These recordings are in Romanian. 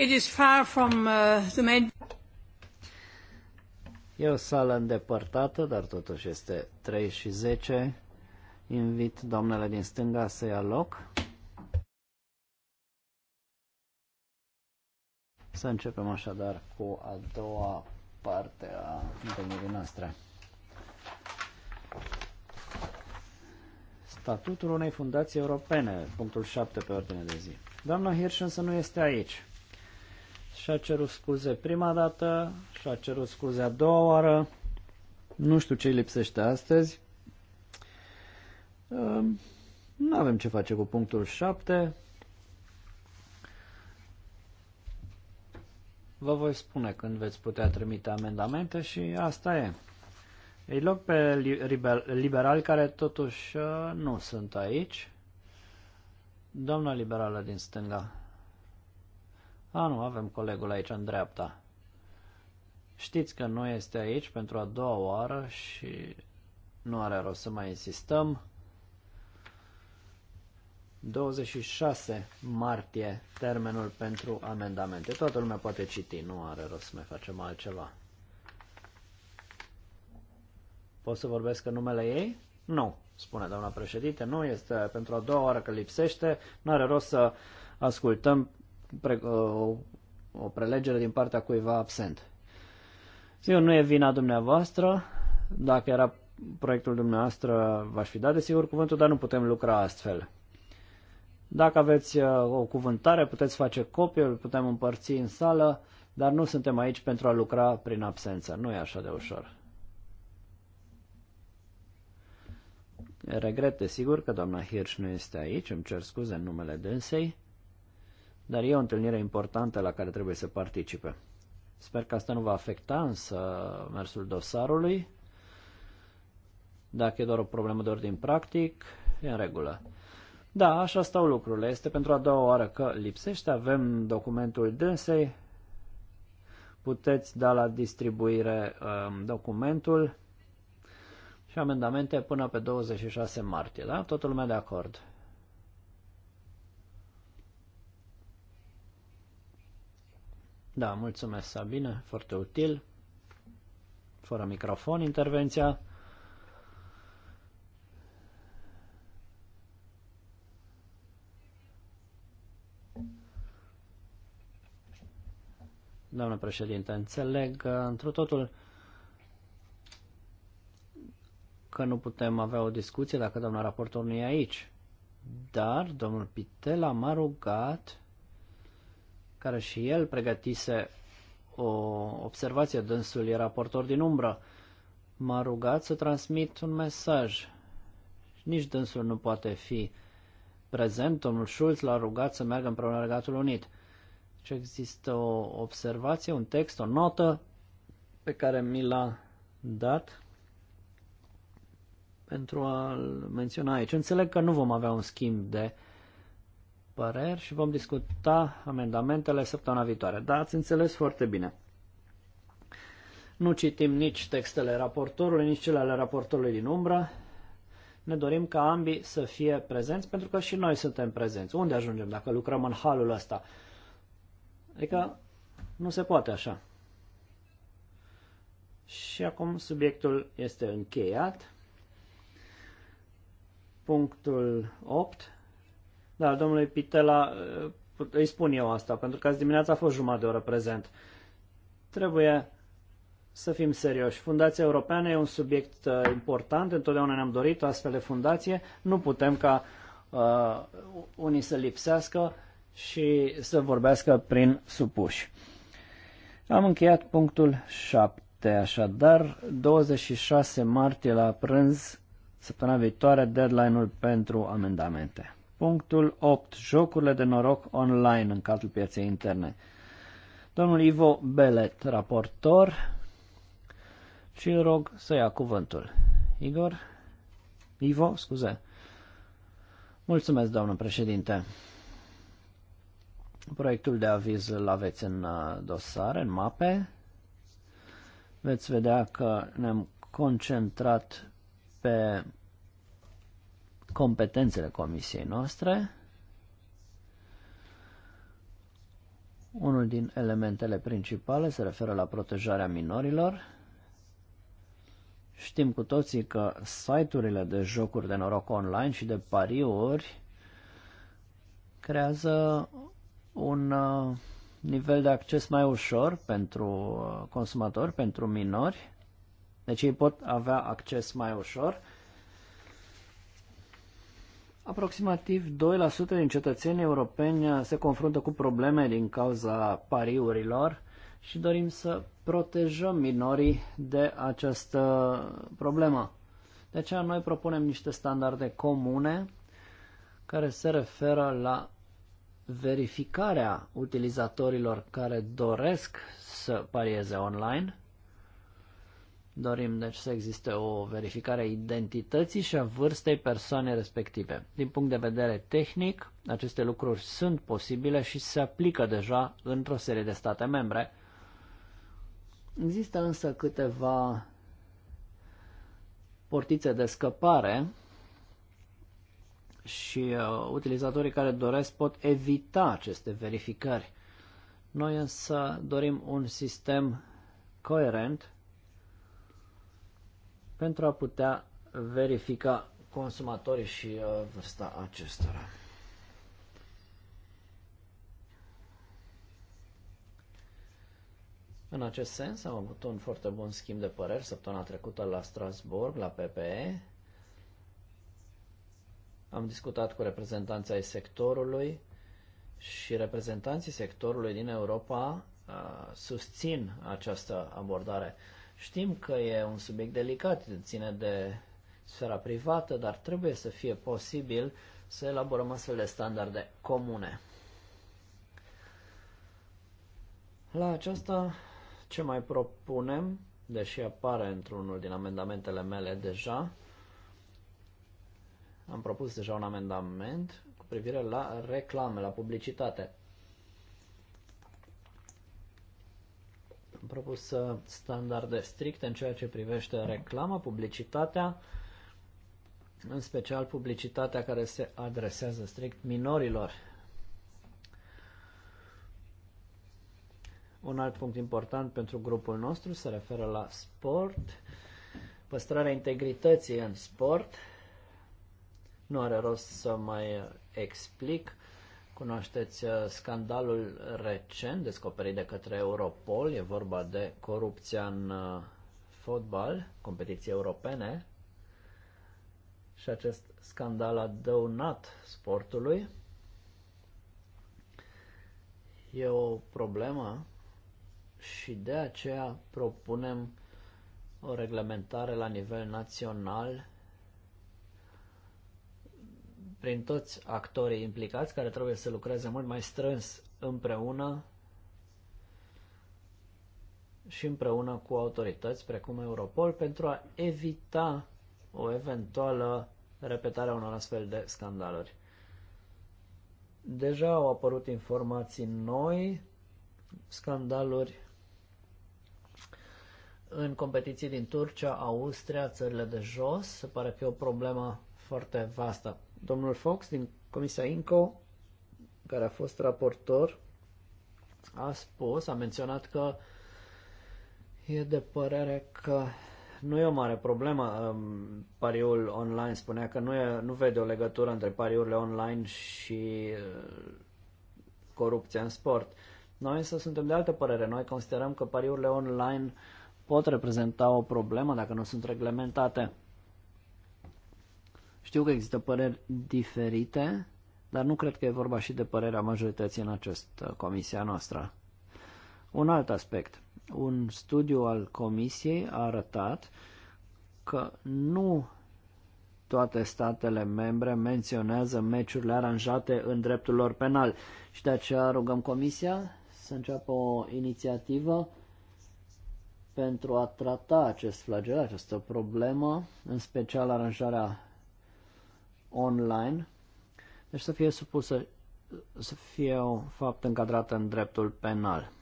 It is far from uh, the main... E o sală îndepărtată, dar totuși este 3 și 10. Invit doamnele din stânga să ia loc. Să începem așadar cu a doua parte a întâlnirii noastre. Statutul unei fundații europene, punctul 7 pe ordine de zi. Doamna Hirschen să nu este aici și-a cerut scuze prima dată, și-a cerut scuze a doua oară, nu știu ce lipsește astăzi. Ehm, nu avem ce face cu punctul 7. Vă voi spune când veți putea trimite amendamente și asta e. Îi loc pe liberali care totuși uh, nu sunt aici. Doamna liberală din stânga. A, nu, avem colegul aici în dreapta. Știți că nu este aici pentru a doua oară și nu are rost să mai insistăm. 26 martie, termenul pentru amendamente. Toată lumea poate citi, nu are rost să mai facem altceva. Pot să vorbesc în numele ei? Nu, spune doamna președinte, nu este pentru a doua oară că lipsește, nu are rost să ascultăm pre, o, o prelegere din partea cuiva absent. Sigur, nu e vina dumneavoastră. Dacă era proiectul dumneavoastră, v-aș fi dat, desigur, cuvântul, dar nu putem lucra astfel. Dacă aveți uh, o cuvântare, puteți face copii, îl putem împărți în sală, dar nu suntem aici pentru a lucra prin absență. Nu e așa de ușor. Regret, desigur, că doamna Hirsch nu este aici, îmi cer scuze în numele dânsei. Dar e o întâlnire importantă la care trebuie să participe. Sper că asta nu va afecta însă mersul dosarului. Dacă e doar o problemă de ordin practic, e în regulă. Da, așa stau lucrurile. Este pentru a doua oară că lipsește. Avem documentul dânsei. Puteți da la distribuire um, documentul și amendamente până pe 26 martie, da? Totul lumea de acord. Da, mulțumesc, Sabine, foarte util. Fără microfon, intervenția. Doamne președinte, înțeleg că întru totul că nu putem avea o discuție dacă doamna raportor nu e aici. Dar domnul Pitel m-a rugat care și el pregătise o observație. Dânsul era portor din umbră. M-a rugat să transmit un mesaj. Nici dânsul nu poate fi prezent. Domnul Schulz l-a rugat să meargă împreună la Regatul Unit. Și deci există o observație, un text, o notă pe care mi l-a dat pentru a-l menționa aici. Înțeleg că nu vom avea un schimb de uh, păreri și vom discuta amendamentele săptămâna viitoare. Da, ați înțeles foarte bine. Nu citim nici textele raportorului, nici cele ale raportorului din umbră. Ne dorim ca ambii să fie prezenți, pentru că și noi suntem prezenți. Unde ajungem dacă lucrăm în halul ăsta? Adică nu se poate așa. Și acum subiectul este încheiat. Punctul 8. Da, domnului Pitela, eh, îi spun eu asta, pentru că azi dimineața a fost jumătate de oră prezent. Trebuie să fim serioși. Fundația Europeană e un subiect eh, important, întotdeauna ne-am dorit o astfel de fundație. Nu putem ca uh, unii să lipsească și să vorbească prin supuși. Am încheiat punctul 7, așadar 26 martie la prânz, săptămâna viitoare, deadline-ul pentru amendamente. Punctul 8. Jocurile de noroc online în cadrul pieței interne. Domnul Ivo Belet, raportor, și îl rog să ia cuvântul. Igor? Ivo, scuze. Mulțumesc, domnul președinte. Proiectul de aviz îl aveți în uh, dosare, în mape. Veți vedea că ne-am concentrat pe competențele comisiei noastre. Unul din elementele principale se referă la protejarea minorilor. Știm cu toții că site-urile de jocuri de noroc online și de pariuri creează un uh, nivel de acces mai ușor pentru uh, consumatori, pentru minori. Deci ei pot avea acces mai ușor Aproximativ 2% din cetățenii europeni se confruntă cu probleme din cauza pariurilor și dorim să protejăm minorii de această problemă. De aceea noi propunem niște standarde comune care se referă la verificarea utilizatorilor care doresc să parieze online – Dorim deci să existe o verificare a identității și a vârstei persoanei respective. Din punct de vedere tehnic, aceste lucruri sunt posibile și se aplică deja într-o serie de state membre. Există însă câteva portițe de scăpare și uh, utilizatorii care doresc pot evita aceste verificări. Noi însă dorim un sistem coerent pentru a putea verifica consumatorii și uh, vârsta acestora. În acest sens am avut un foarte bun schimb de păreri săptămâna trecută la Strasbourg, la PPE. Am discutat cu reprezentanții ai sectorului și reprezentanții sectorului din Europa uh, susțin această abordare. Uh, Știm că e un subiect delicat, ține de sfera privată, dar trebuie să fie posibil să elaborăm astfel de standarde comune. La aceasta, ce mai propunem, deși apare într-unul din amendamentele mele deja, am propus deja un amendament cu privire la reclame, la publicitate. Am propus standarde stricte în ceea ce privește reclama, publicitatea, în special publicitatea care se adresează strict minorilor. Un alt punct important pentru grupul nostru se referă la sport, păstrarea integrității în sport. Nu are rost să mai explic Cunoașteți uh, scandalul recent descoperit de către Europol, e vorba de corupția în uh, fotbal, competiții europene, și acest scandal a dăunat sportului. E o problemă și de aceea propunem o reglementare la nivel național prin toți actorii implicați care trebuie să lucreze mult mai strâns împreună și împreună cu autorități precum Europol pentru a evita o eventuală repetare a unor astfel de scandaluri. Deja au apărut informații noi, scandaluri în competiții din Turcia, Austria, țările de jos, se pare că e o problemă foarte vastă. Domnul Fox din Comisia INCO, care a fost raportor, a spus, a menționat că e de părere că nu e o mare problemă um, pariul online. Spunea că nu, e, nu vede o legătură între pariurile online și uh, corupția în sport. Noi însă suntem de altă părere. Noi considerăm că pariurile online pot reprezenta o problemă dacă nu sunt reglementate. Știu că există păreri diferite, dar nu cred că e vorba și de părerea majorității în această comisia noastră. Un alt aspect. Un studiu al comisiei a arătat că nu toate statele membre menționează meciurile aranjate în dreptul lor penal și de aceea rugăm comisia să înceapă o inițiativă pentru a trata acest flagel, această problemă, în special aranjarea online, deci să fie supusă, să fie o fapt încadrată în dreptul penal.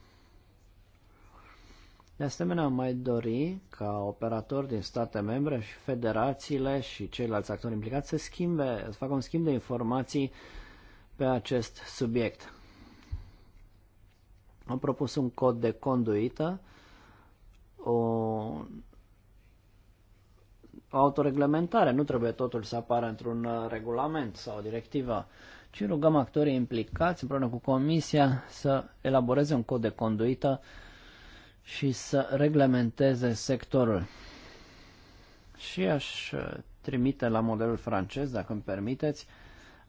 De asemenea, mai dori ca operatori din state membre și federațiile și ceilalți actori implicați să schimbe, să facă un schimb de informații pe acest subiect. Am propus un cod de conduită, un o autoreglementare, nu trebuie totul să apară într-un uh, regulament sau o directivă, ci rugăm actorii implicați împreună cu Comisia să elaboreze un cod de conduită și să reglementeze sectorul. Și aș uh, trimite la modelul francez, dacă îmi permiteți,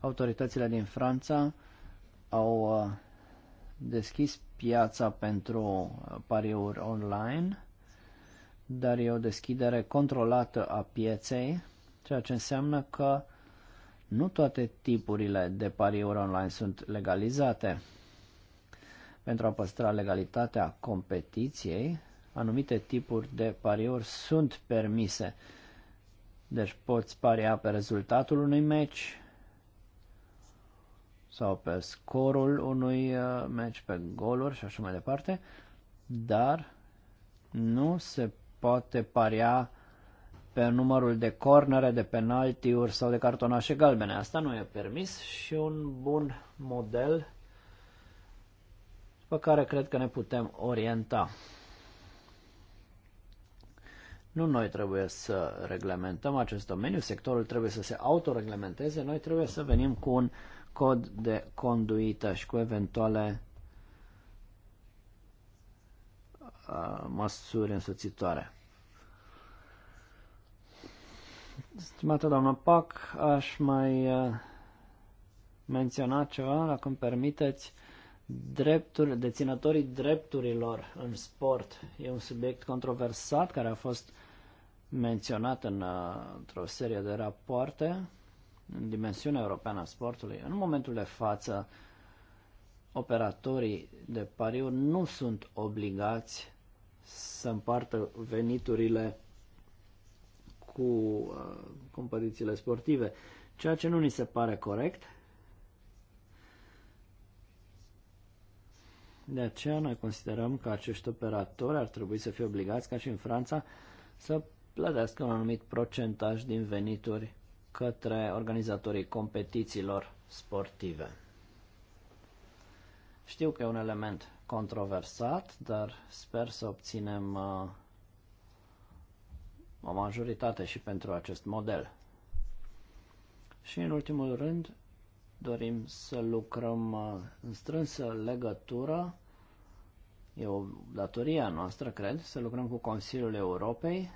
autoritățile din Franța au uh, deschis piața pentru pariuri online dar e o deschidere controlată a pieței, ceea ce înseamnă că nu toate tipurile de pariuri online sunt legalizate. Pentru a păstra legalitatea competiției, anumite tipuri de pariuri sunt permise. Deci poți paria pe rezultatul unui meci sau pe scorul unui uh, meci, pe goluri și așa mai departe, dar nu se poate paria pe numărul de cornere, de penaltiuri sau de cartonașe galbene. Asta nu e permis și un bun model pe care cred că ne putem orienta. Nu noi trebuie să reglementăm acest domeniu, sectorul trebuie să se autoreglementeze, noi trebuie să venim cu un cod de conduită și cu eventuale măsuri însoțitoare. Stimată doamnă Pac, aș mai menționa ceva, dacă îmi permiteți, drepturi, deținătorii drepturilor în sport. E un subiect controversat care a fost menționat în, într-o serie de rapoarte în dimensiunea europeană a sportului. În momentul de față, operatorii de pariuri nu sunt obligați să împartă veniturile cu uh, competițiile sportive, ceea ce nu ni se pare corect. De aceea noi considerăm că acești operatori ar trebui să fie obligați, ca și în Franța, să plătească un anumit procentaj din venituri către organizatorii competițiilor sportive. Știu că e un element controversat, dar sper să obținem uh, o majoritate și pentru acest model. Și în ultimul rând, dorim să lucrăm uh, în strânsă legătură, e o datorie a noastră, cred, să lucrăm cu Consiliul Europei.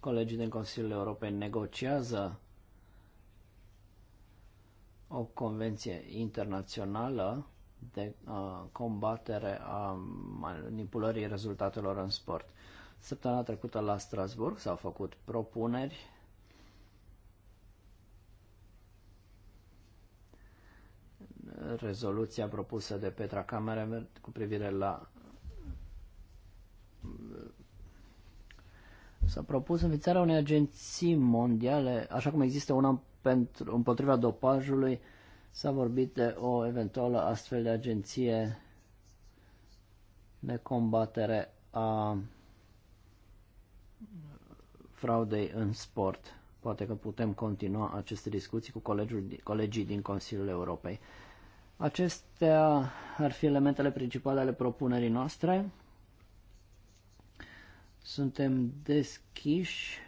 Colegii din Consiliul Europei negociază o convenție internațională de uh, combatere a manipulării rezultatelor în sport. Săptămâna trecută la Strasburg s-au făcut propuneri rezoluția propusă de Petra Camere cu privire la s-a propus înființarea unei agenții mondiale, așa cum există una pentru, împotriva dopajului s-a vorbit de o eventuală astfel de agenție de combatere a fraudei în sport. Poate că putem continua aceste discuții cu colegii, colegii din Consiliul Europei. Acestea ar fi elementele principale ale propunerii noastre. Suntem deschiși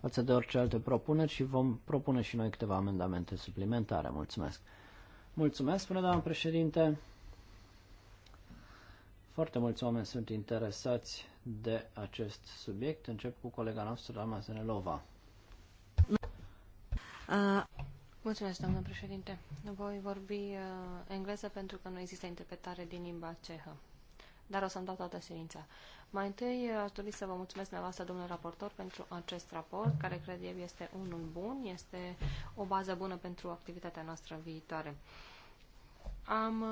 față de orice alte propuneri și vom propune și noi câteva amendamente suplimentare. Mulțumesc! Mulțumesc, spune doamna președinte! Foarte mulți oameni sunt interesați de acest subiect. Încep cu colega noastră, doamna Zenelova. Uh, mulțumesc, domnule președinte. Voi vorbi uh, engleză pentru că nu există interpretare din limba cehă dar o să-mi dau toată silința. Mai întâi aș dori să vă mulțumesc dumneavoastră, domnul raportor, pentru acest raport, care cred eu este unul bun, este o bază bună pentru activitatea noastră viitoare. Am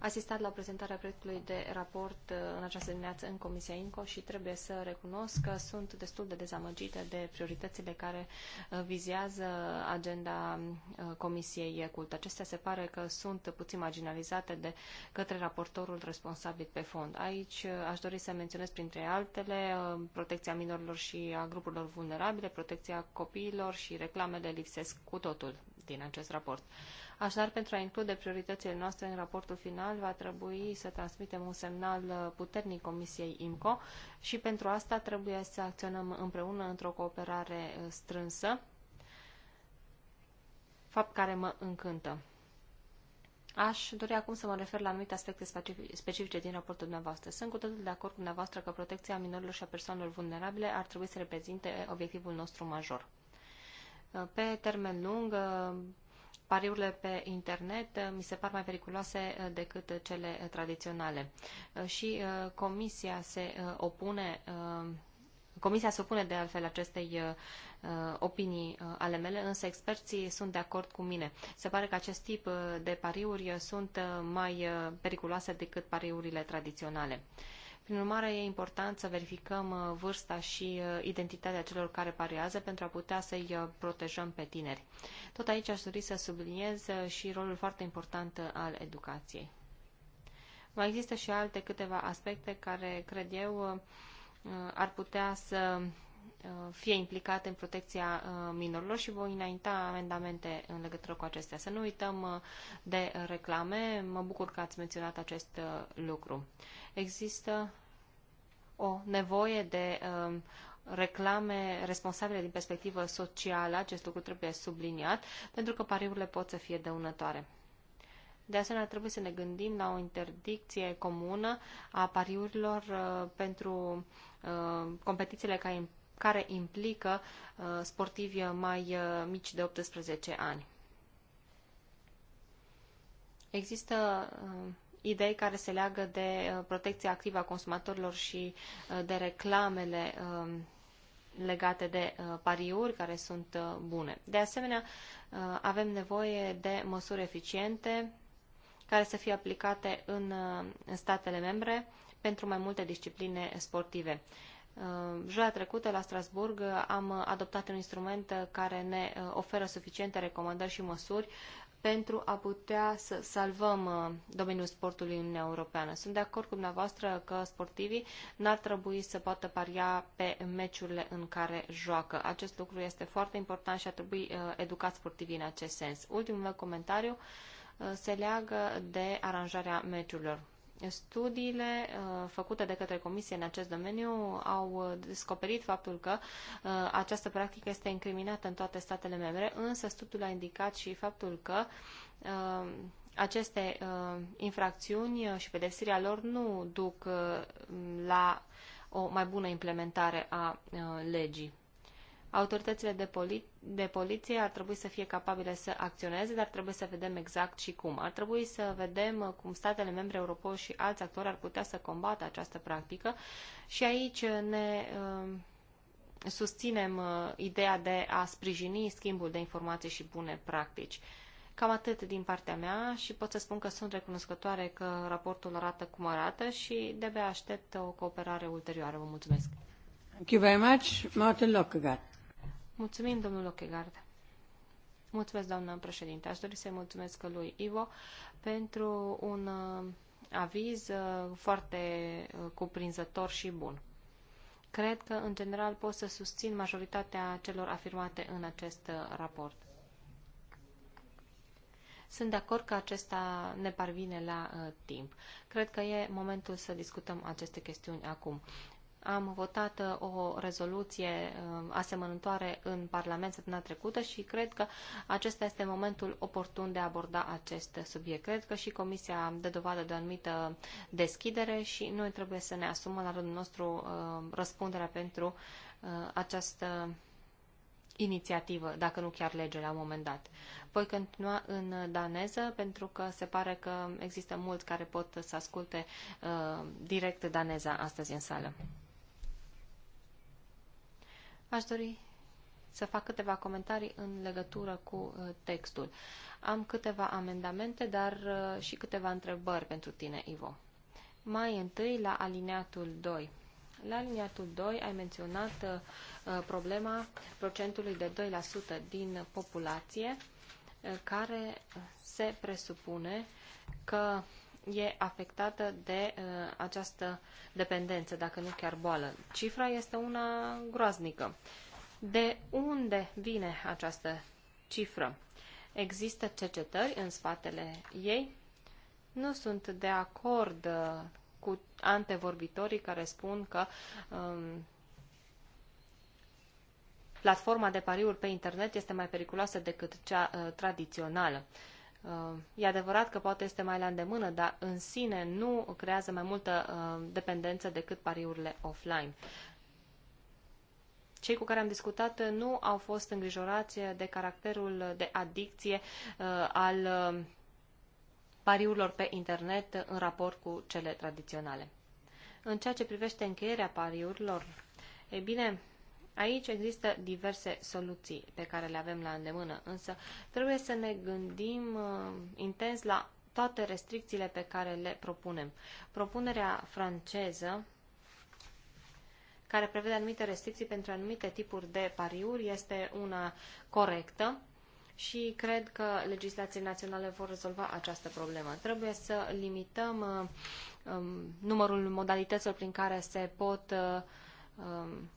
asistat la prezentarea proiectului de raport uh, în această dimineață în Comisia INCO și trebuie să recunosc că sunt destul de dezamăgită de prioritățile care uh, vizează agenda uh, Comisiei CULT. Acestea se pare că sunt puțin marginalizate de către raportorul responsabil pe fond. Aici aș dori să menționez printre altele protecția minorilor și a grupurilor vulnerabile, protecția copiilor și reclamele lipsesc cu totul din acest raport. Așadar, pentru a include prioritățile noastre în raportul final, va trebui să transmitem un semnal uh, puternic Comisiei IMCO și pentru asta trebuie să acționăm împreună într-o cooperare uh, strânsă, fapt care mă încântă. Aș dori acum să mă refer la anumite aspecte specifice din raportul dumneavoastră. Sunt cu totul de acord cu dumneavoastră că protecția minorilor și a persoanelor vulnerabile ar trebui să reprezinte uh, obiectivul nostru major. Pe termen lung, pariurile pe internet uh, mi se par mai periculoase uh, decât uh, cele tradiționale. Și comisia se opune Comisia se opune de altfel acestei uh, opinii uh, ale mele, însă experții sunt de acord cu mine. Se pare că acest tip de pariuri sunt uh, mai uh, periculoase decât pariurile tradiționale. Uh, prin urmare, e important să verificăm uh, vârsta și uh, identitatea celor care pariază pentru a putea să-i uh, protejăm pe tineri. Tot aici aș dori să subliniez și rolul foarte important al educației. Mai există și alte câteva aspecte care, cred eu, ar putea să fie implicate în protecția minorilor și voi înainta amendamente în legătură cu acestea. Să nu uităm de reclame, mă bucur că ați menționat acest lucru. Există o nevoie de um, reclame responsabile din perspectivă socială, acest lucru trebuie subliniat, pentru că pariurile pot să fie dăunătoare. De asemenea, trebuie să ne gândim la o interdicție comună a pariurilor uh, pentru uh, competițiile care, implică uh, sportivi mai mici de 18 ani. Există idei care se leagă de uh, protecția activă a consumatorilor și uh, de reclamele um, legate de uh, pariuri care sunt bune. De asemenea, avem nevoie de măsuri eficiente care să fie aplicate în statele membre pentru mai multe discipline sportive. Joia trecută la Strasburg am adoptat un instrument care ne oferă suficiente recomandări și măsuri pentru a putea să salvăm uh, domeniul sportului în Uniunea Europeană. Sunt de acord cu dumneavoastră că sportivii n-ar trebui să poată paria pe meciurile în care joacă. Acest lucru este foarte important și ar trebui uh, educați sportivii în acest sens. Ultimul meu comentariu uh, se leagă de aranjarea meciurilor. Studiile uh, făcute de către Comisie în acest domeniu au descoperit faptul că uh, această practică este incriminată în toate statele membre, însă studiul a indicat și faptul că uh, aceste infracțiuni și pedepsirea lor nu duc la o mai bună implementare a legii autoritățile de, poli- de poliție ar trebui să fie capabile să acționeze, dar trebuie să vedem exact și cum. Ar trebui să vedem uh, cum statele membre europene și alți actori ar putea să combată această practică și aici uh, ne uh, susținem uh, ideea de a sprijini schimbul de informații și bune practici. Cam atât din partea mea și pot să spun că sunt recunoscătoare că raportul arată cum arată și de abia aștept o cooperare ulterioară. Vă mulțumesc! Thank you very much, Martin Lockhart. Mulțumim, domnul Ochegard. Mulțumesc, doamnă președinte. Aș dori să-i mulțumesc lui Ivo pentru un uh, aviz uh, foarte uh, cuprinzător și bun. Cred că, în general, pot să susțin majoritatea celor afirmate în acest raport. Sunt de acord că acesta ne parvine la uh, timp. Cred că e momentul să discutăm aceste chestiuni acum. Am votat uh, o rezoluție uh, asemănătoare în Parlament săptămâna trecută și cred că acesta este momentul oportun de a aborda acest subiect. Cred că și Comisia dă dovadă de o anumită deschidere și noi trebuie să ne asumăm la rândul nostru uh, răspunderea pentru această inițiativă, dacă nu chiar lege la un moment dat. Voi continua în daneză pentru că se pare că există mulți care pot să asculte uh, direct daneza astăzi în sală. Aș dori să fac câteva comentarii în legătură cu uh, textul. Am câteva amendamente, dar uh, și câteva întrebări pentru tine, Ivo. Mai întâi la alineatul 2. La aliniatul 2 ai menționat uh, problema procentului de 2% din populație care se presupune că e afectată de uh, această dependență, dacă nu chiar boală. Cifra este una groaznică. De unde vine această cifră? Există cercetări în spatele ei? Nu sunt de acord uh, cu antevorbitorii care spun că um, platforma de pariuri pe internet este mai periculoasă decât cea uh, tradițională. Uh, E adevărat că poate este mai la îndemână, dar în sine nu creează mai multă uh, dependență decât pariurile offline. Cei cu care am discutat nu au fost îngrijorați de caracterul de adicție uh, al uh, pariurilor pe internet în raport cu cele tradiționale. În ceea ce privește încheierea pariurilor, e bine, Aici există diverse soluții pe care le avem la îndemână, însă trebuie să ne gândim uh, intens la toate restricțiile pe care le propunem. Propunerea franceză care prevede anumite restricții pentru anumite tipuri de pariuri, este una corectă și cred că legislațiile naționale vor rezolva această problemă. Trebuie să limităm uh, um, numărul modalităților prin care se pot uh, um,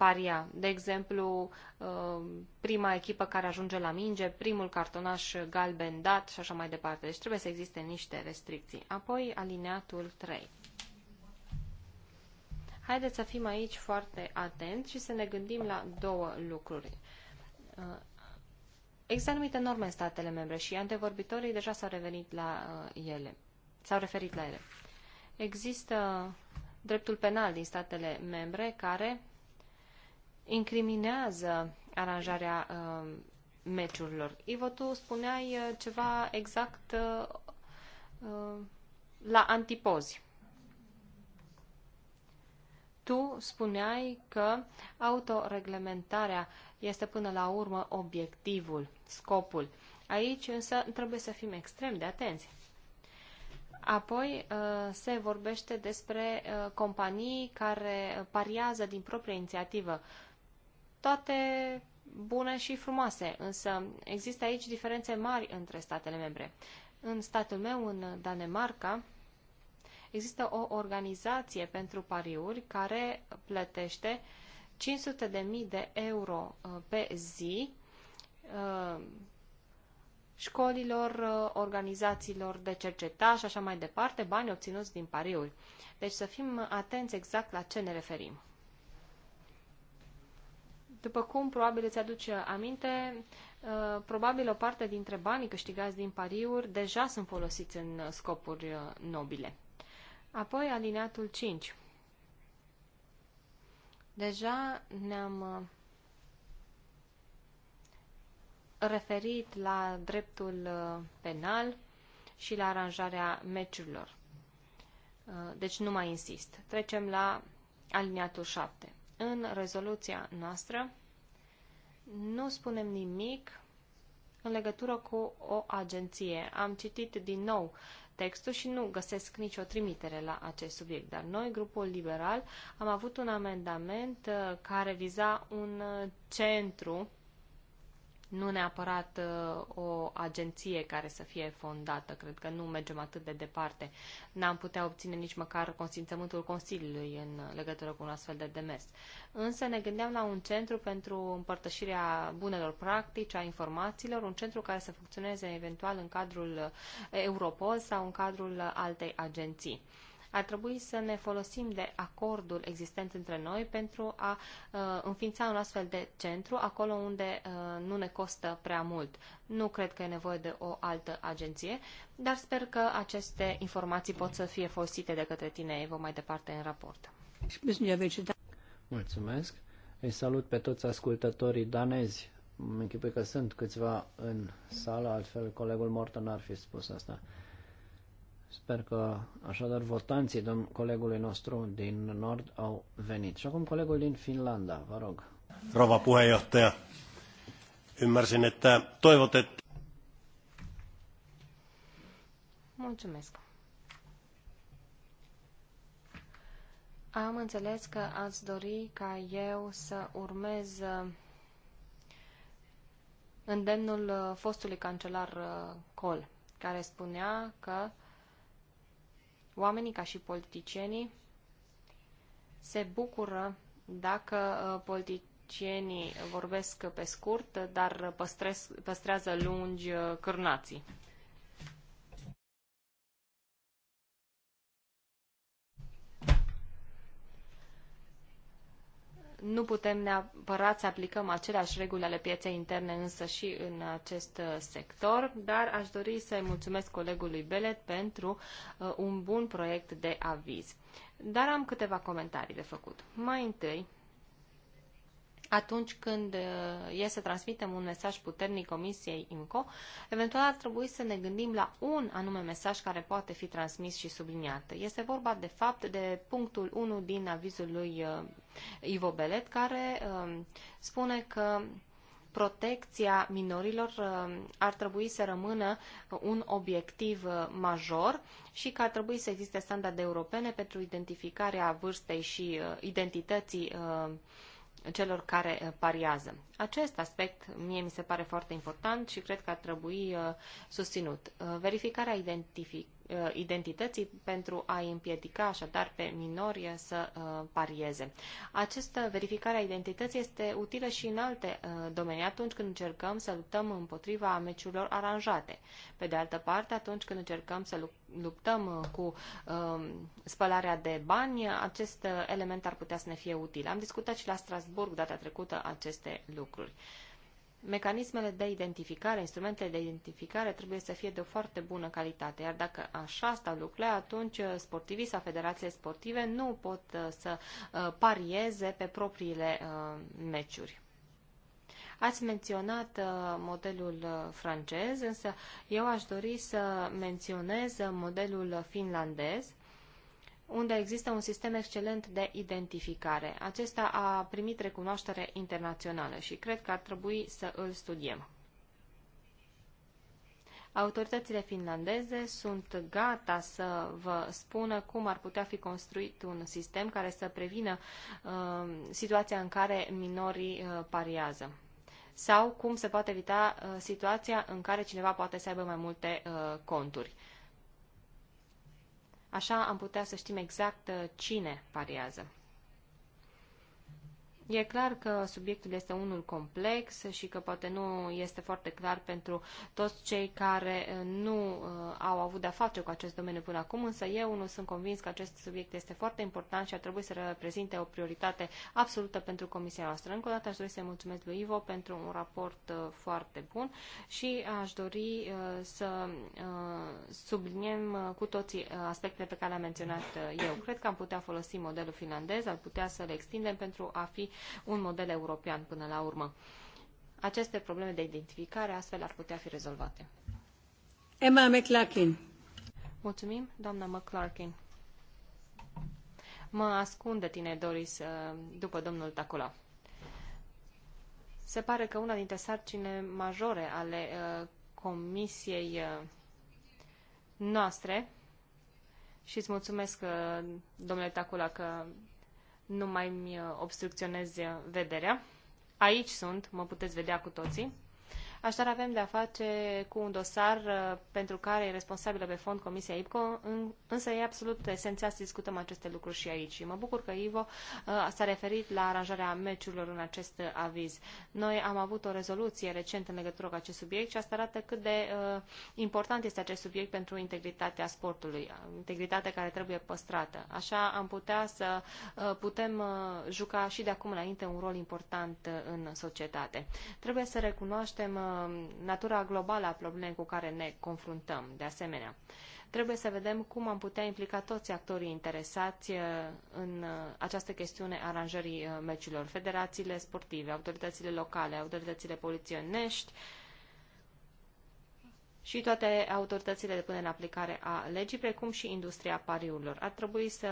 paria. De exemplu, uh, prima echipă care ajunge la minge, primul cartonaș galben dat și așa mai departe. Deci trebuie să existe niște restricții. Apoi, alineatul 3. Haideți să fim aici foarte atenți și să ne gândim la două lucruri. Uh, există anumite norme în statele membre și antevorbitorii deja s-au revenit la uh, ele. S-au referit la ele. Există dreptul penal din statele membre care incriminează aranjarea uh, meciurilor. Ivo, tu spuneai uh, ceva exact uh, uh, la antipozi. Tu spuneai că autoreglementarea este până la urmă obiectivul, scopul. Aici însă trebuie să fim extrem de atenți. Apoi uh, se vorbește despre uh, companii care pariază din proprie inițiativă toate bune și frumoase, însă există aici diferențe mari între statele membre. În statul meu, în Danemarca, există o organizație pentru pariuri care plătește 500.000 de euro uh, pe zi uh, școlilor, uh, organizațiilor de cercetare și așa mai departe, bani obținuți din pariuri. Deci să fim atenți exact la ce ne referim. După cum probabil îți aduce aminte, uh, probabil o parte dintre banii câștigați din pariuri deja sunt folosiți în uh, scopuri uh, nobile. Apoi alineatul 5. Deja ne-am referit la dreptul penal și la aranjarea meciurilor. Deci nu mai insist. Trecem la aliniatul 7 în rezoluția noastră nu spunem nimic în legătură cu o agenție. Am citit din nou textul și nu găsesc nicio trimitere la acest subiect. Dar noi, grupul liberal, am avut un amendament uh, care viza un uh, centru nu neapărat uh, o agenție care să fie fondată. Cred că nu mergem atât de departe. N-am putea obține nici măcar consimțământul Consiliului în legătură cu un astfel de demers. Însă ne gândeam la un centru pentru împărtășirea bunelor practici, a informațiilor, un centru care să funcționeze eventual în cadrul uh, Europol sau în cadrul altei agenții. Ar trebui să ne folosim de acordul existent între noi pentru a uh, înființa un astfel de centru acolo unde uh, nu ne costă prea mult. Nu cred că e nevoie de o altă agenție, dar sper că aceste informații pot să fie folosite de către tine, Evo, mai departe în raport. Mulțumesc. Îi salut pe toți ascultătorii danezi. Mă închipui că sunt câțiva în sală, altfel colegul Morton ar fi spus asta. Sper că așadar votanții domn colegului nostru din Nord au venit. Și acum colegul din Finlanda, vă rog. Rova puheenjohtaja, ymmärsin, että toivot, että... Mulțumesc. Am înțeles că ați dori ca eu să urmez uh, îndemnul uh, fostului cancelar uh, Col, care spunea că Oamenii, ca și politicienii, se bucură dacă uh, politicienii vorbesc pe scurt, dar păstrez, păstrează lungi uh, cârnații. nu putem neapărat să aplicăm aceleași reguli ale pieței interne însă și în acest uh, sector, dar aș dori să-i mulțumesc colegului Belet pentru uh, un bun proiect de aviz. Dar am câteva comentarii de făcut. Mai întâi, atunci când uh, e să transmitem un mesaj puternic Comisiei IMCO, eventual ar trebui să ne gândim la un anume mesaj care poate fi transmis și subliniat. Este vorba, de fapt, de punctul 1 din avizul lui uh, Ivo Belet, care um, spune că protecția minorilor uh, ar trebui să rămână un obiectiv major și că ar trebui să existe standarde europene pentru identificarea vârstei și identității celor care uh, pariază. Acest aspect mie mi se pare foarte important și cred că ar trebui uh, susținut. Uh, verificarea identificării Uh, identității pentru a împiedica așadar pe minori să uh, parieze. Această verificare a identității este utilă și în alte uh, domenii atunci când încercăm să luptăm împotriva meciurilor aranjate. Pe de altă parte, atunci când încercăm să luptăm cu um, spălarea de bani, acest element ar putea să ne fie util. Am discutat și la Strasburg data trecută aceste lucruri mecanismele de identificare, instrumentele de identificare trebuie să fie de o foarte bună calitate, iar dacă așa stau lucrurile, atunci uh, sportivii sau federațiile sportive nu pot uh, să uh, parieze pe propriile meciuri. Ați menționat modelul francez, însă eu aș dori să menționez modelul finlandez, unde există un sistem excelent de identificare. Acesta a primit recunoaștere internațională și cred că ar trebui să îl studiem. Autoritățile finlandeze sunt gata să vă spună cum ar putea fi construit un sistem care să prevină uh, situația în care minorii uh, pariază sau cum se poate evita uh, situația în care cineva poate să aibă mai multe uh, conturi. Așa am putea să știm exact uh, cine pariază. E clar că subiectul este unul complex și că poate nu este foarte clar pentru toți cei care nu au avut de-a face cu acest domeniu până acum, însă eu nu sunt convins că acest subiect este foarte important și ar trebui să reprezinte o prioritate absolută pentru comisia noastră. Încă o dată aș dori să-i mulțumesc lui Ivo pentru un raport foarte bun și aș dori să subliniem cu toții aspectele pe care le-am menționat eu. Cred că am putea folosi modelul finlandez, ar putea să le extindem pentru a fi un model european până la urmă. Aceste probleme de identificare astfel ar putea fi rezolvate. Emma McLarkin. Mulțumim, doamna McClarkin. Mă ascund de tine, Doris, uh, după domnul Tacula. Se pare că una dintre sarcine majore ale uh, comisiei uh, noastre, și îți mulțumesc, uh, domnule Tacula, că nu mai îmi uh, obstrucționez uh, vederea. Aici sunt, mă puteți vedea cu toții. Așadar avem de-a face cu un dosar uh, pentru care e responsabilă pe fond Comisia IPCO, însă e absolut esențial să discutăm aceste lucruri și aici. Și mă bucur că Ivo uh, s-a referit la aranjarea meciurilor în acest uh, aviz. Noi am avut o rezoluție recent în legătură cu acest subiect și asta arată cât de important este acest subiect pentru integritatea sportului, integritatea care trebuie păstrată. Așa am putea să putem juca și de acum înainte un rol important în societate. Trebuie să recunoaștem Um, natura globală a problemei cu care ne confruntăm, de asemenea. Trebuie să vedem cum am putea implica toți actorii interesați uh, în uh, această chestiune aranjării uh, meciurilor, federațiile sportive, autoritățile locale, autoritățile polițienești, uh, și toate autoritățile de punere în aplicare a legii, precum și industria pariurilor. Ar trebui să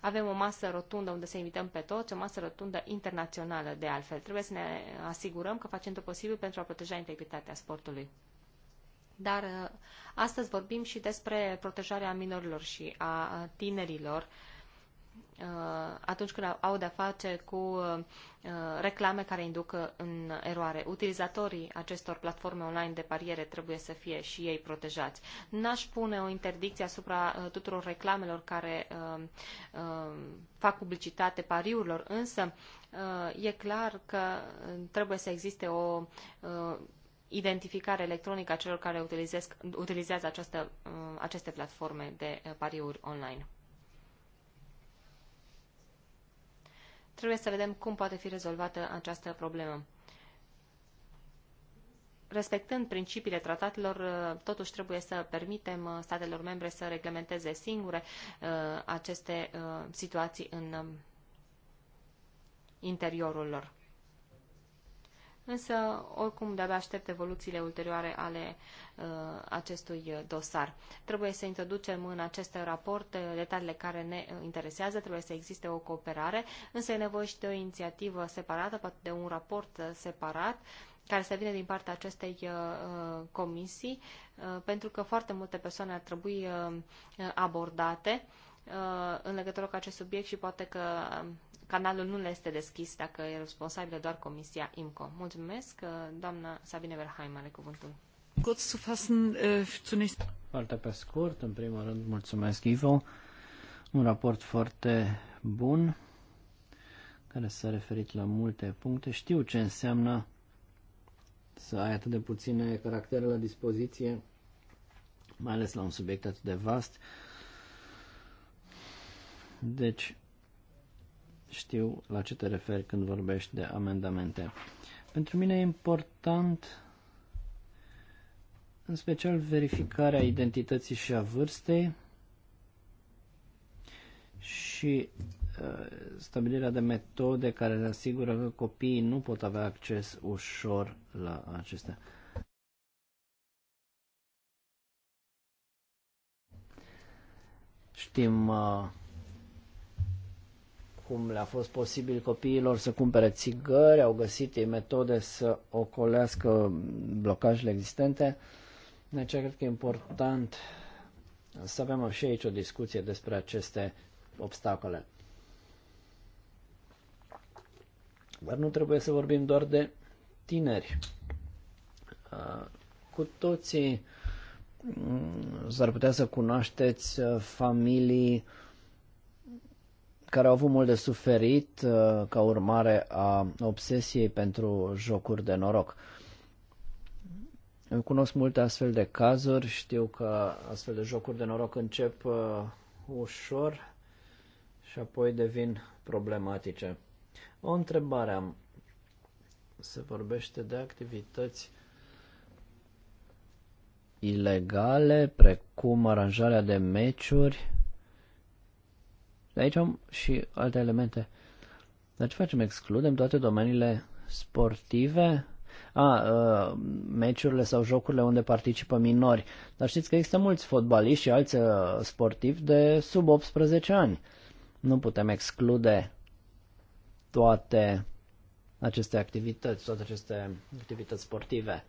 avem o masă rotundă unde să invităm pe toți, o masă rotundă internațională de altfel. Trebuie să ne asigurăm că facem tot posibil pentru a proteja integritatea sportului. Dar uh, astăzi vorbim și despre protejarea minorilor și a uh, tinerilor Uh, atunci când au de-a face cu uh, reclame care induc uh, în eroare. Utilizatorii acestor platforme online de pariere trebuie să fie și ei protejați. N-aș pune o interdicție asupra tuturor reclamelor care fac publicitate pariurilor, însă e clar că trebuie să existe o identificare electronică a celor care utilizează această, aceste platforme de pariuri online. Trebuie să vedem cum poate fi rezolvată această problemă. Respectând principiile tratatelor, uh, totuși trebuie să permitem uh, statelor membre să reglementeze singure uh, aceste situații în um, interiorul lor însă oricum de-abia aștept evoluțiile ulterioare ale uh, acestui dosar. Trebuie să introducem în acest raport detaliile care ne interesează, trebuie să existe o cooperare, însă e nevoie și de o inițiativă separată, poate de un raport separat, care să vină din partea acestei uh, comisii, uh, pentru că foarte multe persoane ar trebui uh, abordate uh, în legătură cu acest subiect și poate că canalul nu le este deschis dacă e responsabilă doar Comisia IMCO. Mulțumesc. Uh, Doamna Sabine Verheim are cuvântul. Äh, foarte pe scurt, în primul rând, mulțumesc Ivo. Un raport foarte bun care s-a referit la multe puncte. Știu ce înseamnă să ai atât de puține caractere la dispoziție, mai ales la un subiect atât de vast. Deci, știu la ce te referi când vorbești de amendamente. Pentru mine e important în special verificarea identității și a vârstei și uh, stabilirea de metode care ne asigură că copiii nu pot avea acces ușor la acestea. Știm uh, cum le-a fost posibil copiilor să cumpere țigări, au găsit ei metode să ocolească blocajele existente. De deci, aceea cred că e important să avem și aici o discuție despre aceste obstacole. Dar nu trebuie să vorbim doar de tineri. Uh, cu toții mm, s-ar putea să cunoașteți uh, familii care au avut mult de suferit uh, ca urmare a obsesiei pentru jocuri de noroc. Eu cunosc multe astfel de cazuri, știu că astfel de jocuri de noroc încep uh, ușor și apoi devin problematice. O întrebare am. Se vorbește de activități ilegale, precum aranjarea de meciuri de aici am și alte elemente. Dar deci ce facem? Excludem toate domeniile sportive? A, uh, meciurile sau jocurile unde participă minori. Dar știți că există mulți fotbaliști și alți uh, sportivi de sub 18 ani. Nu putem exclude toate aceste activități, toate aceste activități sportive.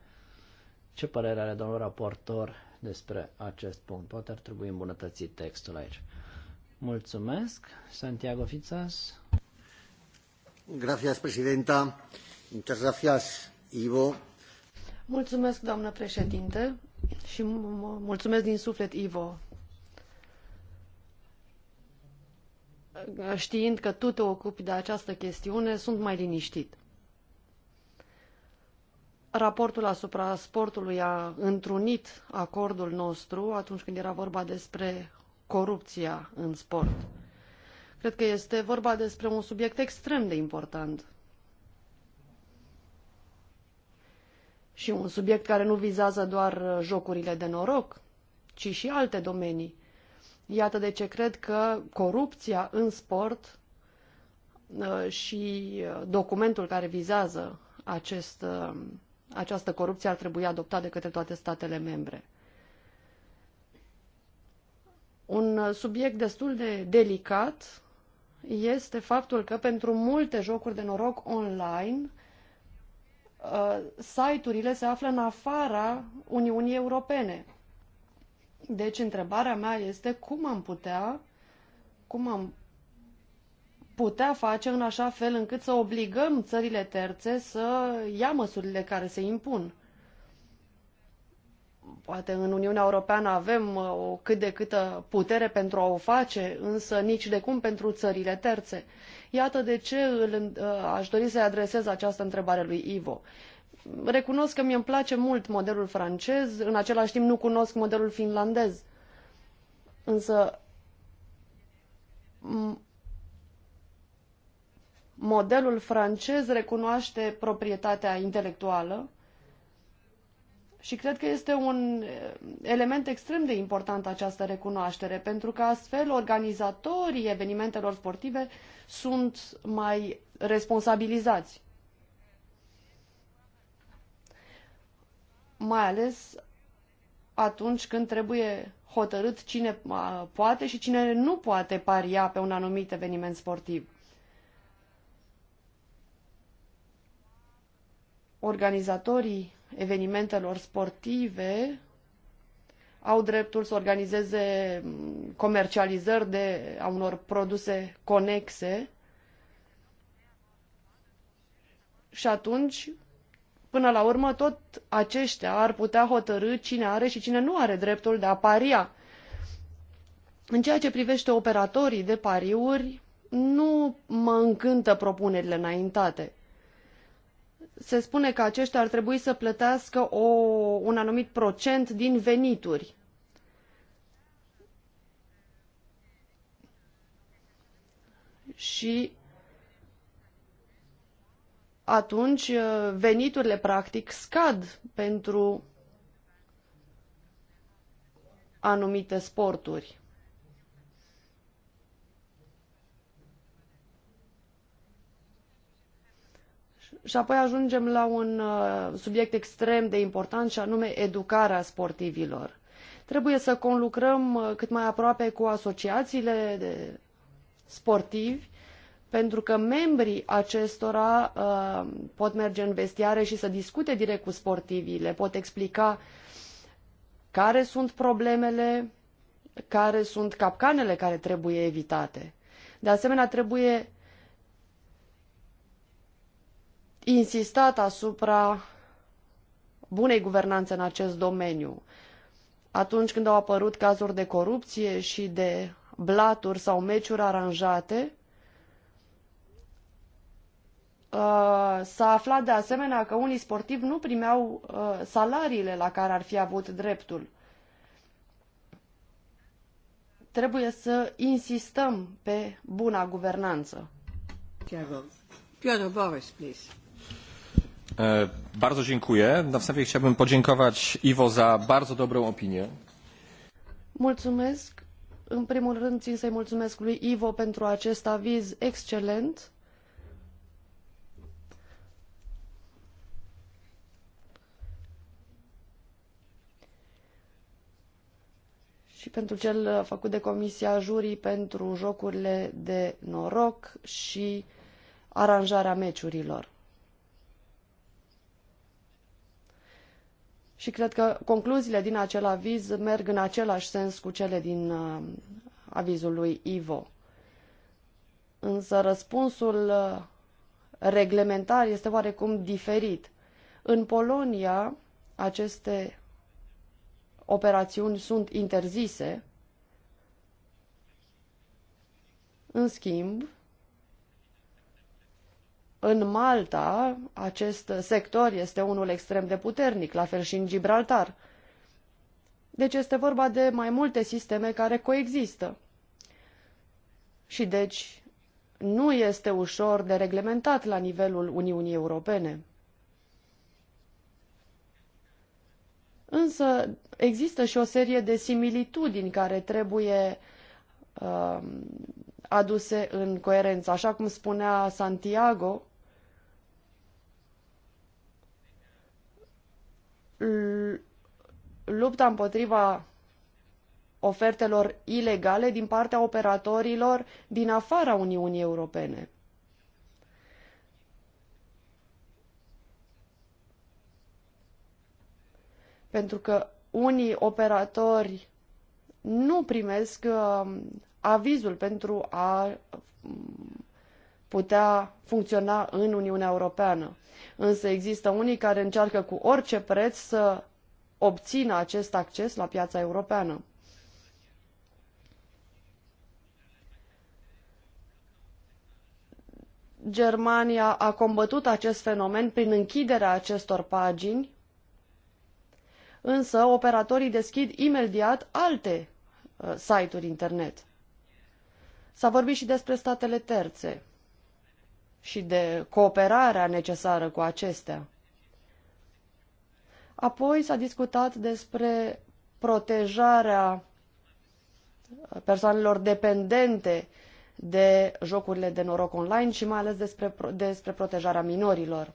Ce părere are domnul raportor despre acest punct? Poate ar trebui îmbunătățit textul aici. Mulțumesc. Santiago Fițas. Gracias, presidenta. Muchas gracias, Ivo. Mulțumesc, doamnă președinte, și mulțumesc din suflet, Ivo, știind că tu te ocupi de această chestiune, sunt mai liniștit. Raportul asupra sportului a întrunit acordul nostru atunci când era vorba despre corupția în sport. Cred că este vorba despre un subiect extrem de important. Și un subiect care nu vizează doar uh, jocurile de noroc, ci și alte domenii. Iată de ce cred că corupția în sport uh, și uh, documentul care vizează acest, această corupție ar trebui adoptat de către toate statele membre. Un uh, subiect destul de delicat este faptul că pentru multe jocuri de noroc online, uh, site-urile se află în afara Uniunii Europene. Deci întrebarea mea este cum am putea cum am putea face în așa fel încât să obligăm țările terțe să ia măsurile care se impun. Poate în Uniunea Europeană avem uh, o cât de câtă putere pentru a o face, însă nici de cum pentru țările terțe. Iată de ce îl, uh, aș dori să-i adresez această întrebare lui Ivo. Recunosc că mi îmi place mult modelul francez, în același timp nu cunosc modelul finlandez. Însă modelul francez recunoaște proprietatea intelectuală, și cred că este un eh, element extrem de important această recunoaștere, pentru că astfel organizatorii evenimentelor sportive sunt mai responsabilizați. Mai ales atunci când trebuie hotărât cine poate și cine nu poate paria pe un anumit eveniment sportiv. Organizatorii evenimentelor sportive au dreptul să organizeze comercializări de, a unor produse conexe și atunci, până la urmă, tot aceștia ar putea hotărâ cine are și cine nu are dreptul de a paria. În ceea ce privește operatorii de pariuri, nu mă încântă propunerile înaintate se spune că acetia ar trebui să plătească o, un anumit procent din venituri. Și atunci uh, veniturile practic scad pentru anumite sporturi. Și apoi ajungem la un uh, subiect extrem de important și anume educarea sportivilor. Trebuie să conlucrăm uh, cât mai aproape cu asociațiile de sportivi pentru că membrii acestora uh, pot merge în vestiare și să discute direct cu sportivii, le pot explica care sunt problemele, care sunt capcanele care trebuie evitate. De asemenea, trebuie insistat asupra bunei guvernanțe în acest domeniu. Atunci când au apărut cazuri de corupție și de blaturi sau meciuri aranjate, uh, s-a aflat de asemenea că unii sportivi nu primeau uh, salariile la care ar fi avut dreptul. Trebuie să insistăm pe buna guvernanță. Piotr Boris, please. Na wstępie chciałbym podziękować Iwo za bardzo dobrą opinię. Mulțumesc. În primul rând țin să îi mulțumesc lui Ivo pentru acest aviz excelent. și pentru cel făcut de Comisia Jurii pentru jocurile de noroc și aranjarea meciurilor. și cred că concluziile din acel aviz merg în același sens cu cele din uh, avizul lui Ivo. Însă răspunsul uh, reglementar este oarecum diferit. În Polonia, aceste operațiuni sunt interzise. În schimb, în Malta, acest sector este unul extrem de puternic, la fel și în Gibraltar. Deci este vorba de mai multe sisteme care coexistă. Și deci nu este ușor de reglementat la nivelul Uniunii Europene. Însă există și o serie de similitudini care trebuie uh, aduse în coerență. Așa cum spunea Santiago, lupta împotriva ofertelor ilegale din partea operatorilor din afara Uniunii Europene. Pentru că unii operatori nu primesc um, avizul pentru a um, putea funcționa în Uniunea Europeană. Însă există unii care încearcă cu orice preț să obțină acest acces la piața europeană. Germania a combătut acest fenomen prin închiderea acestor pagini, însă operatorii deschid imediat alte uh, site-uri internet. S-a vorbit și despre statele terțe și de cooperarea necesară cu acestea. Apoi s-a discutat despre protejarea persoanelor dependente de jocurile de noroc online și mai ales despre, despre protejarea minorilor.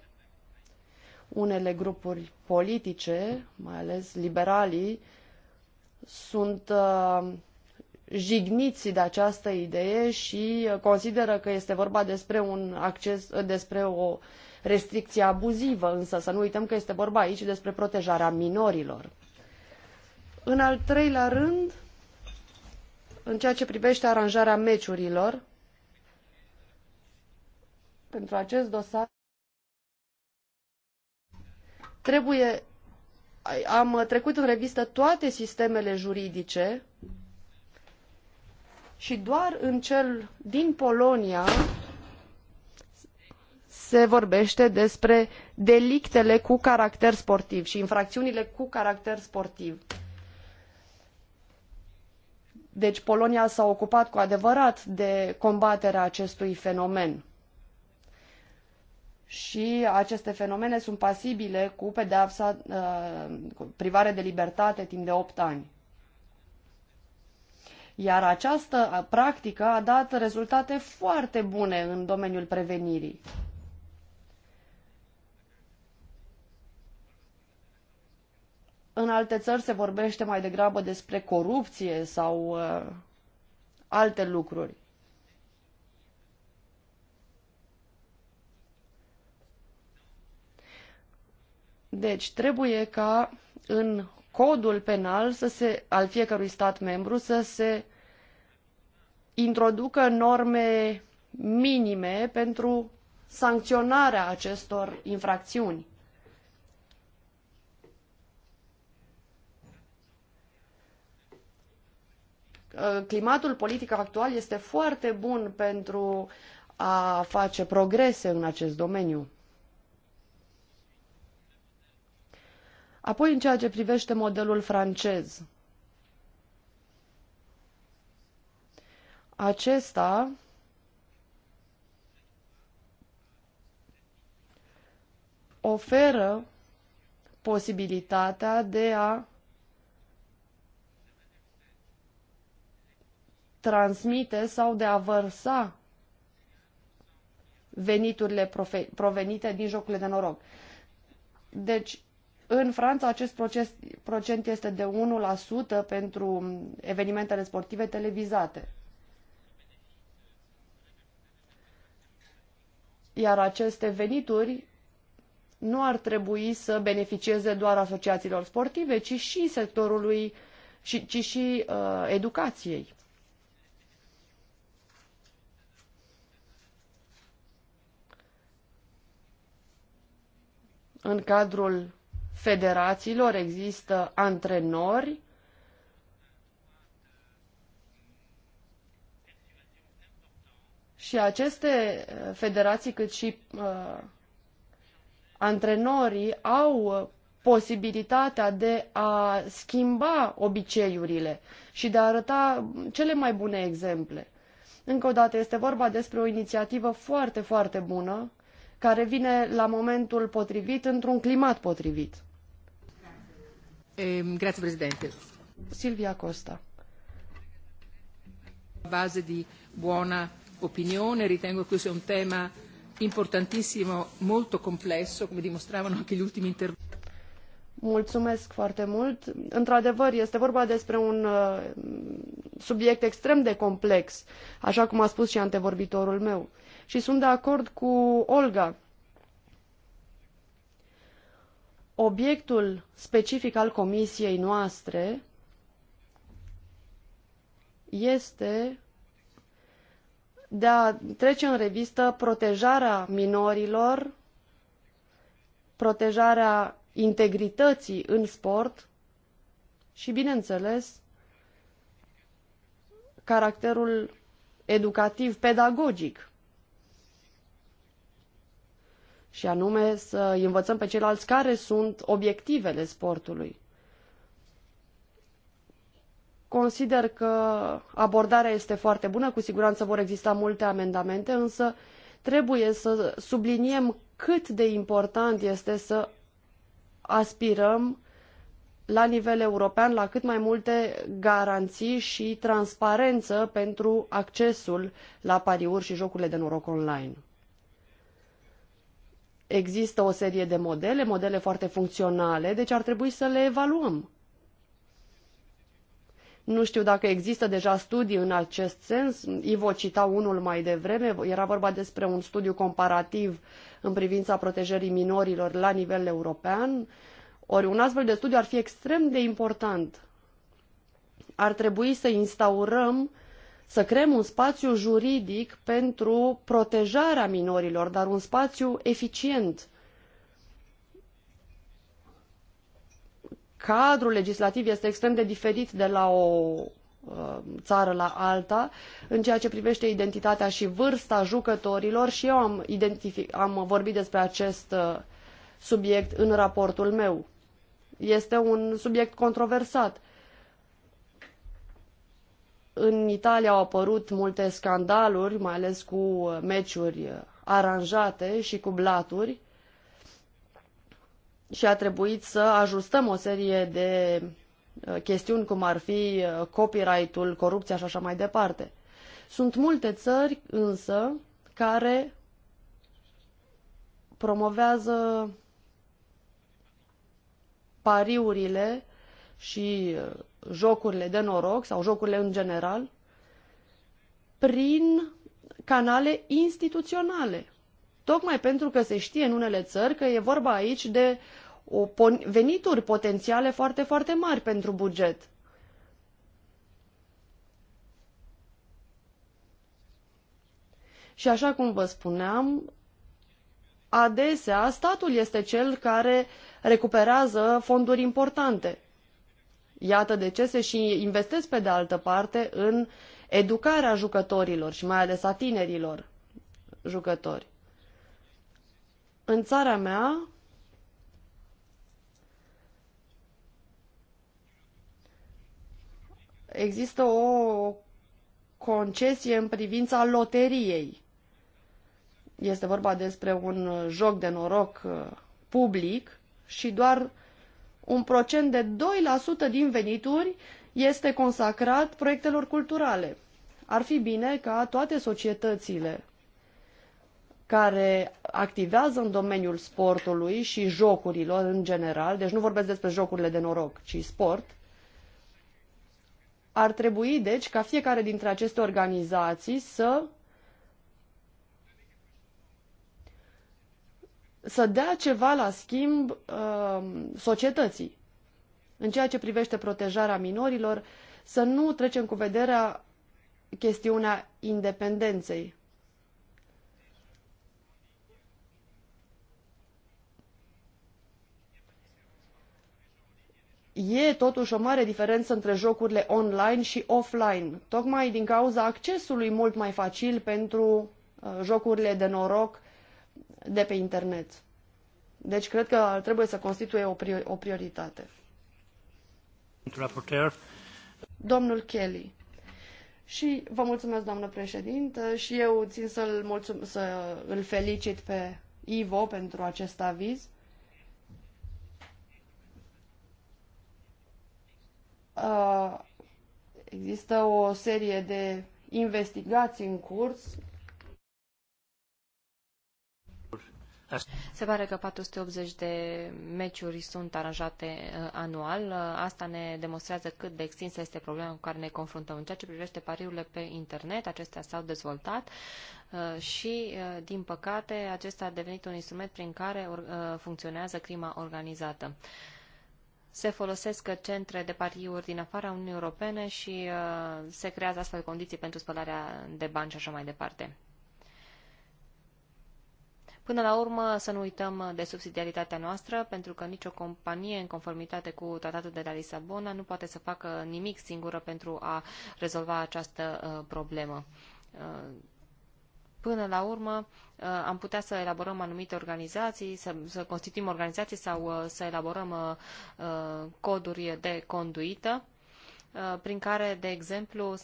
Unele grupuri politice, mai ales liberalii, sunt uh, jigniți de această idee și consideră că este vorba despre un acces, despre o restricție abuzivă, însă să nu uităm că este vorba aici despre protejarea minorilor. În al treilea rând, în ceea ce privește aranjarea meciurilor, pentru acest dosar trebuie am trecut în revistă toate sistemele juridice și doar în cel din Polonia se vorbește despre delictele cu caracter sportiv și infracțiunile cu caracter sportiv. Deci Polonia s-a ocupat cu adevărat de combaterea acestui fenomen. Și aceste fenomene sunt pasibile cu pedeapsa uh, cu privare de libertate timp de opt ani. Iar această practică a dat rezultate foarte bune în domeniul prevenirii. În alte țări se vorbește mai degrabă despre corupție sau uh, alte lucruri. Deci trebuie ca în codul penal să se, al fiecărui stat membru să se introducă norme minime pentru sancționarea acestor infracțiuni. Uh, climatul politic actual este foarte bun pentru a face progrese în acest domeniu. Apoi, în ceea ce privește modelul francez, acesta oferă posibilitatea de a transmite sau de a vărsa veniturile provenite din jocurile de noroc. Deci, în Franța acest proces, procent este de 1% pentru evenimentele sportive televizate. Iar aceste venituri nu ar trebui să beneficieze doar asociațiilor sportive, ci și sectorului, ci, ci și uh, educației. În cadrul federațiilor, există antrenori și aceste federații cât și uh, antrenorii au posibilitatea de a schimba obiceiurile și de a arăta cele mai bune exemple. Încă o dată, este vorba despre o inițiativă foarte, foarte bună, care vine la momentul potrivit, într-un climat potrivit. Ehm, grazie, Presidente. Silvia Costa. base di buona opinione, ritengo che questo sia un tema importantissimo, molto complesso, come dimostravano anche gli ultimi interventi. Mulțumesc foarte mult. Într-adevăr, este vorba despre un uh, subiect extrem de complex, așa cum a spus și antevorbitorul meu. Și sunt de acord cu Olga obiectul specific al comisiei noastre este de a trece în revistă protejarea minorilor, protejarea integrității în sport și, bineînțeles, caracterul educativ, pedagogic și anume să învățăm pe ceilalți care sunt obiectivele sportului. Consider că abordarea este foarte bună, cu siguranță vor exista multe amendamente, însă trebuie să subliniem cât de important este să aspirăm la nivel european la cât mai multe garanții și transparență pentru accesul la pariuri și jocurile de noroc online. Există o serie de modele, modele foarte funcționale, deci ar trebui să le evaluăm. Nu știu dacă există deja studii în acest sens. Ivo cita unul mai devreme. Era vorba despre un studiu comparativ în privința protejării minorilor la nivel european. Ori un astfel de studiu ar fi extrem de important. Ar trebui să instaurăm să creăm un spațiu juridic pentru protejarea minorilor, dar un spațiu eficient. Cadrul legislativ este extrem de diferit de la o uh, țară la alta, în ceea ce privește identitatea și vârsta jucătorilor și eu am, am vorbit despre acest uh, subiect în raportul meu. Este un subiect controversat în Italia au apărut multe scandaluri, mai ales cu meciuri aranjate și cu blaturi și a trebuit să ajustăm o serie de uh, chestiuni cum ar fi uh, copyright-ul, corupția și așa mai departe. Sunt multe țări însă care promovează pariurile și uh, jocurile de noroc sau jocurile în general prin canale instituționale. Tocmai pentru că se știe în unele țări că e vorba aici de o venituri potențiale foarte, foarte mari pentru buget. Și așa cum vă spuneam, adesea statul este cel care recuperează fonduri importante. Iată de ce se și investesc pe de altă parte în educarea jucătorilor și mai ales a tinerilor jucători. În țara mea, există o concesie în privința loteriei. Este vorba despre un joc de noroc uh, public și doar un procent de 2% din venituri este consacrat proiectelor culturale. Ar fi bine ca toate societățile care activează în domeniul sportului și jocurilor în general, deci nu vorbesc despre jocurile de noroc, ci sport, ar trebui, deci, ca fiecare dintre aceste organizații să să dea ceva la schimb uh, societății. În ceea ce privește protejarea minorilor, să nu trecem cu vederea chestiunea independenței. E totuși o mare diferență între jocurile online și offline, tocmai din cauza accesului mult mai facil pentru uh, jocurile de noroc de pe internet. Deci cred că trebuie să constituie o, prior o prioritate. Domnul Kelly. Și vă mulțumesc, doamnă președintă, și eu țin să-l, mulțum- să îl felicit pe Ivo pentru acest aviz. Uh, există o serie de investigații în curs Se pare că 480 de meciuri sunt aranjate uh, anual. Uh, asta ne demonstrează cât de extinsă este problema cu care ne confruntăm. În ceea ce privește pariurile pe internet, acestea s-au dezvoltat uh, și, din păcate, acesta a devenit un instrument prin care funcționează crima organizată se folosesc centre de pariuri din afara Uniunii Europene și uh, se creează astfel condiții pentru spălarea de bani și așa mai departe. Până la urmă, să nu uităm de subsidiaritatea noastră, pentru că nicio companie, în conformitate cu tratatul de la Lisabona, nu poate să facă nimic singură pentru a rezolva această uh, problemă. Uh, până la urmă uh, am putea să elaborăm anumite organizații, să, să constituim organizații sau să elaborăm coduri de conduită Uh, prin care, de exemplu,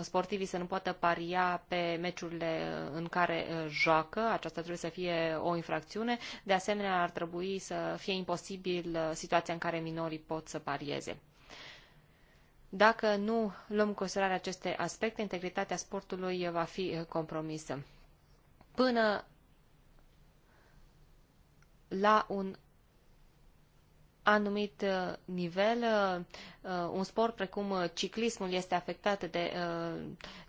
sportivii să nu poată paria pe meciurile uh, în care uh, joacă, aceasta trebuie să fie o infracțiune. De asemenea, ar trebui să fie imposibil situația în care minorii pot să parieze. Dacă nu luăm în considerare aceste aspecte, integritatea sportului va fi compromisă. Până la un anumit uh, nivel, uh, un sport precum uh, ciclismul este afectat de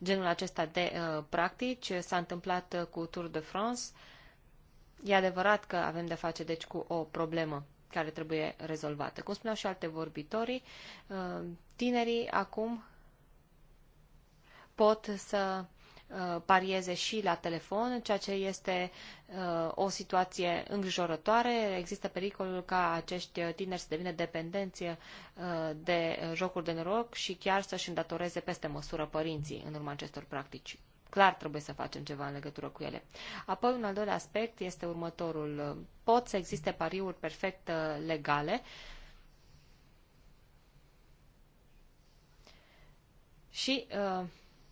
genul acesta de practici. S-a întâmplat cu Tour de France. E adevărat că avem de face deci cu o problemă care trebuie rezolvată. Cum spuneau și alte vorbitorii, tinerii acum pot să Uh, parieze și la telefon, ceea ce este uh, o situație îngrijorătoare. Există pericolul ca acești tineri să devină dependenți uh, de jocuri de noroc și chiar să-și îndatoreze peste măsură părinții în urma acestor practici clar trebuie să facem ceva în legătură cu ele. Apoi, un al doilea aspect este următorul. Pot să existe pariuri perfect legale și uh,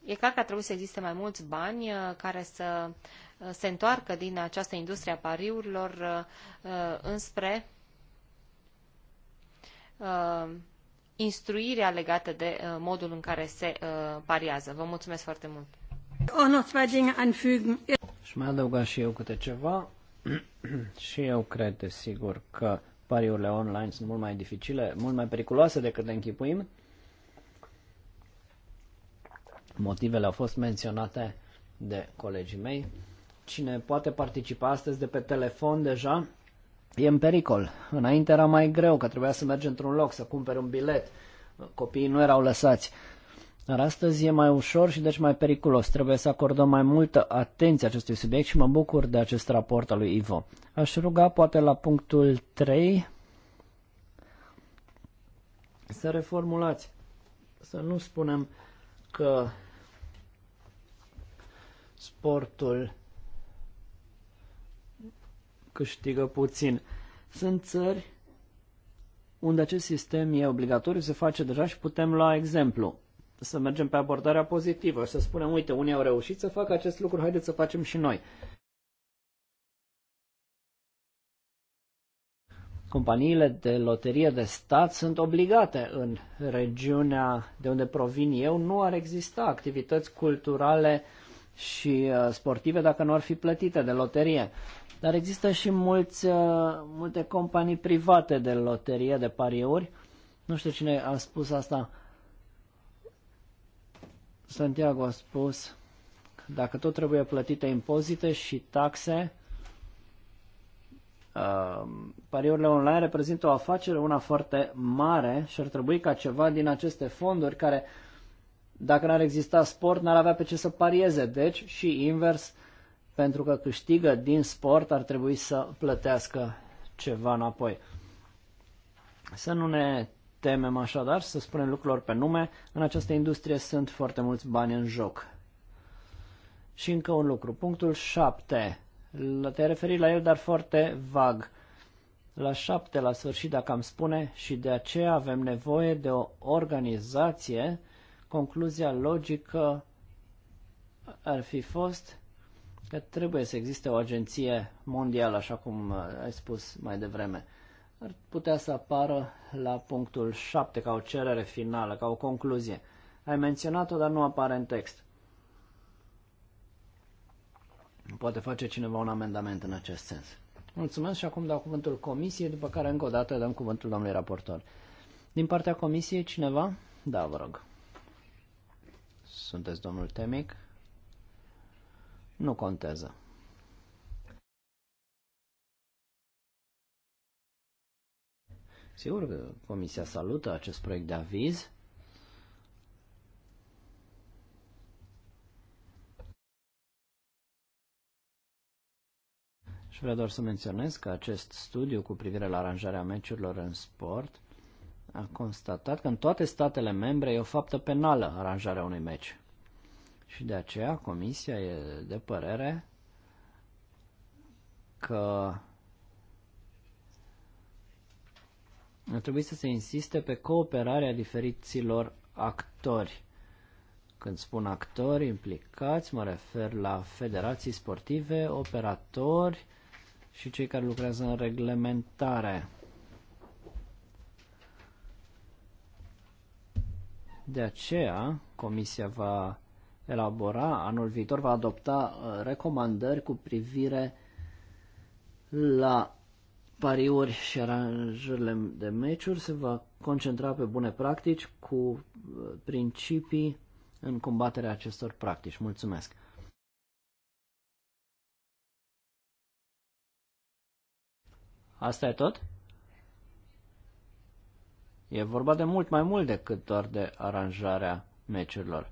E clar că trebuie să existe mai mulți bani uh, care să uh, se întoarcă din această industrie a pariurilor uh, înspre instruirea legată de modul în care se pariază. Vă mulțumesc foarte mult! Oh, și mai adăuga și eu câte ceva. și eu cred, desigur, că pariurile online sunt mult mai dificile, mult mai periculoase decât ne închipuim. Motivele au fost menționate de colegii mei. Cine poate participa astăzi de pe telefon deja e în pericol. Înainte era mai greu, că trebuia să mergi într-un loc, să cumperi un bilet. Copiii nu erau lăsați. Dar astăzi e mai ușor și deci mai periculos. Trebuie să acordăm mai multă atenție acestui subiect și mă bucur de acest raport al lui Ivo. Aș ruga poate la punctul 3 să reformulați, să nu spunem că sportul câștigă puțin. Sunt țări unde acest sistem e obligatoriu, se face deja și putem lua exemplu. Să mergem pe abordarea pozitivă și să spunem, uite, unii au reușit să facă acest lucru, haideți să facem și noi. companiile de loterie de stat sunt obligate în regiunea de unde provin eu, nu ar exista activități culturale și uh, sportive dacă nu ar fi plătite de loterie. Dar există și mulți, uh, multe companii private de loterie, de pariuri. Nu știu cine a spus asta. Santiago a spus, dacă tot trebuie plătite impozite și taxe, Um, pariurile online reprezintă o afacere, una foarte mare și ar trebui ca ceva din aceste fonduri care, dacă n-ar exista sport, n-ar avea pe ce să parieze. Deci și invers, pentru că câștigă din sport, ar trebui să plătească ceva înapoi. Să nu ne temem așadar, să spunem lucrurilor pe nume, în această industrie sunt foarte mulți bani în joc. Și încă un lucru, punctul 7 te-ai referit la el, dar foarte vag. La șapte, la sfârșit, dacă am spune, și de aceea avem nevoie de o organizație, concluzia logică ar fi fost că trebuie să existe o agenție mondială, așa cum uh, ai spus mai devreme. Ar putea să apară la punctul 7 ca o cerere finală, ca o concluzie. Ai menționat-o, dar nu apare în text. Poate face cineva un amendament în acest sens. Mulțumesc și acum dau cuvântul comisiei, după care încă o dată dăm cuvântul domnului raportor. Din partea comisiei, cineva? Da, vă rog. Sunteți domnul Temic? Nu contează. Sigur că comisia salută acest proiect de aviz Și vreau doar să menționez că acest studiu cu privire la aranjarea meciurilor în sport a constatat că în toate statele membre e o faptă penală aranjarea unui meci. Și de aceea Comisia e de părere că ar trebui să se insiste pe cooperarea diferiților actori. Când spun actori implicați, mă refer la federații sportive, operatori, și cei care lucrează în reglementare. De aceea, Comisia va elabora, anul viitor va adopta uh, recomandări cu privire la pariuri și aranjările de meciuri, se va concentra pe bune practici cu uh, principii în combaterea acestor practici. Mulțumesc! Asta e tot? E vorba de mult mai mult decât doar de aranjarea meciurilor.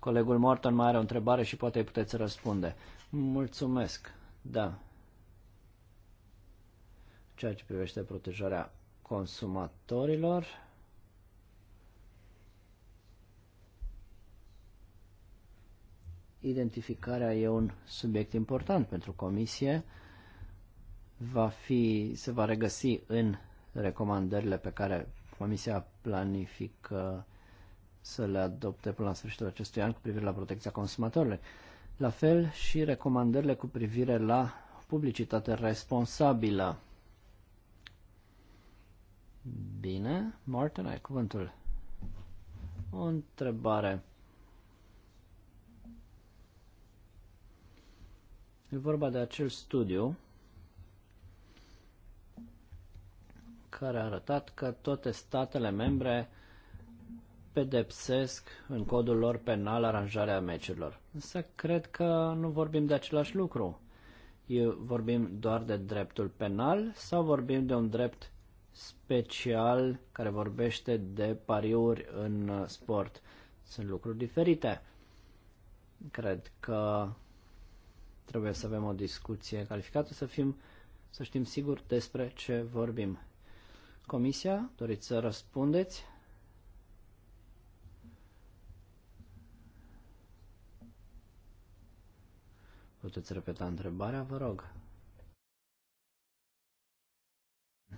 Colegul Morton mai are o întrebare și poate îi puteți răspunde. Mulțumesc. Da. Ceea ce privește protejarea consumatorilor. Identificarea e un subiect important pentru comisie va fi, se va regăsi în recomandările pe care Comisia planifică să le adopte până la sfârșitul acestui an cu privire la protecția consumatorilor. La fel și recomandările cu privire la publicitate responsabilă. Bine, Martin, ai cuvântul. O întrebare. E vorba de acel studiu care a arătat că toate statele membre pedepsesc în codul lor penal aranjarea meciurilor. Însă cred că nu vorbim de același lucru. Vorbim doar de dreptul penal sau vorbim de un drept special care vorbește de pariuri în sport? Sunt lucruri diferite. Cred că trebuie să avem o discuție calificată, să fim, să știm sigur despre ce vorbim. Comisia, doriți să răspundeți? Puteți repeta întrebarea, vă rog.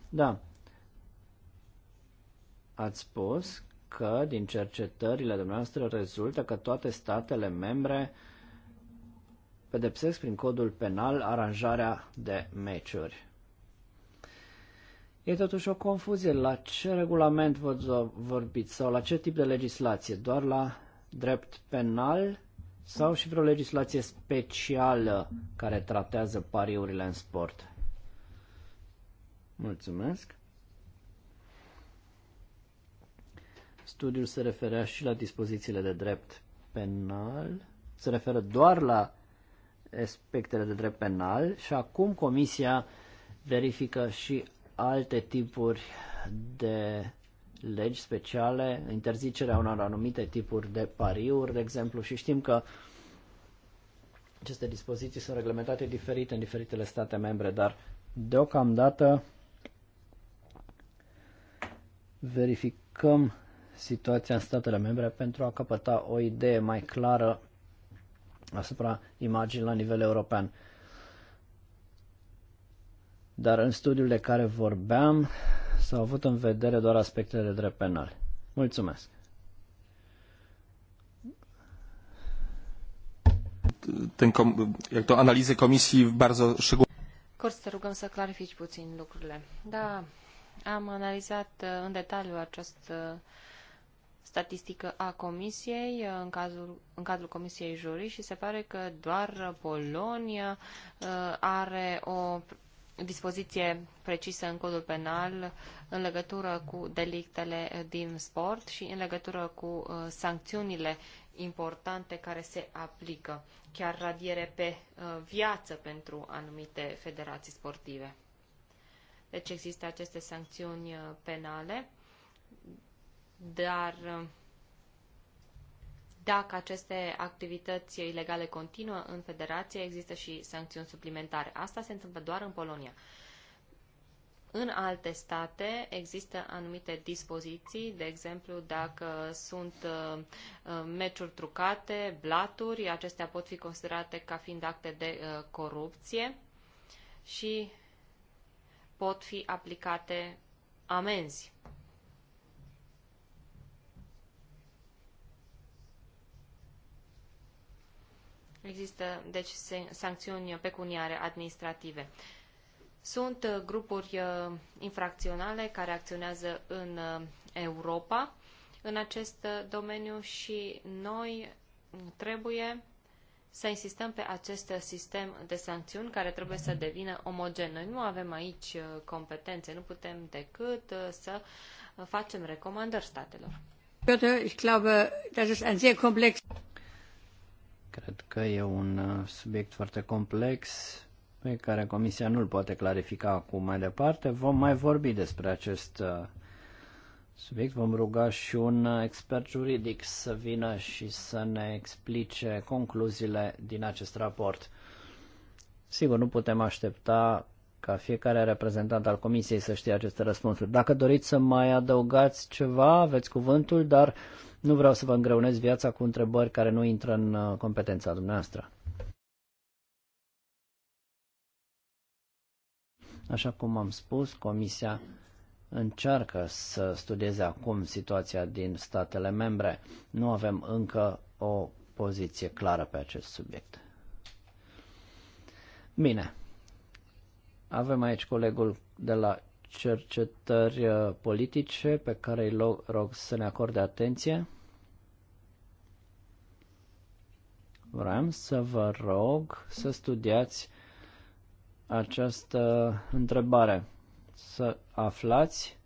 Da. Ați spus că din cercetările dumneavoastră rezultă că toate statele membre pedepsesc prin codul penal aranjarea de meciuri. E totuși o confuzie la ce regulament vorbiți sau la ce tip de legislație, doar la drept penal sau și vreo legislație specială care tratează pariurile în sport? Mulțumesc. Studiul se referea și la dispozițiile de drept penal, se referă doar la aspectele de drept penal și acum Comisia verifică și alte tipuri de legi speciale, interzicerea unor anumite tipuri de pariuri, de exemplu, și știm că aceste dispoziții sunt reglementate diferit în diferitele state membre, dar deocamdată verificăm situația în statele membre pentru a căpăta o idee mai clară asupra imaginii la nivel european dar în studiul de care vorbeam s-au avut în vedere doar aspectele de drept penal. Mulțumesc! Ten analize jak to bardzo szczegółowe. Cors, te rugăm să clarifici puțin lucrurile. Da, am analizat uh, în detaliu această statistică a comisiei uh, în, cazul, în cadrul comisiei jurii și se pare că doar Polonia uh, are o dispoziție precisă în codul penal în legătură cu delictele din sport și în legătură cu uh, sancțiunile importante care se aplică, chiar radiere pe uh, viață pentru anumite federații sportive. Deci există aceste sancțiuni uh, penale, dar dacă aceste activități ilegale continuă în federație, există și sancțiuni suplimentare. Asta se întâmplă doar în Polonia. În alte state există anumite dispoziții, de exemplu dacă sunt uh, uh meciuri trucate, blaturi, acestea pot fi considerate ca fiind acte de uh, corupție și pot fi aplicate amenzi Există, deci, sancțiuni pecuniare administrative. Sunt uh, grupuri uh, infracționale care acționează în uh, Europa în acest domeniu și noi trebuie să insistăm pe acest sistem de sancțiuni care trebuie să devină omogen. Noi nu avem aici competențe, nu putem decât să facem recomandări statelor. Cred că e un uh, subiect foarte complex pe care Comisia nu-l poate clarifica acum mai departe. Vom mai vorbi despre acest uh, subiect. Vom ruga și un uh, expert juridic să vină și să ne explice concluziile din acest raport. Sigur, nu putem aștepta ca fiecare reprezentant al Comisiei să știe aceste răspunsuri. Dacă doriți să mai adăugați ceva, aveți cuvântul, dar uh, nu vreau să vă îngreunez viața cu întrebări care nu intră în uh, competența dumneavoastră. Așa cum am spus, Comisia încearcă să studieze acum situația din statele membre. Nu avem încă o poziție clară pe acest subiect. Bine. Avem aici colegul de la cercetări uh, politice pe care îi rog să ne acorde atenție. Vreau să vă rog să studiați această întrebare, să aflați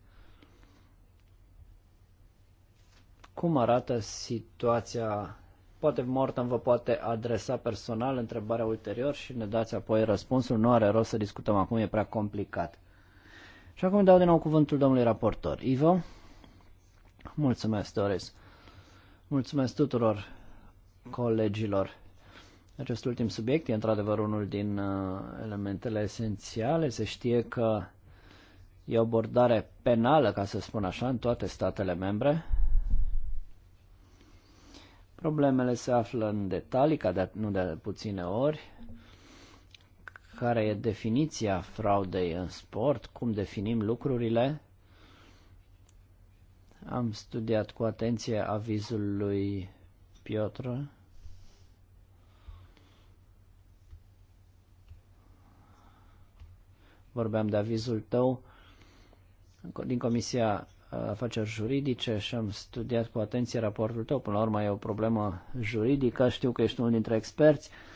cum arată situația. Poate Morton vă poate adresa personal întrebarea ulterior și ne dați apoi răspunsul. Nu are rost să discutăm acum, e prea complicat. Și acum dau din nou cuvântul domnului raportor. Ivo, mulțumesc, Doris. Mulțumesc tuturor colegilor. Acest ultim subiect e într-adevăr unul din uh, elementele esențiale. Se știe că e o abordare penală, ca să spun așa, în toate statele membre. Problemele se află în detalii, ca de, nu de puține ori, care e definiția fraudei în sport, cum definim lucrurile. Am studiat cu atenție avizul lui Piotr. Vorbeam de avizul tău din Comisia Afaceri Juridice și am studiat cu atenție raportul tău. Până la urmă e o problemă juridică, știu că ești unul dintre experți. Uh,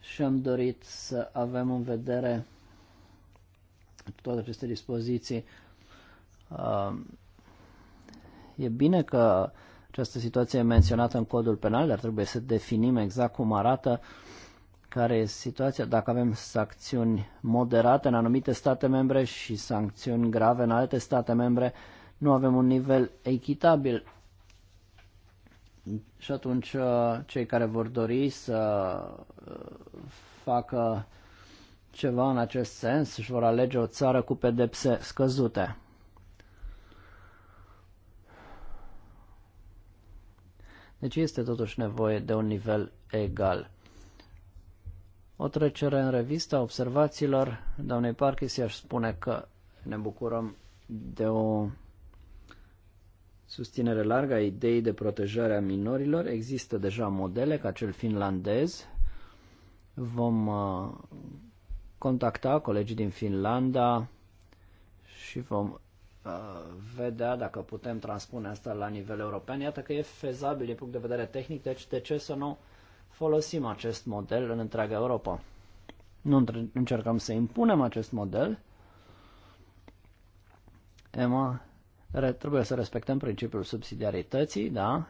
și am dorit să avem în vedere toate aceste dispoziții. Um, e bine că această situație e menționată în codul penal, dar trebuie să definim exact cum arată care e situația, dacă avem sancțiuni moderate în anumite state membre și sancțiuni grave în alte state membre, nu avem un nivel echitabil și atunci uh, cei care vor dori să uh, facă ceva în acest sens își vor alege o țară cu pedepse scăzute. Deci este totuși nevoie de un nivel egal. O trecere în revistă a observațiilor doamnei Parchis i-aș spune că ne bucurăm de o susținere largă a ideii de protejare a minorilor. Există deja modele, ca cel finlandez. Vom uh, contacta colegii din Finlanda și vom uh, vedea dacă putem transpune asta la nivel european. Iată că e fezabil din punct de vedere tehnic, deci de ce să nu folosim acest model în întreaga Europa? Nu încercăm să impunem acest model. Emma Trebuie să respectăm principiul subsidiarității, da?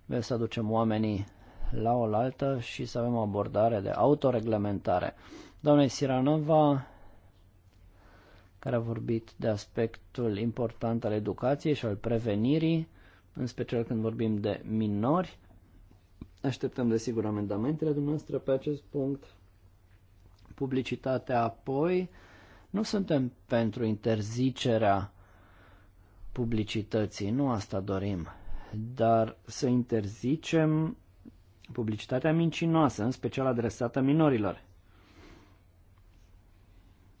Trebuie să aducem oamenii la oaltă și să avem o abordare de autoreglementare. Doamne Siranova, care a vorbit de aspectul important al educației și al prevenirii, în special când vorbim de minori. Așteptăm, desigur, amendamentele dumneavoastră pe acest punct. Publicitatea apoi. Nu suntem pentru interzicerea publicității. Nu asta dorim, dar să interzicem publicitatea mincinoasă, în special adresată minorilor.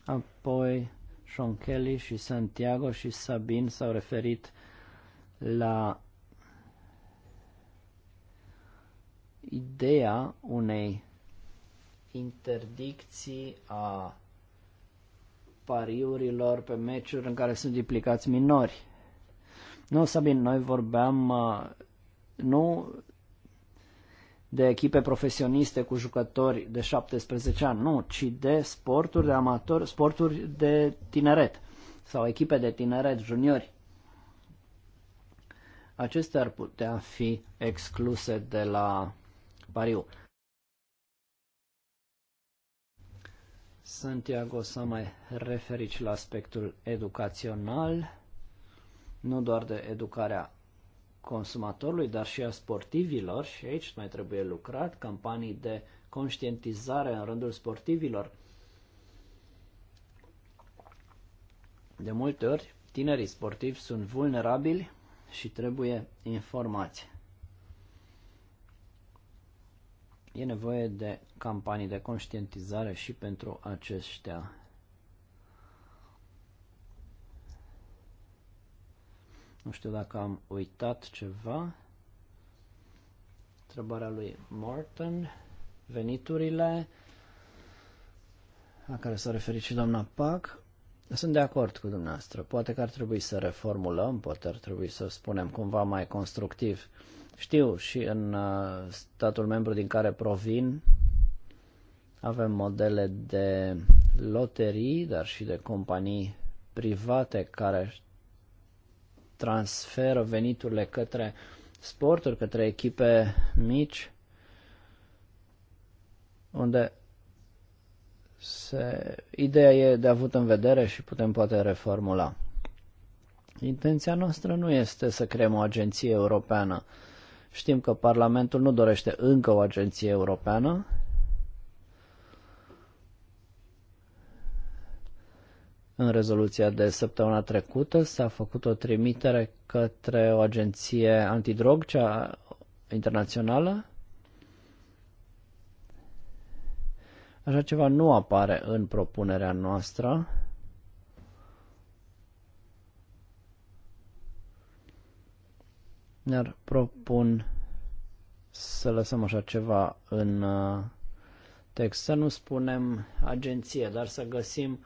Apoi, Sean Kelly și Santiago și Sabin s-au referit la ideea unei interdicții a pariurilor pe meciuri în care sunt implicați minori. Nu, Sabin, noi vorbeam uh, nu de echipe profesioniste cu jucători de 17 ani, nu, ci de sporturi de amator, sporturi de tineret sau echipe de tineret juniori. Acestea ar putea fi excluse de la pariu. Santiago s-a mai referit la aspectul educațional nu doar de educarea consumatorului, dar și a sportivilor și aici mai trebuie lucrat, campanii de conștientizare în rândul sportivilor. De multe ori, tinerii sportivi sunt vulnerabili și trebuie informați. E nevoie de campanii de conștientizare și pentru aceștia. Nu știu dacă am uitat ceva. Întrebarea lui Martin Veniturile la care s-a referit și doamna Pac. Sunt de acord cu dumneavoastră. Poate că ar trebui să reformulăm, poate ar trebui să spunem cumva mai constructiv. Știu, și în uh, statul membru din care provin avem modele de loterii, dar și de companii private care transferă veniturile către sporturi, către echipe mici, unde se, ideea e de avut în vedere și putem poate reformula. Intenția noastră nu este să creăm o agenție europeană. Știm că Parlamentul nu dorește încă o agenție europeană, În rezoluția de săptămâna trecută s-a făcut o trimitere către o agenție antidrog, cea internațională. Așa ceva nu apare în propunerea noastră. Ne-ar propun să lăsăm așa ceva în uh, text, să nu spunem agenție, dar să găsim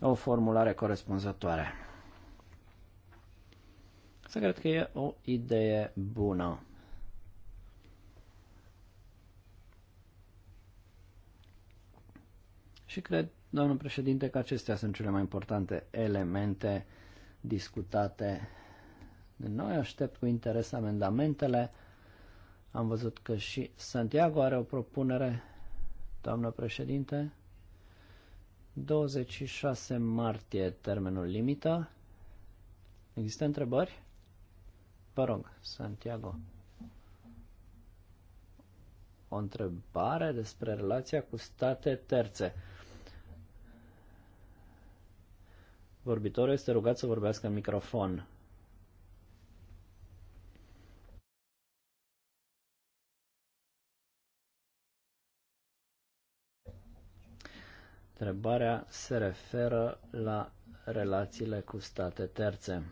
o formulare corespunzătoare. Să cred că e o idee bună. Și cred, domnul președinte, că acestea sunt cele mai importante elemente discutate. Noi aștept cu interes amendamentele. Am văzut că și Santiago are o propunere, doamnă președinte. 26 martie termenul limită. Există întrebări? Vă rog, Santiago. O întrebare despre relația cu state terțe. Vorbitorul este rugat să vorbească în microfon. Întrebarea se referă la relațiile cu state terțe.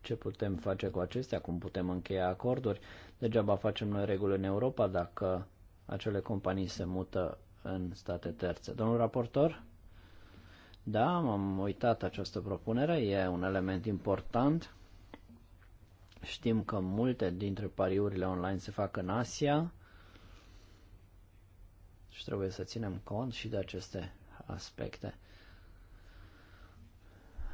Ce putem face cu acestea? Cum putem încheia acorduri? Degeaba facem noi reguli în Europa dacă acele companii se mută în state terțe. Domnul raportor? Da, am uitat această propunere, e un element important. Știm că multe dintre pariurile online se fac în Asia și trebuie să ținem cont și de aceste aspecte.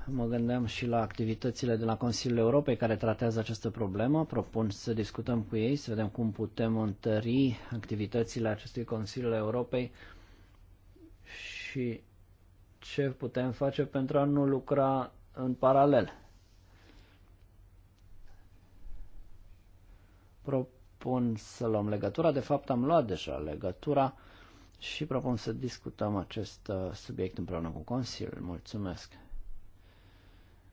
Mă gândeam și la activitățile de la Consiliul Europei care tratează această problemă. Propun să discutăm cu ei, să vedem cum putem întări activitățile acestui Consiliu Europei și ce putem face pentru a nu lucra în paralel. Propun să luăm legătura. De fapt, am luat deja legătura și propun să discutăm acest uh, subiect împreună cu Consiliul. Mulțumesc!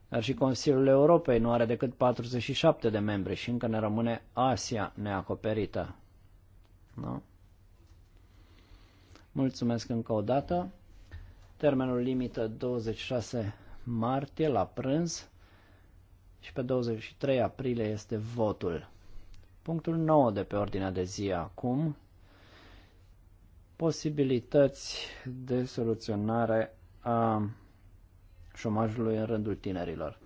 Dar și Consiliul Europei nu are decât 47 de membri și încă ne rămâne Asia neacoperită. Nu? Mulțumesc încă o dată. Termenul limită 26 martie la prânz și pe 23 aprilie este votul. Punctul 9 de pe ordinea de zi acum posibilități de soluționare a șomajului în rândul tinerilor.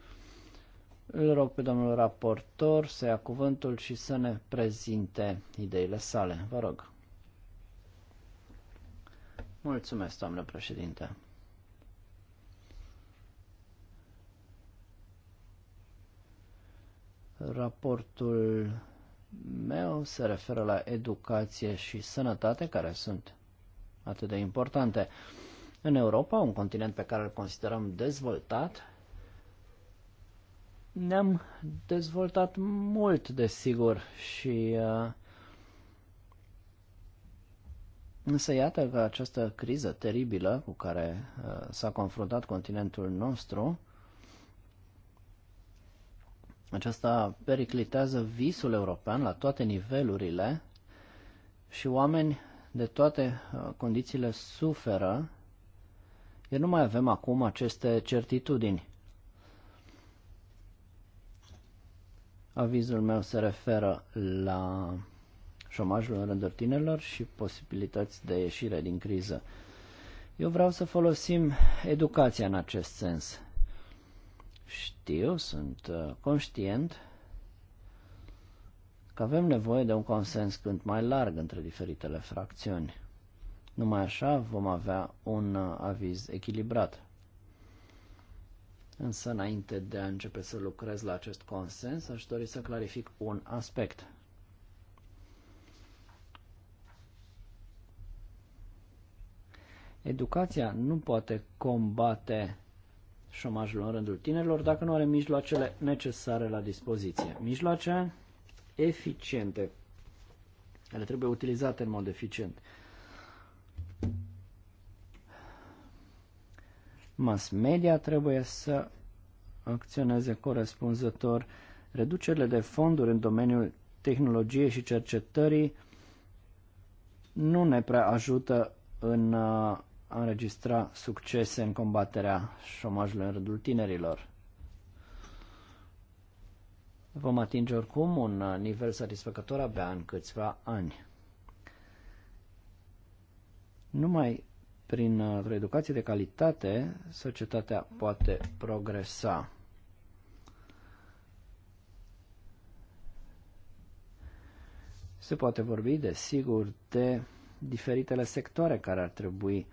Îl rog pe domnul raportor să ia cuvântul și să ne prezinte ideile sale. Vă rog. Mulțumesc, doamnă președinte. Raportul meu se referă la educație și sănătate, care sunt atât de importante. În Europa, un continent pe care îl considerăm dezvoltat, ne-am dezvoltat mult, desigur, și uh, însă iată că această criză teribilă cu care uh, s-a confruntat continentul nostru, aceasta periclitează visul european la toate nivelurile și oameni de toate uh, condițiile suferă, iar nu mai avem acum aceste certitudini. Avizul meu se referă la șomajul în rândul tinerilor și posibilități de ieșire din criză. Eu vreau să folosim educația în acest sens. Știu, sunt uh, conștient că avem nevoie de un consens cât mai larg între diferitele fracțiuni. Numai așa vom avea un uh, aviz echilibrat. Însă, înainte de a începe să lucrez la acest consens, aș dori să clarific un aspect. Educația nu poate combate șomajul în rândul tinerilor dacă nu are mijloacele necesare la dispoziție. Mijloace eficiente. Ele trebuie utilizate în mod eficient. Mass media trebuie să acționeze corespunzător. Reducerile de fonduri în domeniul tehnologiei și cercetării nu ne prea ajută în a înregistra succese în combaterea șomajului în rândul tinerilor. Vom atinge oricum un uh, nivel satisfăcător abia în câțiva ani. Numai prin uh, o educație de calitate, societatea poate progresa. Se poate vorbi, desigur, de diferitele sectoare care ar trebui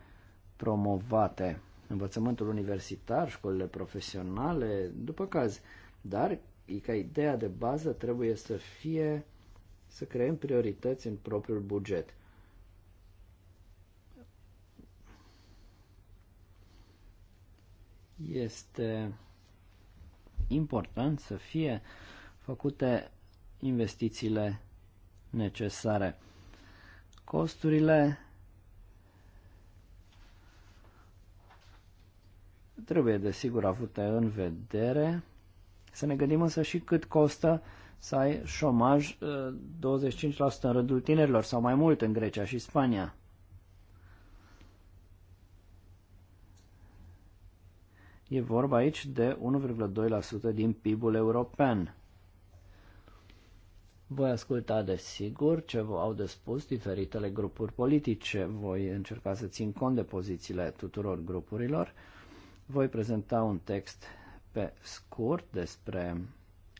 promovate. Învățământul universitar, școlile profesionale, după caz. Dar ca ideea de bază trebuie să fie să creăm priorități în propriul buget. Este important să fie făcute investițiile necesare. Costurile trebuie desigur avute în vedere să ne gândim însă și cât costă să ai șomaj 25% uh, în rândul tinerilor sau mai mult în Grecia și Spania. E vorba aici de 1,2% din PIB-ul european. Voi asculta, desigur, ce au de spus diferitele grupuri politice. Voi încerca să țin cont de pozițiile tuturor grupurilor. Voi prezenta un text pe scurt despre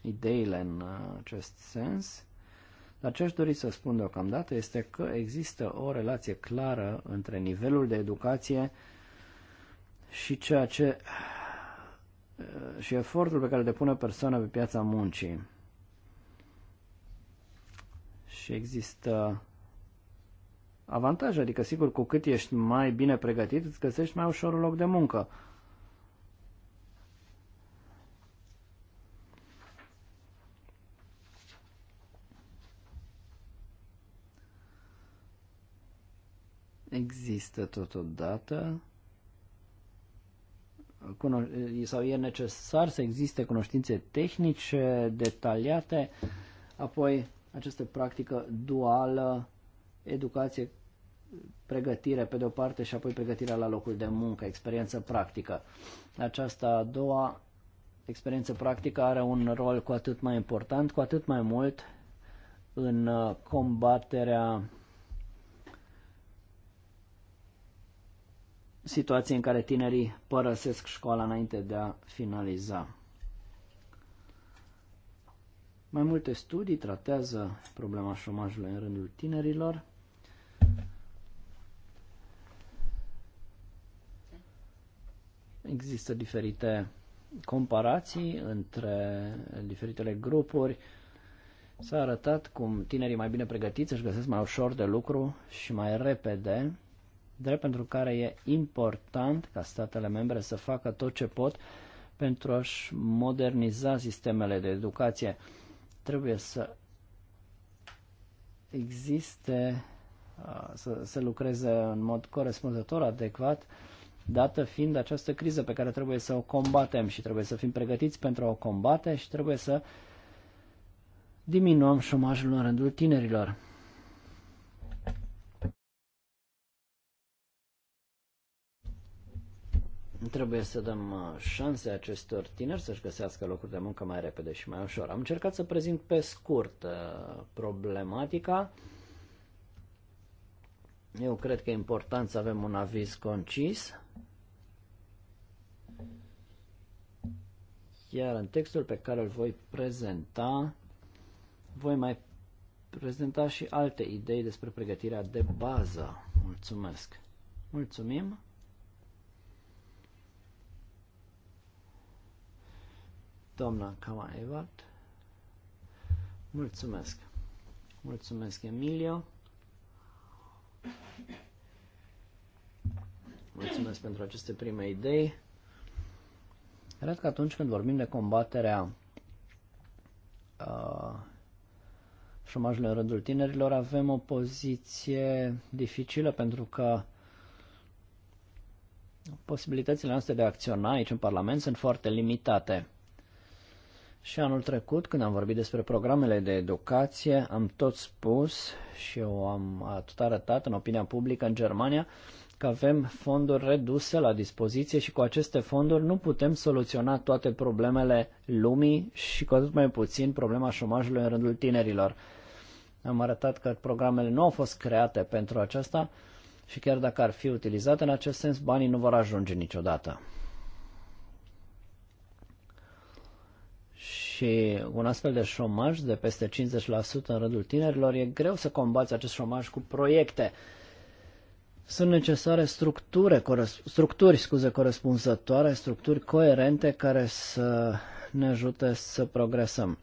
ideile în acest sens, dar ce aș dori să spun deocamdată este că există o relație clară între nivelul de educație și ceea ce și efortul pe care depune persoana pe piața muncii. Și există avantaje, adică sigur cu cât ești mai bine pregătit, îți găsești mai ușor un loc de muncă. există totodată sau e necesar să existe cunoștințe tehnice detaliate, apoi această practică duală, educație, pregătire pe de-o parte și apoi pregătirea la locul de muncă, experiență practică. Aceasta a doua experiență practică are un rol cu atât mai important, cu atât mai mult în uh, combaterea situații în care tinerii părăsesc școala înainte de a finaliza. Mai multe studii tratează problema șomajului în rândul tinerilor. Există diferite comparații între diferitele grupuri. S-a arătat cum tinerii mai bine pregătiți își găsesc mai ușor de lucru și mai repede drept pentru care e important ca statele membre să facă tot ce pot pentru a-și moderniza sistemele de educație. Trebuie să existe, să, se lucreze în mod corespunzător, adecvat, dată fiind această criză pe care trebuie să o combatem și trebuie să fim pregătiți pentru a o combate și trebuie să diminuăm șomajul în rândul tinerilor. Trebuie să dăm uh, șanse acestor tineri să-și găsească locuri de muncă mai repede și mai ușor. Am încercat să prezint pe scurt uh, problematica. Eu cred că e important să avem un aviz concis. Iar în textul pe care îl voi prezenta, voi mai prezenta și alte idei despre pregătirea de bază. Mulțumesc! Mulțumim! doamna Kamaevat. Mulțumesc. Mulțumesc, Emilio. Mulțumesc pentru aceste prime idei. Cred că atunci când vorbim de combaterea uh, șomajului în rândul tinerilor, avem o poziție dificilă pentru că posibilitățile noastre de a acționa aici în Parlament sunt foarte limitate. Și anul trecut, când am vorbit despre programele de educație, am tot spus și eu am tot arătat în opinia publică în Germania că avem fonduri reduse la dispoziție și cu aceste fonduri nu putem soluționa toate problemele lumii și cu atât mai puțin problema șomajului în rândul tinerilor. Am arătat că programele nu au fost create pentru aceasta și chiar dacă ar fi utilizate în acest sens, banii nu vor ajunge niciodată. și un astfel de șomaj de peste 50% în rândul tinerilor, e greu să combați acest șomaj cu proiecte. Sunt necesare structure, structuri scuze, corespunzătoare, structuri coerente care să ne ajute să progresăm.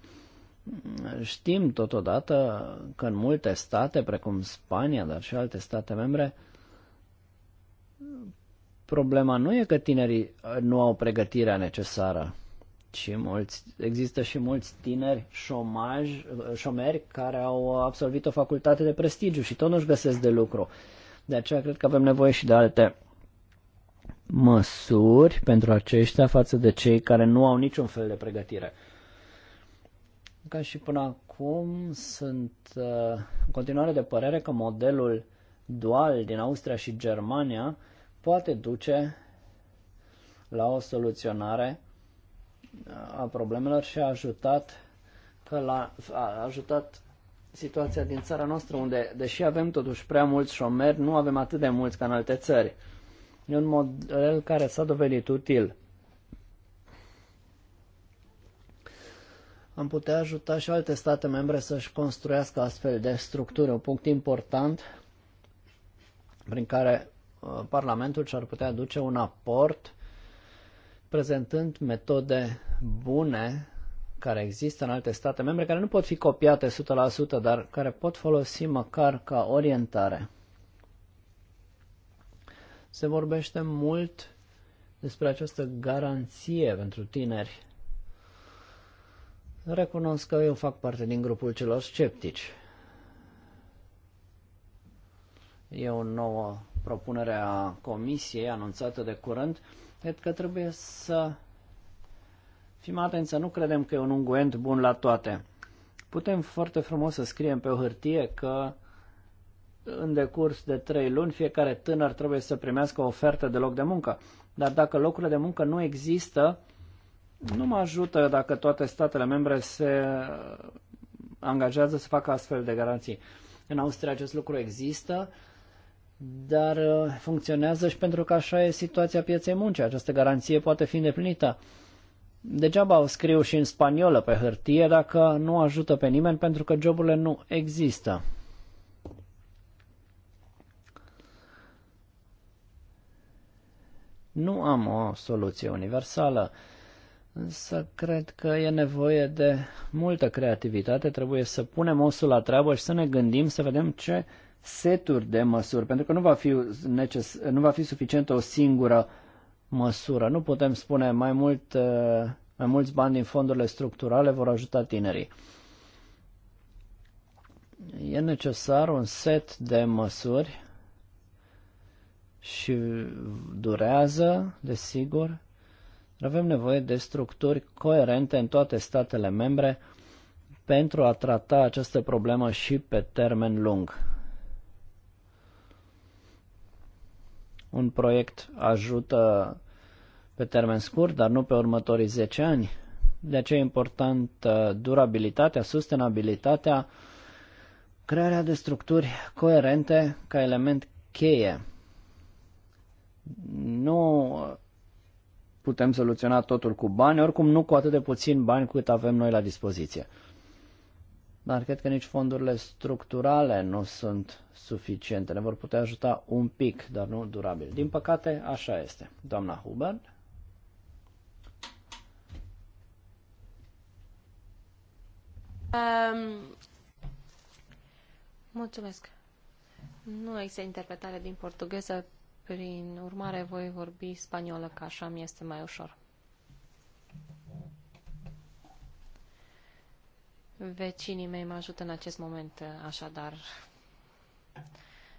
Știm totodată că în multe state, precum Spania, dar și alte state membre, problema nu e că tinerii nu au pregătirea necesară și mulți, există și mulți tineri șomaj, șomeri care au absolvit o facultate de prestigiu și tot nu-și găsesc de lucru. De aceea cred că avem nevoie și de alte măsuri pentru aceștia față de cei care nu au niciun fel de pregătire. Ca și până acum sunt uh, în continuare de părere că modelul dual din Austria și Germania poate duce la o soluționare a problemelor și a ajutat, că la, a ajutat situația din țara noastră, unde, deși avem totuși prea mulți șomeri, nu avem atât de mulți ca în alte țări. E un model care s-a dovedit util. Am putea ajuta și alte state membre să-și construiască astfel de structuri. Un punct important prin care uh, Parlamentul și-ar putea aduce un aport prezentând metode bune care există în alte state membre, care nu pot fi copiate 100%, dar care pot folosi măcar ca orientare. Se vorbește mult despre această garanție pentru tineri. Recunosc că eu fac parte din grupul celor sceptici. E o nouă propunere a comisiei anunțată de curând Cred că trebuie să fim atenți să nu credem că e un unguent bun la toate. Putem foarte frumos să scriem pe o hârtie că în decurs de 3 luni fiecare tânăr trebuie să primească o ofertă de loc de muncă. Dar dacă locurile de muncă nu există, nu mă ajută dacă toate statele membre se angajează să facă astfel de garanții. În Austria acest lucru există, dar uh, funcționează și pentru că așa e situația pieței muncii. Această garanție poate fi îndeplinită. Degeaba o scriu și în spaniolă pe hârtie dacă nu ajută pe nimeni pentru că joburile nu există. Nu am o soluție universală, însă cred că e nevoie de multă creativitate, trebuie să punem osul la treabă și să ne gândim, să vedem ce seturi de măsuri, pentru că nu va fi, neces- nu va fi suficientă o singură măsură. Nu putem spune mai mult, uh, mai mulți bani din fondurile structurale vor ajuta tinerii. E necesar un set de măsuri și durează, desigur. Avem nevoie de structuri coerente în toate statele membre pentru a trata această problemă și pe termen lung. Un proiect ajută pe termen scurt, dar nu pe următorii 10 ani. De aceea e important uh, durabilitatea, sustenabilitatea, crearea de structuri coerente ca element cheie. Nu uh, putem soluționa totul cu bani, oricum nu cu atât de puțin bani cât avem noi la dispoziție dar cred că nici fondurile structurale nu sunt suficiente. Ne vor putea ajuta un pic, dar nu durabil. Din păcate, așa este. Doamna Huber. Um, mulțumesc. Nu există interpretare din portugheză, prin urmare voi vorbi spaniolă, că așa mi este mai ușor. Vecinii mei mă ajută în acest moment, așadar.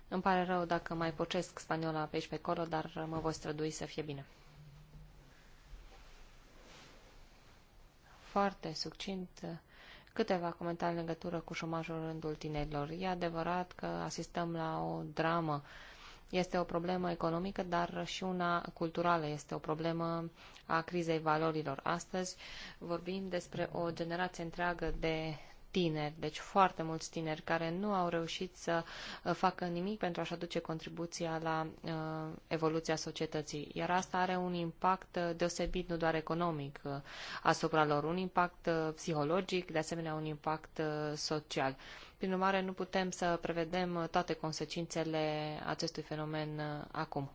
Îmi pare rău dacă mai pocesc spaniola pe aici pe acolo, dar mă voi strădui să fie bine. Foarte succint câteva comentarii în legătură cu șomajul în rândul tinerilor. E adevărat că asistăm la o dramă uh, este o problemă economică, dar și una culturală. Este o problemă a crizei valorilor. Astăzi vorbim despre o generație întreagă de tineri, deci foarte mulți tineri care nu au reușit să uh, facă nimic pentru a-și aduce contribuția la uh, evoluția societății. Iar asta are un impact uh, deosebit, nu doar economic, uh, asupra lor, un impact uh, psihologic, de asemenea un impact uh, social. Uh, prin urmare, nu putem să prevedem uh, toate consecințele acestui fenomen uh, acum.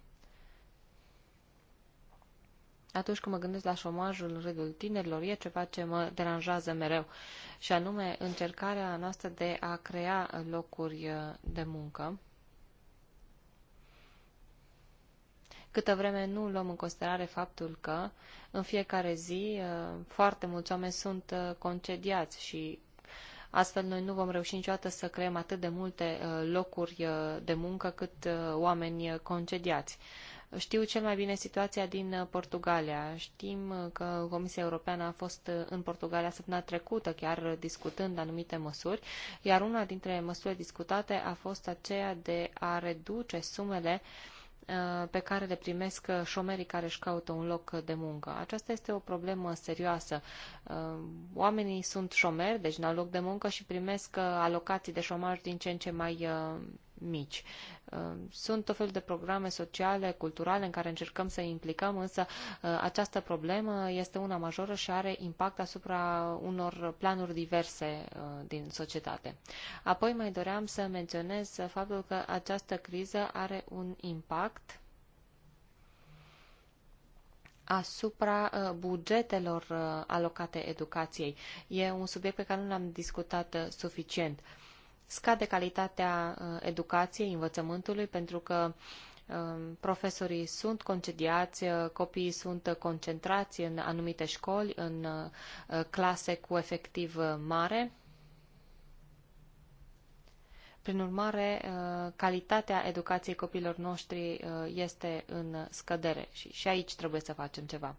Atunci când mă gândesc la șomajul în rândul tinerilor, e ceva ce mă deranjează mereu, și anume încercarea noastră de a crea locuri uh, de muncă. câtă vreme nu luăm în considerare faptul că în fiecare zi foarte mulți oameni sunt concediați și Astfel, noi nu vom reuși niciodată să creăm atât de multe uh, locuri uh, de muncă cât uh, oameni concediați. Știu cel mai bine situația din Portugalia. Știm că Comisia Europeană a fost în Portugalia săptămâna trecută, chiar discutând anumite măsuri, iar una dintre măsurile discutate a fost aceea de a reduce sumele Uh, pe care le primesc uh, șomerii care își caută un loc de muncă. Aceasta este o problemă serioasă. Uh, oamenii sunt șomeri, deci n-au loc de muncă și primesc alocații de șomaj din ce în ce mai mici. Uh, sunt tot felul de programe sociale, culturale în care încercăm să implicăm, însă uh, această problemă este una majoră și are impact asupra unor planuri diverse uh, din societate. Apoi mai doream să menționez faptul că această criză are un impact asupra bugetelor alocate educației. E un subiect pe care nu l-am discutat suficient scade calitatea uh, educației, învățământului, pentru că um, profesorii sunt concediați, uh, copiii sunt concentrați în anumite școli, în uh, clase cu efectiv mare. Prin urmare, calitatea educației copiilor noștri este în scădere și, și aici trebuie să facem ceva.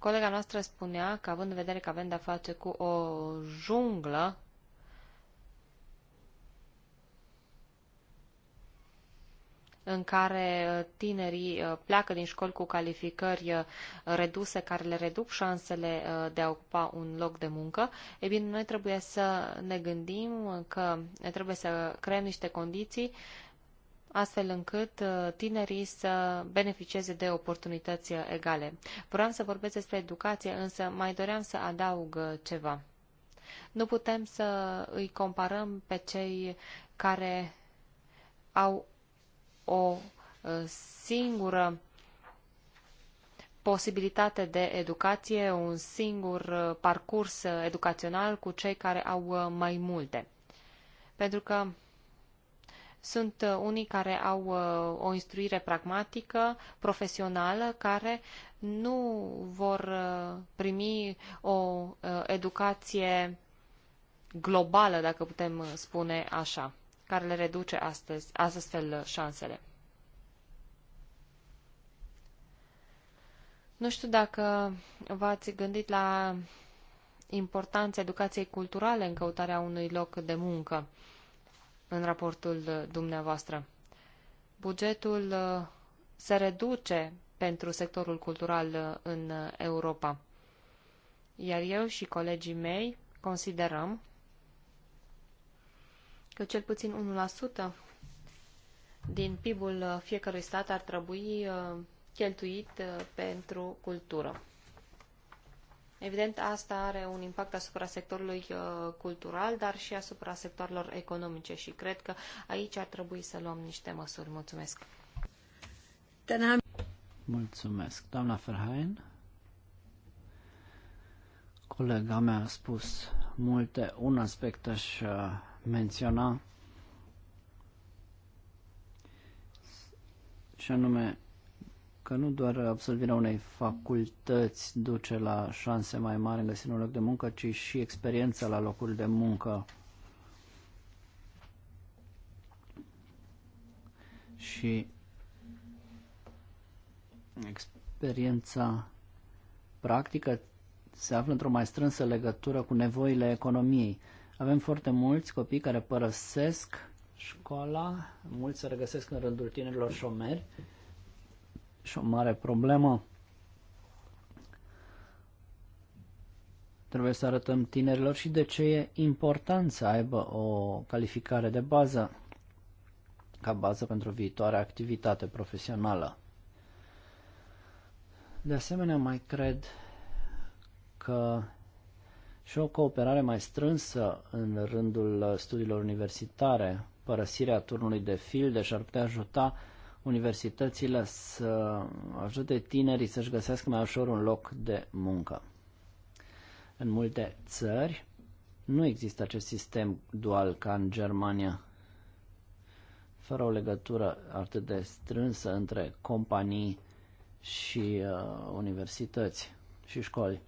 Colega noastră spunea că, având în vedere că avem de-a face cu o junglă, în care uh, tinerii uh, pleacă din școli cu calificări uh, reduse, care le reduc șansele de a ocupa un loc de muncă, e bine, noi trebuie să ne gândim că trebuie să creăm niște condiții astfel încât uh, tinerii să beneficieze de oportunități uh, egale. Vreau să vorbesc despre educație, însă mai doream să adaug uh, ceva. Nu putem să îi comparăm pe cei care au o singură posibilitate de educație, un singur parcurs educațional cu cei care au mai multe. Pentru că sunt uh, unii care au uh, o instruire pragmatică, profesională, care nu vor uh, primi o educație globală, dacă putem spune așa, care le reduce astăzi, astfel șansele. Nu știu dacă v-ați gândit la importanța educației culturale în căutarea unui loc de muncă în raportul uh, dumneavoastră. Bugetul uh, se reduce pentru sectorul cultural uh, în Europa. Iar eu și colegii mei considerăm că cel puțin 1% din PIB-ul fiecărui stat ar trebui cheltuit pentru cultură. Evident, asta are un impact asupra sectorului uh, cultural, dar și asupra sectoarelor economice și cred că aici ar trebui să luăm niște măsuri. Mulțumesc! Mulțumesc, doamna Ferhain. Colega mea a spus multe. Un aspect aș uh, menționa și anume că nu doar absolvirea unei facultăți duce la șanse mai mari în găsirea un loc de muncă, ci și experiența la locul de muncă. Și experiența practică se află într-o mai strânsă legătură cu nevoile economiei. Avem foarte mulți copii care părăsesc școala, mulți se regăsesc în rândul tinerilor șomeri și o mare problemă. Trebuie să arătăm tinerilor și de ce e important să aibă o calificare de bază ca bază pentru viitoare activitate profesională. De asemenea, mai cred că și o cooperare mai strânsă în rândul studiilor universitare, părăsirea turnului de filde și-ar putea ajuta universitățile să ajute tinerii să-și găsească mai ușor un loc de muncă. În multe țări nu există acest sistem dual ca în Germania, fără o legătură atât de strânsă între companii și uh, universități și școli.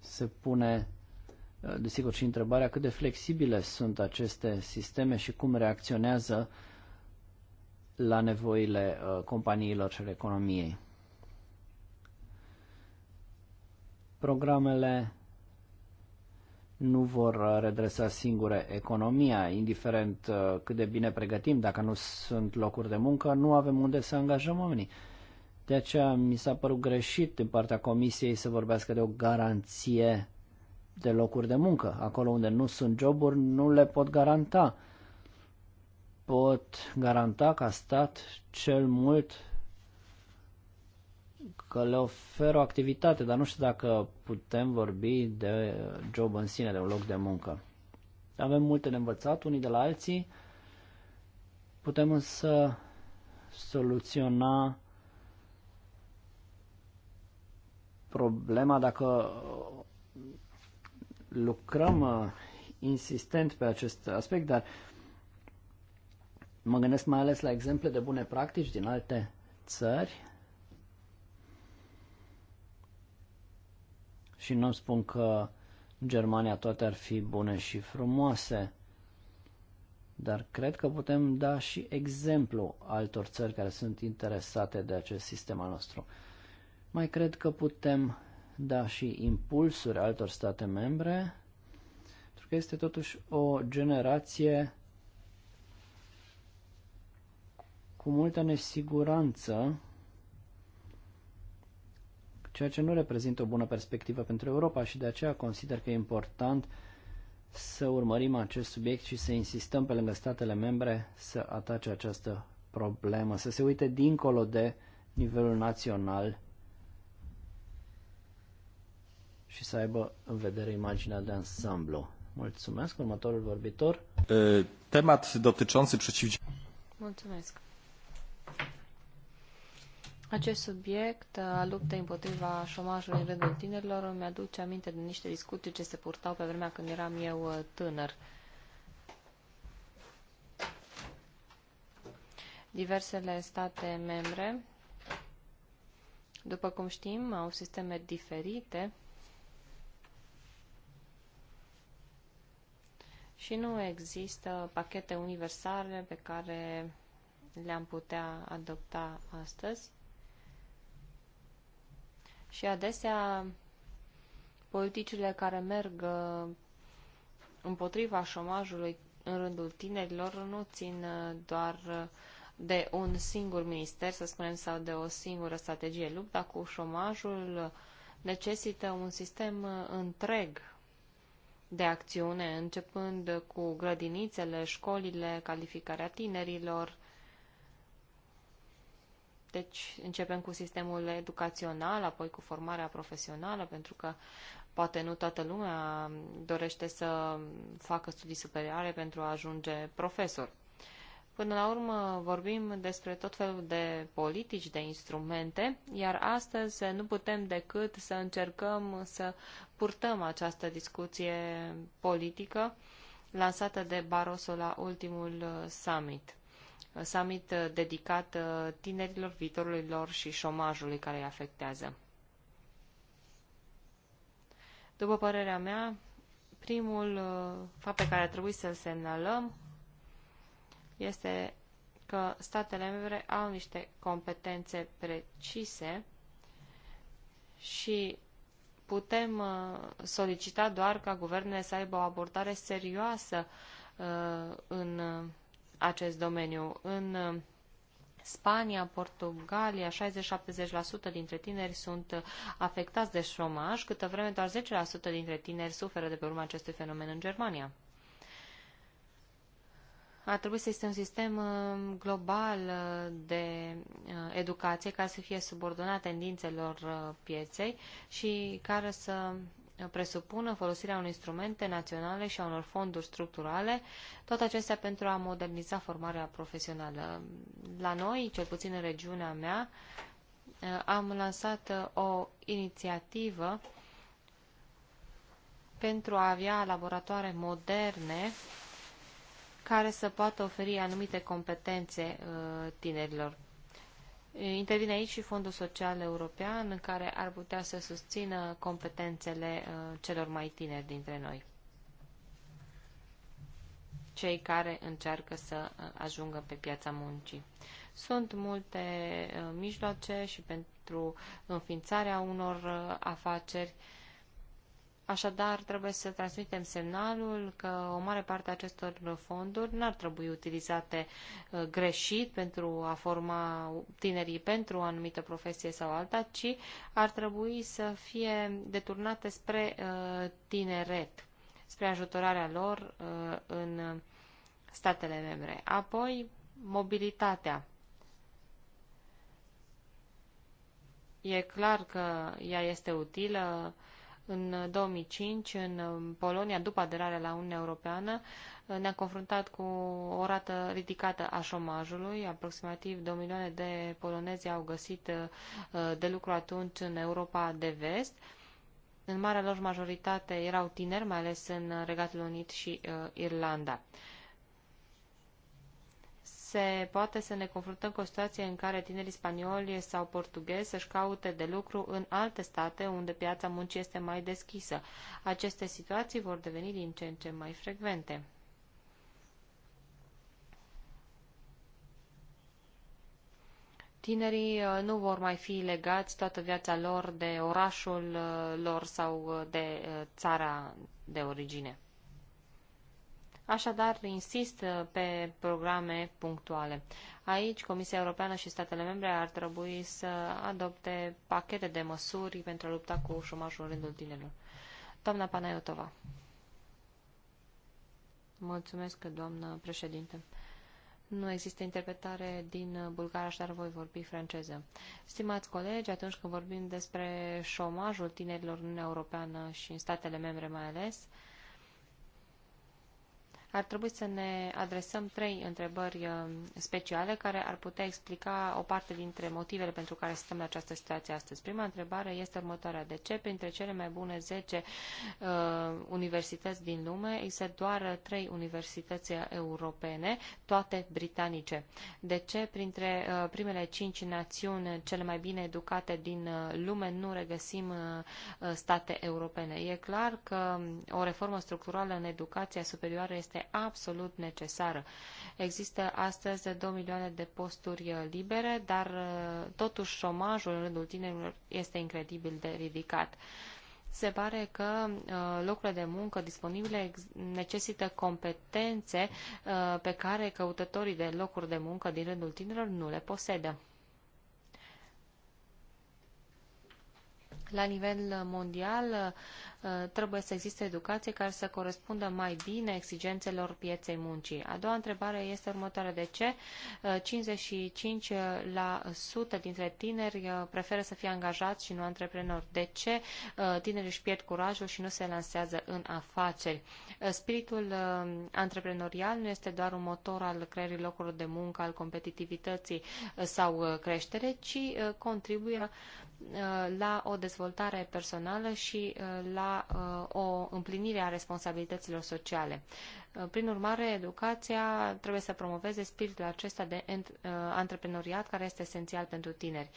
Se pune Uh, desigur, și întrebarea cât de flexibile sunt aceste sisteme și cum reacționează la nevoile uh, companiilor și economiei. Programele nu vor uh, redresa singure economia, indiferent cât de bine pregătim, dacă nu sunt locuri de muncă, nu avem unde să angajăm oamenii. De aceea mi s-a părut greșit din partea Comisiei să vorbească de o garanție de locuri de muncă. Acolo unde nu sunt joburi, nu le pot garanta. Pot garanta ca stat cel mult că le ofer o activitate, dar nu știu dacă putem vorbi de job în sine, de un loc de muncă. Avem multe de învățat unii de la alții, putem însă soluționa problema dacă lucrăm uh, insistent pe acest aspect, dar mă gândesc mai ales la exemple de bune practici din alte țări și nu spun că în Germania toate ar fi bune și frumoase, dar cred că putem da și exemplu altor țări care sunt interesate de acest sistem al nostru. Mai cred că putem da și impulsuri altor state membre, pentru că este totuși o generație cu multă nesiguranță, ceea ce nu reprezintă o bună perspectivă pentru Europa și de aceea consider că e important să urmărim acest subiect și să insistăm pe lângă statele membre să atace această problemă, să se uite dincolo de nivelul național și să aibă în vedere imaginea de ansamblu. Mulțumesc. Următorul vorbitor. Temat dotyczący przeciwdziałania. Mulțumesc. Acest subiect a luptei împotriva șomajului în rândul tinerilor îmi aduce aminte de niște discuții ce se purtau pe vremea când eram eu tânăr. Diversele state membre, după cum știm, au sisteme diferite și nu există pachete universale pe care le-am putea adopta astăzi. Și adesea politicile care merg uh, împotriva șomajului în rândul tinerilor nu țin uh, doar uh, de un singur minister, să spunem, sau de o singură strategie. Lupta cu șomajul necesită un sistem întreg de acțiune, începând cu grădinițele, școlile, calificarea tinerilor. Deci începem cu sistemul educațional, apoi cu formarea profesională, pentru că poate nu toată lumea dorește să facă studii superioare pentru a ajunge profesor. Până la urmă vorbim despre tot felul de politici, de instrumente, iar astăzi nu putem decât să încercăm să purtăm această discuție politică lansată de Barroso la ultimul uh, summit. Uh, summit uh, dedicat tinerilor, viitorului lor și șomajului care îi afectează. După părerea mea, primul fapt pe care trebuie să-l semnalăm este că statele membre au niște competențe precise și putem uh, solicita doar ca guvernele să aibă o abordare serioasă uh, în uh, acest domeniu. În Spania, Portugalia, 60-70% dintre tineri sunt afectați de șomaj, câtă vreme doar 10% dintre tineri suferă de pe urma acestui fenomen în Germania ar trebui să existe un sistem uh, global uh, de uh, educație care să fie subordonat tendințelor pieței și care să presupună folosirea unor instrumente naționale și a unor fonduri structurale, toate acestea pentru a moderniza formarea profesională. La noi, cel puțin în regiunea mea, am lansat o inițiativă pentru a avea laboratoare moderne care să poată oferi anumite competențe uh, tinerilor. Intervine aici și Fondul Social European, în care ar putea să susțină competențele uh, celor mai tineri dintre noi, cei care încearcă să uh, ajungă pe piața muncii. Sunt multe mijloace și pentru înființarea unor afaceri, Așadar, trebuie să transmitem semnalul că o mare parte a acestor fonduri n-ar trebui utilizate uh, greșit pentru a forma tinerii pentru o anumită profesie sau alta, ci ar trebui să fie deturnate spre uh, tineret, spre ajutorarea lor uh, în statele membre. Apoi, mobilitatea. E clar că ea este utilă în 2005, uh, în um, Polonia, după aderarea la Uniunea Europeană, uh, ne-am confruntat cu o rată ridicată a șomajului. Aproximativ 2 milioane de polonezi au găsit uh, de lucru atunci în Europa de vest. În marea lor majoritate erau tineri, mai ales în Regatul Unit și Irlanda se poate să ne confruntăm cu o situație în care tinerii spanioli sau portughezi să-și caute de lucru în alte state unde piața muncii este mai deschisă. Aceste situații vor deveni din ce în ce mai frecvente. Tinerii uh, nu vor mai fi legați toată viața lor de orașul uh, lor sau uh, de țara de origine. Așadar, insist uh, pe programe punctuale. Aici, Comisia Europeană și statele membre ar trebui să adopte pachete de măsuri pentru a lupta cu șomajul în rândul tinerilor. Doamna Panaiotova. Mulțumesc, doamnă președinte. Nu există interpretare din bulgară, dar voi vorbi franceză. Stimați colegi, atunci când vorbim despre șomajul tinerilor în Europeană și în statele membre mai ales, uh, ar trebui să ne adresăm trei întrebări uh, speciale care ar putea explica o parte dintre motivele pentru care suntem în această situație astăzi. Prima întrebare este următoarea. De ce printre cele mai bune 10 uh, universități din lume există doar trei universități europene, toate britanice? De ce printre uh, primele cinci națiuni cele mai bine educate din uh, lume nu regăsim uh, state europene? E clar că um, o reformă structurală în educația superioară este absolut necesară. Există astăzi 2 milioane de posturi uh, libere, dar uh, totuși șomajul în rândul tinerilor este incredibil de ridicat se pare că uh, locurile de muncă disponibile necesită competențe pe care căutătorii de locuri de muncă din rândul tinerilor nu le posedă. La nivel mondial, Uh, trebuie să existe educație care să corespundă mai bine exigențelor pieței muncii. A doua întrebare este următoarea. De ce 55% uh, dintre tineri uh, preferă să fie angajați și nu antreprenori? De ce tinerii își pierd curajul și nu se lansează în afaceri? Spiritul antreprenorial nu este doar un motor al creării locurilor de muncă, al competitivității sau creștere, ci contribuie la o dezvoltare personală și la Uh, o împlinire a responsabilităților sociale. Uh, prin urmare, educația trebuie să promoveze spiritul acesta de uh, antreprenoriat care este esențial pentru tineri.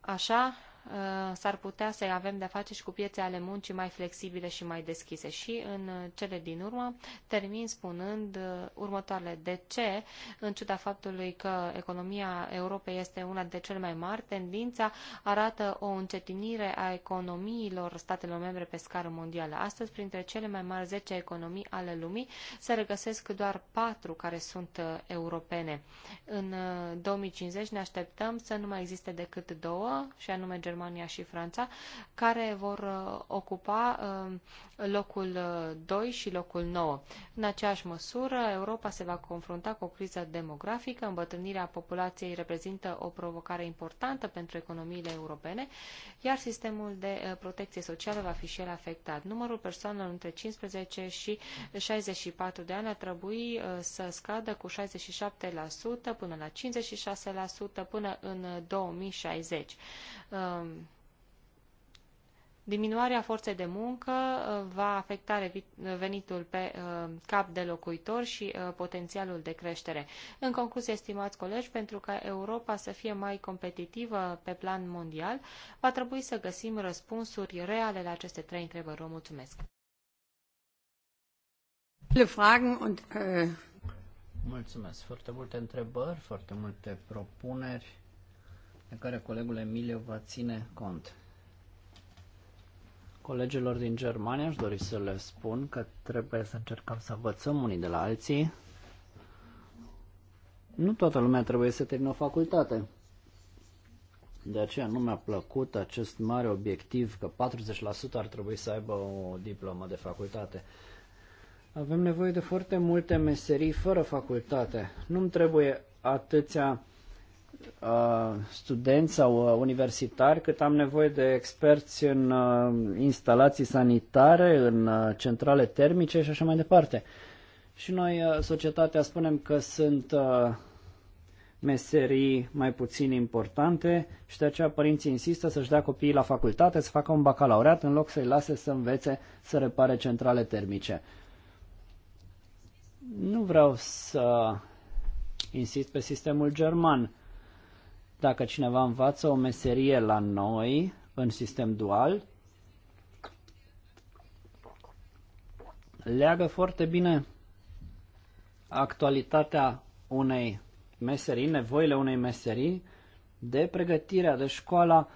Așa, Uh, s-ar putea să avem de-a face și cu piețe ale muncii mai flexibile și mai deschise. Și în cele din urmă termin spunând uh, următoarele. De ce, în ciuda faptului că economia Europei este una de cele mai mari, tendința arată o încetinire a economiilor statelor membre pe scară mondială. Astăzi, printre cele mai mari 10 economii ale lumii, se regăsesc doar 4 care sunt uh, europene. În 2050 ne așteptăm să nu mai existe decât două, și anume Germania Germania și Franța, care vor uh, ocupa uh, locul 2 uh, și locul 9. În aceeași măsură, Europa se va confrunta cu o criză demografică, îmbătrânirea populației reprezintă o provocare importantă pentru economiile europene, iar sistemul de protecție socială va fi și el afectat. Numărul persoanelor între 15 și 64 de ani ar trebui să scadă cu 67% până la 56% până în 2060. Um, diminuarea forței de muncă uh, va afecta venitul pe uh, cap de locuitor și uh, potențialul de creștere. În concluzie, estimați colegi, pentru ca Europa să fie mai competitivă pe plan mondial, va trebui să găsim răspunsuri reale la aceste trei întrebări. Vă mulțumesc! Äh, mulțumesc! Foarte multe întrebări, foarte multe propuneri de care colegul Emilio va ține cont. Colegilor din Germania aș dori să le spun că trebuie să încercăm să învățăm unii de la alții. Nu toată lumea trebuie să termină o facultate. De aceea nu mi-a plăcut acest mare obiectiv că 40% ar trebui să aibă o diplomă de facultate. Avem nevoie de foarte multe meserii fără facultate. Nu-mi trebuie atâția Uh, studenți sau uh, universitari, cât am nevoie de experți în uh, instalații sanitare, în centrale termice și așa mai departe. Și noi, societatea, spunem că sunt meserii mai puțin importante și de aceea părinții insistă să-și dea copiii la facultate, să facă un bacalaureat în loc să-i lase să învețe să repare centrale termice. Nu vreau să insist pe sistemul german dacă cineva învață o meserie la noi, în sistem dual, leagă foarte bine actualitatea unei meserii, nevoile unei meserii, de pregătirea, de școala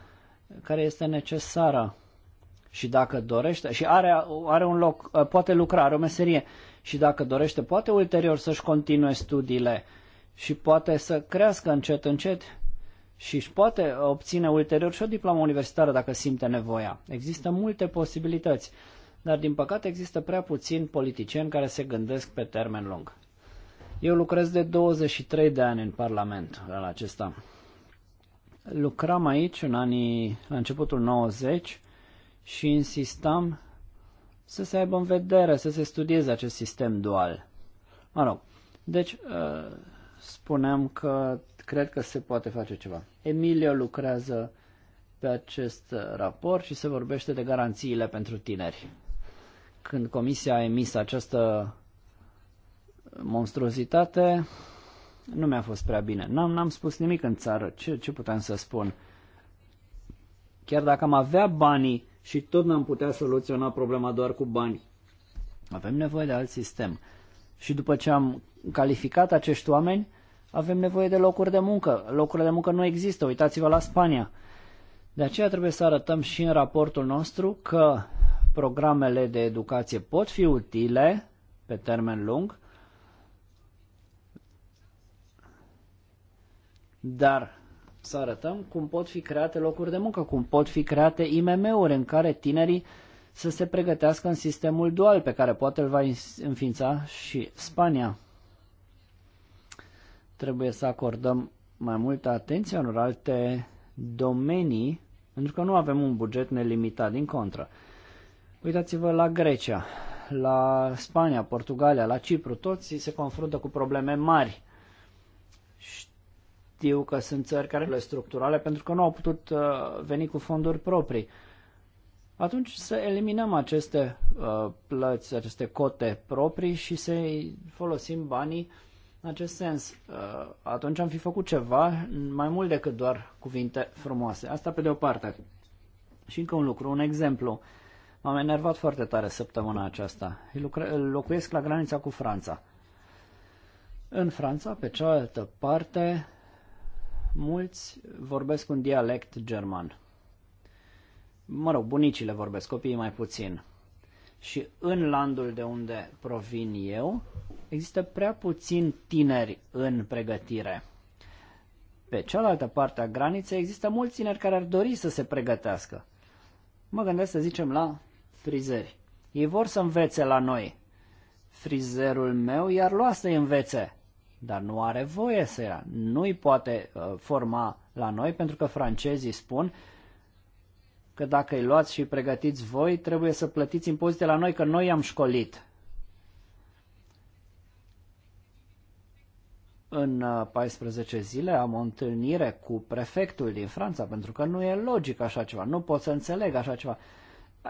care este necesară. Și dacă dorește, și are, are un loc, ă, poate lucra, are o meserie, și dacă dorește, poate ulterior să-și continue studiile și poate să crească încet, încet și își poate obține ulterior și o diplomă universitară dacă simte nevoia. Există multe posibilități, dar din păcate există prea puțini politicieni care se gândesc pe termen lung. Eu lucrez de 23 de ani în Parlament la acesta. Lucram aici în anii, la începutul 90 și insistam să se aibă în vedere, să se studieze acest sistem dual. Mă rog, deci ă, spuneam că cred că se poate face ceva. Emilio lucrează pe acest raport și se vorbește de garanțiile pentru tineri. Când comisia a emis această monstruozitate, nu mi-a fost prea bine. N-am, n-am spus nimic în țară. Ce, ce puteam să spun? Chiar dacă am avea banii și tot n-am putea soluționa problema doar cu bani. Avem nevoie de alt sistem. Și după ce am calificat acești oameni, avem nevoie de locuri de muncă. Locurile de muncă nu există. Uitați-vă la Spania. De aceea trebuie să arătăm și în raportul nostru că programele de educație pot fi utile pe termen lung, dar să arătăm cum pot fi create locuri de muncă, cum pot fi create IMM-uri în care tinerii să se pregătească în sistemul dual pe care poate îl va înființa și Spania trebuie să acordăm mai multă atenție în alte domenii, pentru că nu avem un buget nelimitat, din contră. Uitați-vă la Grecia, la Spania, Portugalia, la Cipru, toți se confruntă cu probleme mari. Știu că sunt țări care le structurale pentru că nu au putut uh, veni cu fonduri proprii. Atunci să eliminăm aceste uh, plăți, aceste cote proprii și să folosim banii în acest sens, uh, atunci am fi făcut ceva mai mult decât doar cuvinte frumoase. Asta pe de o parte. Și încă un lucru, un exemplu. M-am enervat foarte tare săptămâna aceasta. locuiesc la granița cu Franța. În Franța, pe cealaltă parte, mulți vorbesc un dialect german. Mă rog, bunicile vorbesc, copiii mai puțin. Și în landul de unde provin eu, există prea puțini tineri în pregătire. Pe cealaltă parte a graniței există mulți tineri care ar dori să se pregătească. Mă gândesc să zicem la frizeri. Ei vor să învețe la noi. Frizerul meu i-ar lua să-i învețe, dar nu are voie să ia. Nu-i poate uh, forma la noi pentru că francezii spun că dacă îi luați și pregătiți voi, trebuie să plătiți impozite la noi, că noi i-am școlit. În 14 uh, zile am o întâlnire cu prefectul din Franța, pentru că nu e logic așa ceva, nu pot să înțeleg așa ceva.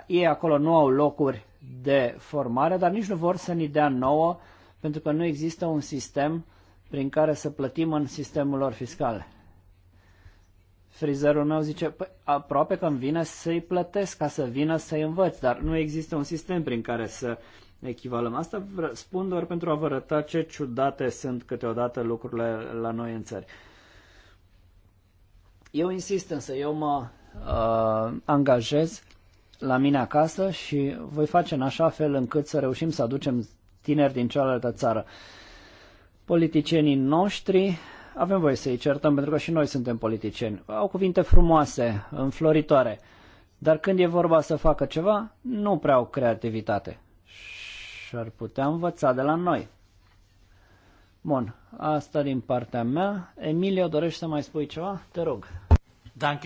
Ei acolo nu au locuri de formare, dar nici nu vor să ni dea nouă, pentru că nu există un sistem prin care să plătim în sistemul lor fiscal. Frizerul meu zice, păi, aproape că îmi vine să-i plătesc ca să vină să-i învăț, dar nu există un sistem prin care să echivalăm. Asta spun doar pentru a vă arăta ce ciudate sunt câteodată lucrurile la noi în țări. Eu insist însă, eu mă uh, angajez la mine acasă și voi face în așa fel încât să reușim să aducem tineri din cealaltă țară. Politicienii noștri, avem voie să-i certăm pentru că și noi suntem politicieni, au cuvinte frumoase, înfloritoare, dar când e vorba să facă ceva, nu prea au creativitate și ar putea învăța de la noi. Bun, asta din partea mea. Emilio, dorești să mai spui ceva? Te rog.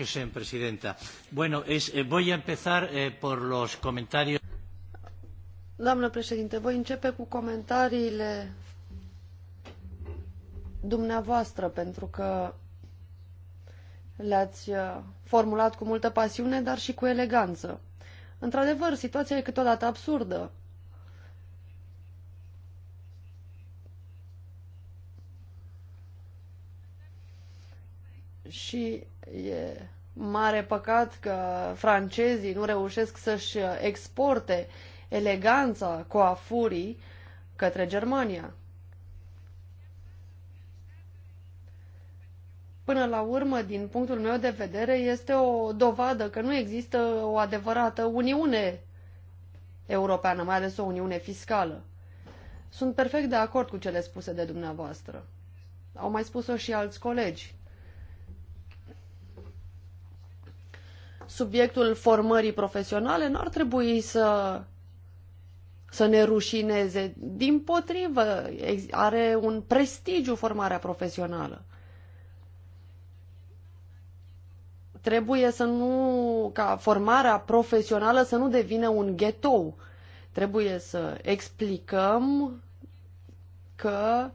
schön, Presidenta. Bueno, es, eh, voy a empezar eh, por los comentarios. Doamnă președinte, voi începe cu comentariile dumneavoastră, pentru că le-ați eh, formulat cu multă pasiune, dar și cu eleganță. Într-adevăr, situația e câteodată absurdă. și e mare păcat că francezii nu reușesc să-și exporte eleganța coafurii către Germania. Până la urmă, din punctul meu de vedere, este o dovadă că nu există o adevărată uniune europeană, mai ales o uniune fiscală. Sunt perfect de acord cu cele spuse de dumneavoastră. Au mai spus-o și alți colegi. subiectul formării profesionale nu ar trebui să, să ne rușineze. Din potrivă, are un prestigiu formarea profesională. Trebuie să nu, ca formarea profesională să nu devină un ghetou. Trebuie să explicăm că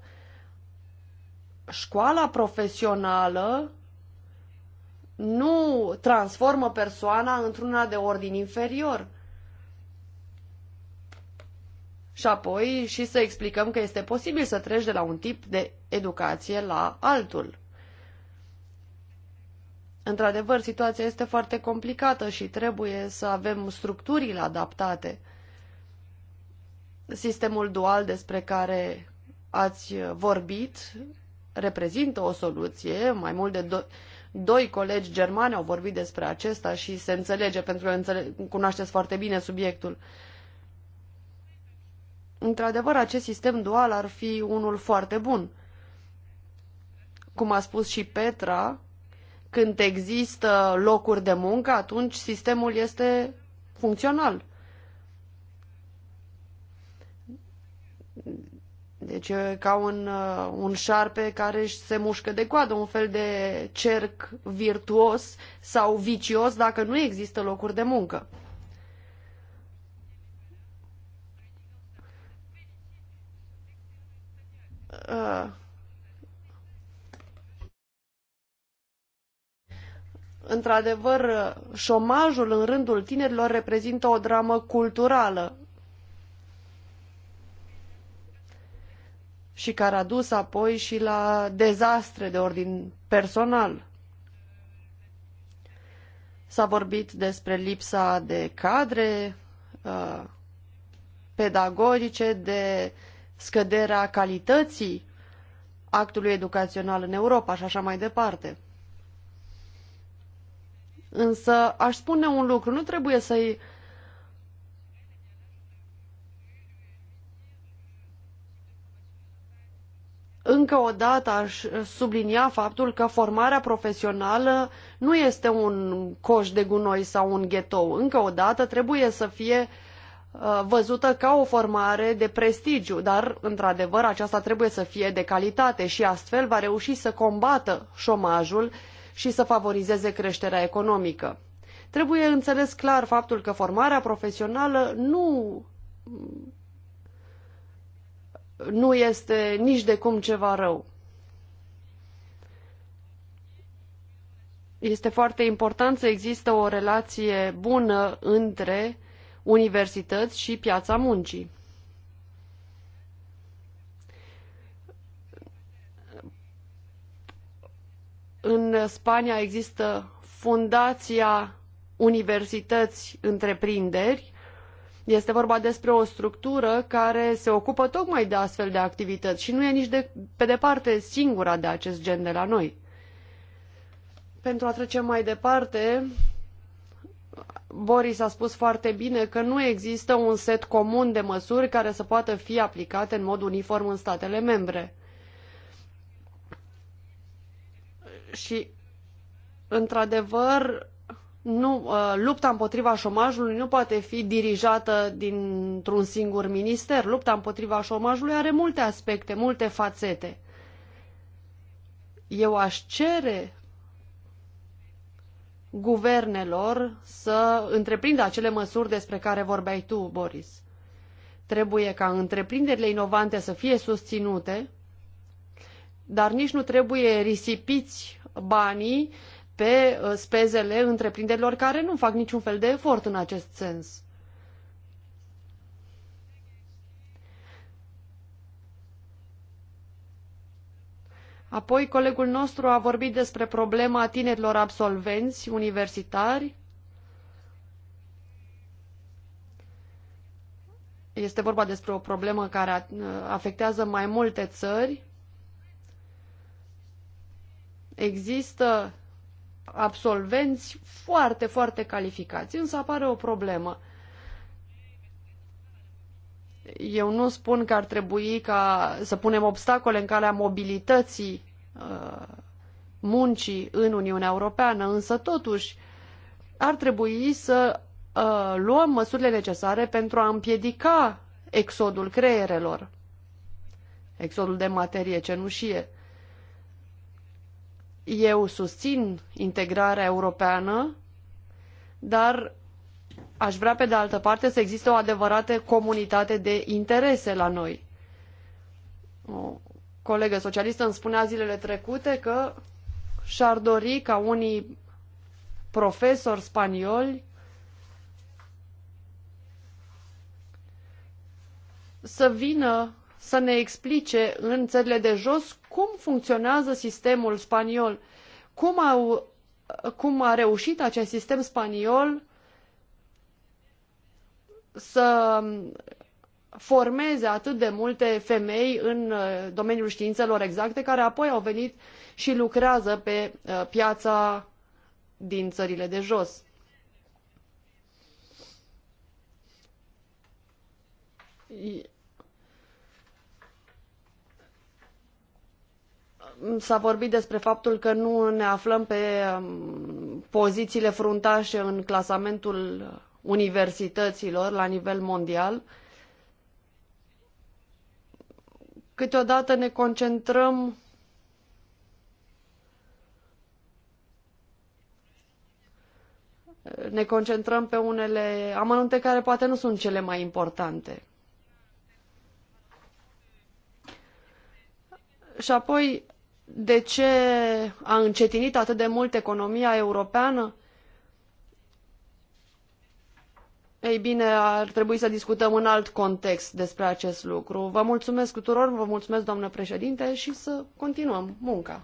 școala profesională nu transformă persoana într-una de ordin inferior. Și apoi și să explicăm că este posibil să treci de la un tip de educație la altul. Într-adevăr, situația este foarte complicată și trebuie să avem structurile adaptate. Sistemul dual despre care ați vorbit reprezintă o soluție, mai mult de Doi colegi germani au vorbit despre acesta și se înțelege pentru că înțele- cunoașteți foarte bine subiectul. Într-adevăr, acest sistem dual ar fi unul foarte bun. Cum a spus și Petra, când există locuri de muncă, atunci sistemul este funcțional. Deci ca un, uh, un șarpe care se mușcă de coadă, un fel de cerc virtuos sau vicios dacă nu există locuri de muncă. Uh. Într-adevăr, șomajul în rândul tinerilor reprezintă o dramă culturală și care a dus apoi și la dezastre de ordin personal. S-a vorbit despre lipsa de cadre uh, pedagogice, de scăderea calității actului educațional în Europa și așa mai departe. Însă aș spune un lucru, nu trebuie să-i Încă o dată aș sublinia faptul că formarea profesională nu este un coș de gunoi sau un ghetou. Încă o dată trebuie să fie uh, văzută ca o formare de prestigiu, dar, într-adevăr, aceasta trebuie să fie de calitate și astfel va reuși să combată șomajul și să favorizeze creșterea economică. Trebuie înțeles clar faptul că formarea profesională nu nu este nici de cum ceva rău. Este foarte important să existe o relație bună între universități și piața muncii. În Spania există Fundația Universități Întreprinderi, este vorba despre o structură care se ocupă tocmai de astfel de activități și nu e nici de, pe departe singura de acest gen de la noi. Pentru a trece mai departe, Boris a spus foarte bine că nu există un set comun de măsuri care să poată fi aplicate în mod uniform în statele membre. Și, într-adevăr, nu, uh, lupta împotriva șomajului nu poate fi dirijată dintr-un singur minister. Lupta împotriva șomajului are multe aspecte, multe fațete. Eu aș cere guvernelor să întreprindă acele măsuri despre care vorbeai tu, Boris. Trebuie ca întreprinderile inovante să fie susținute, dar nici nu trebuie risipiți banii uh, pe uh, spezele întreprinderilor care nu fac niciun fel de efort în acest sens. Apoi, colegul nostru a vorbit despre problema tinerilor absolvenți universitari. Este vorba despre o problemă care uh, afectează mai multe țări. Există absolvenți foarte, foarte calificați. Însă apare o problemă. Eu nu spun că ar trebui ca să punem obstacole în calea mobilității uh, muncii în Uniunea Europeană, însă totuși ar trebui să uh, luăm măsurile necesare pentru a împiedica exodul creierelor, exodul de materie cenușie. Eu susțin integrarea europeană, dar aș vrea pe de altă parte să existe o adevărată comunitate de interese la noi. O colegă socialistă îmi spunea zilele trecute că și-ar dori ca unii profesori spanioli să vină să ne explice în țările de jos cum funcționează sistemul spaniol, cum, au, cum a reușit acest sistem spaniol să formeze atât de multe femei în uh, domeniul științelor exacte, care apoi au venit și lucrează pe uh, piața din țările de jos. S-a vorbit despre faptul că nu ne aflăm pe um, pozițiile fruntașe în clasamentul universităților la nivel mondial. Câteodată ne concentrăm ne concentrăm pe unele amănunte care poate nu sunt cele mai importante. Și apoi de ce a încetinit atât de mult economia europeană? Ei bine, ar trebui să discutăm în alt context despre acest lucru. Vă mulțumesc tuturor, vă mulțumesc, doamnă președinte, și să continuăm munca.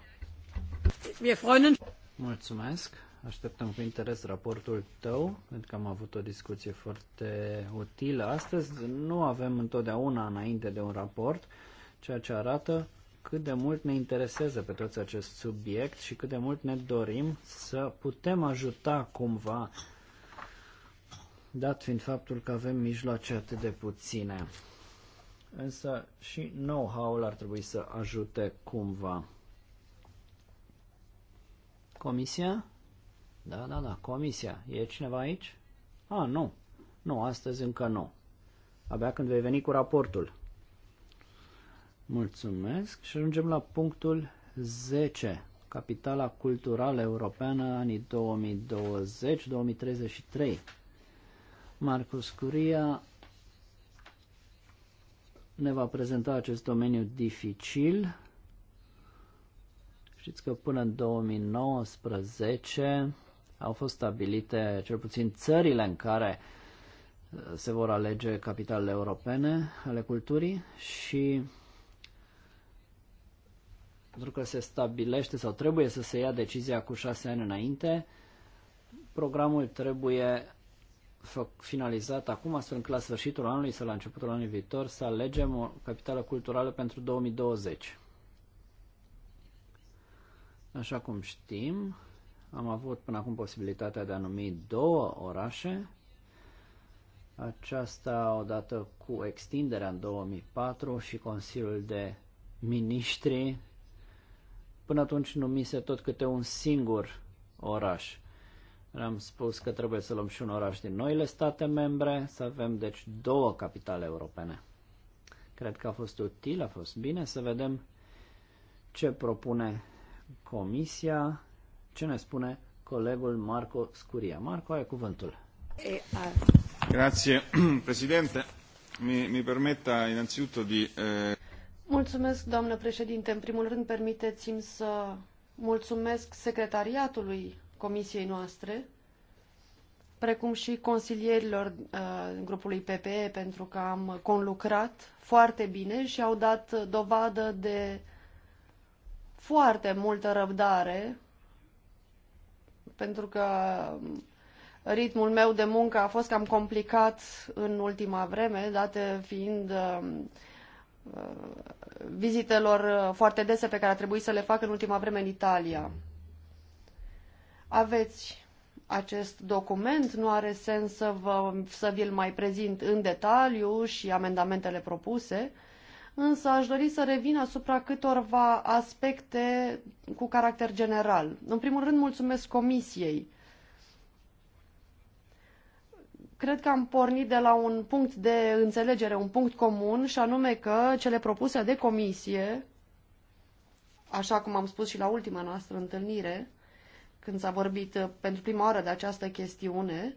Mulțumesc. Așteptăm cu interes raportul tău, pentru că am avut o discuție foarte utilă. Astăzi nu avem întotdeauna înainte de un raport, ceea ce arată cât de mult ne interesează pe toți acest subiect și cât de mult ne dorim să putem ajuta cumva, dat fiind faptul că avem mijloace atât de puține. Însă și know-how-ul ar trebui să ajute cumva. Comisia? Da, da, da, comisia. E cineva aici? A, nu. Nu, astăzi încă nu. Abia când vei veni cu raportul. Mulțumesc și ajungem la punctul 10. Capitala culturală europeană anii 2020-2033. Marcus Curia ne va prezenta acest domeniu dificil. Știți că până în 2019 au fost stabilite cel puțin țările în care uh, se vor alege capitalele europene ale culturii și pentru că se stabilește sau trebuie să se ia decizia cu șase ani înainte, programul trebuie finalizat acum, astfel încât la sfârșitul anului sau la începutul anului viitor să alegem o capitală culturală pentru 2020. Așa cum știm, am avut până acum posibilitatea de a numi două orașe, aceasta odată cu extinderea în 2004 și Consiliul de Ministri Până atunci numise tot câte un singur oraș. Am spus că trebuie să luăm și un oraș din noile state membre, să avem deci două capitale europene. Cred că a fost util, a fost bine să vedem ce propune Comisia, ce ne spune colegul Marco Scuria. Marco, ai cuvântul. Grazie, Presidente. Mi, mi permetta innanzitutto di... Eh... Mulțumesc, doamnă președinte. În primul rând, permiteți-mi să mulțumesc secretariatului comisiei noastre, precum și consilierilor uh, grupului PPE, pentru că am conlucrat foarte bine și au dat dovadă de foarte multă răbdare, pentru că ritmul meu de muncă a fost cam complicat în ultima vreme, date fiind uh, Uh, vizitelor uh, foarte dese pe care a trebuit să le fac în ultima vreme în Italia. Aveți acest document, nu are sens să, vă, să vi-l mai prezint în detaliu și amendamentele propuse, însă aș dori să revin asupra câtorva aspecte cu caracter general. În primul rând, mulțumesc Comisiei cred că am pornit de la un punct de înțelegere, un punct comun, și anume că cele propuse de comisie, așa cum am spus și la ultima noastră întâlnire, când s-a vorbit uh, pentru prima oară de această chestiune,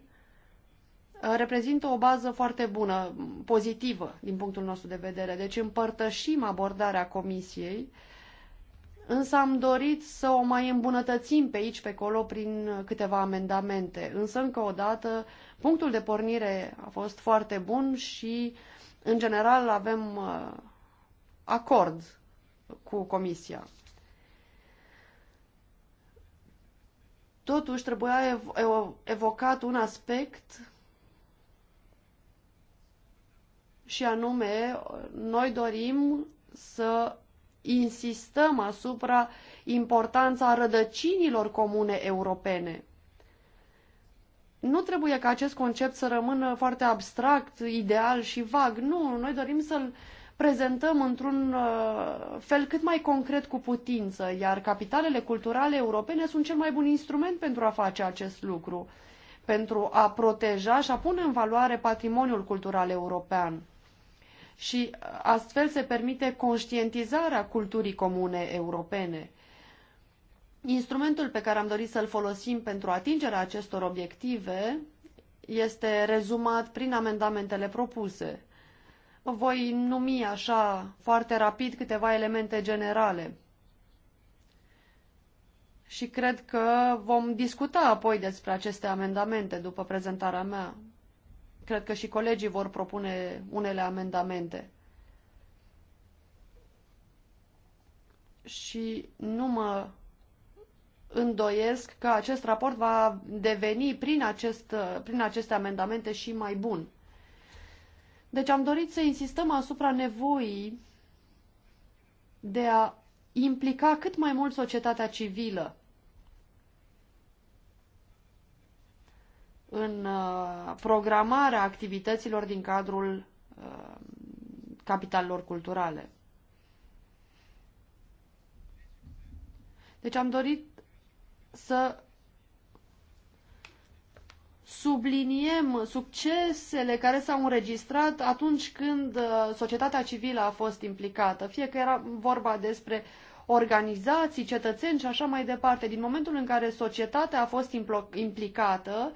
uh, reprezintă o bază foarte bună, pozitivă din punctul nostru de vedere. Deci împărtășim abordarea comisiei uh, însă am dorit să o mai îmbunătățim pe aici, pe acolo, prin câteva amendamente. Însă, încă o dată, punctul de pornire a fost foarte bun și, în general, avem uh, acord cu Comisia. Totuși, trebuia evocat un aspect și anume, noi dorim să insistăm asupra importanța rădăcinilor comune europene. Nu trebuie ca acest concept să rămână foarte abstract, ideal și vag. Nu, noi dorim să-l prezentăm într-un uh, fel cât mai concret cu putință, iar capitalele culturale europene sunt cel mai bun instrument pentru a face acest lucru, pentru a proteja și a pune în valoare patrimoniul cultural european și astfel se permite conștientizarea culturii comune europene. Instrumentul pe care am dorit să-l folosim pentru atingerea acestor obiective este rezumat prin amendamentele propuse. Voi numi așa foarte rapid câteva elemente generale. Și cred că vom discuta apoi despre aceste amendamente după prezentarea mea. Cred că și colegii vor propune unele amendamente. Și nu mă îndoiesc că acest raport va deveni prin, acest, prin aceste amendamente și mai bun. Deci am dorit să insistăm asupra nevoii de a implica cât mai mult societatea civilă în uh, programarea activităților din cadrul uh, capitalelor culturale. Deci am dorit să subliniem succesele care s-au înregistrat atunci când uh, societatea civilă a fost implicată, fie că era vorba despre organizații, cetățeni și așa mai departe. Din momentul în care societatea a fost implicată,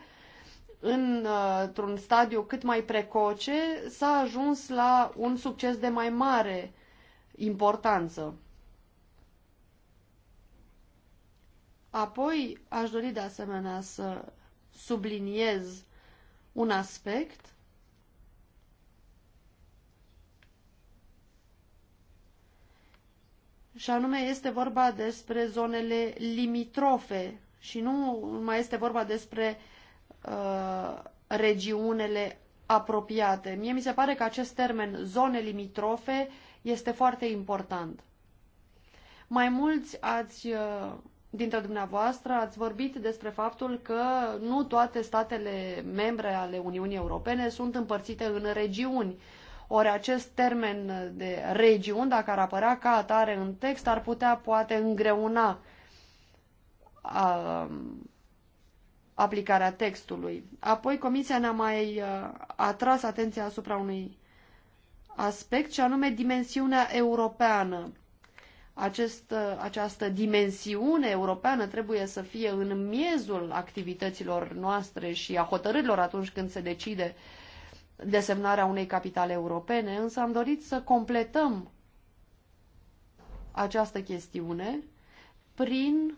într-un stadiu cât mai precoce, s-a ajuns la un succes de mai mare importanță. Apoi, aș dori de asemenea să subliniez un aspect și anume este vorba despre zonele limitrofe și nu mai este vorba despre uh, Uh, regiunile apropiate. Mie mi se pare că acest termen zone limitrofe este foarte important. Mai mulți ați, uh, dintre dumneavoastră ați vorbit despre faptul că nu toate statele membre ale Uniunii Europene sunt împărțite în regiuni. Ori acest termen de regiuni, dacă ar apărea ca atare în text, ar putea poate îngreuna uh, aplicarea textului. Apoi Comisia ne-a mai uh, atras atenția asupra unui aspect, și anume dimensiunea europeană. Acest, uh, această dimensiune europeană trebuie să fie în miezul activităților noastre și a hotărârilor atunci când se decide desemnarea unei capitale europene, însă am dorit să completăm această chestiune prin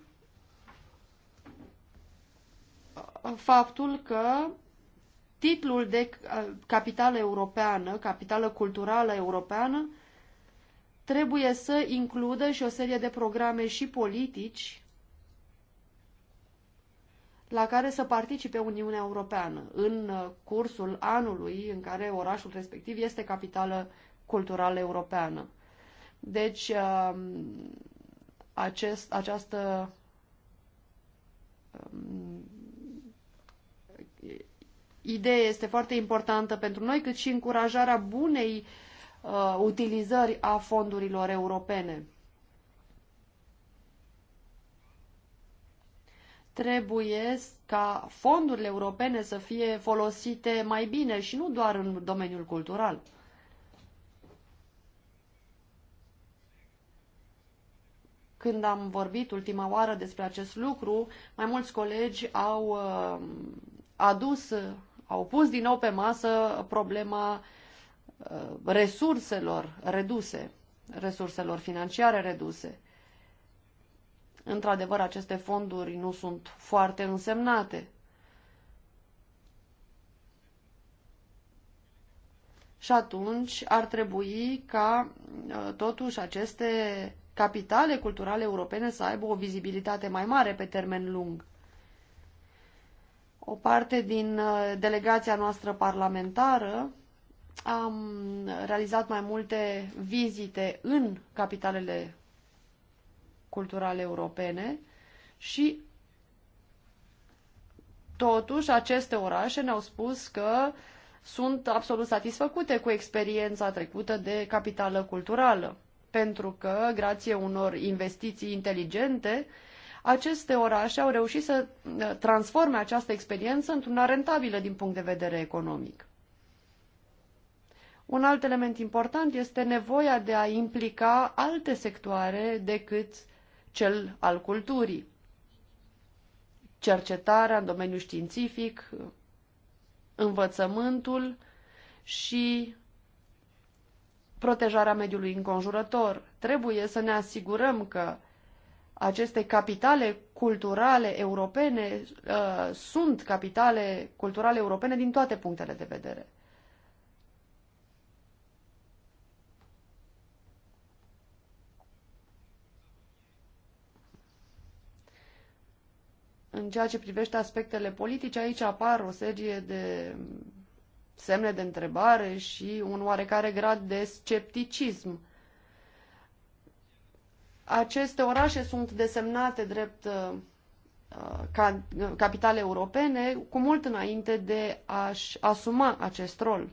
faptul că titlul de uh, capitală europeană, capitală culturală europeană, trebuie să includă și o serie de programe și politici la care să participe Uniunea Europeană în uh, cursul anului în care orașul respectiv este capitală culturală europeană. Deci, um, acest, această um, idee este foarte importantă pentru noi, cât și încurajarea bunei uh, utilizări a fondurilor europene. Trebuie ca fondurile europene să fie folosite mai bine și nu doar în domeniul cultural. când am vorbit ultima oară despre acest lucru, mai mulți colegi au uh, adus au pus din nou pe masă problema uh, resurselor reduse, resurselor financiare reduse. Într-adevăr, aceste fonduri nu sunt foarte însemnate. Și atunci ar trebui ca uh, totuși aceste capitale culturale europene să aibă o vizibilitate mai mare pe termen lung o parte din uh, delegația noastră parlamentară am realizat mai multe vizite în capitalele culturale europene și totuși aceste orașe ne-au spus că sunt absolut satisfăcute cu experiența trecută de capitală culturală, pentru că, grație unor investiții inteligente, uh, aceste orașe au reușit să uh, transforme această experiență într-una rentabilă din punct de vedere economic. Un alt element important este nevoia de a implica alte sectoare decât cel al culturii. Cercetarea în domeniul științific, învățământul și protejarea mediului înconjurător. Trebuie să ne asigurăm că aceste capitale culturale europene uh, sunt capitale culturale europene din toate punctele de vedere. În ceea ce privește aspectele politice, aici apar o serie de semne de întrebare și un oarecare grad de scepticism aceste orașe sunt desemnate drept uh, uh, uh, capitale europene cu mult înainte de a-și asuma acest rol.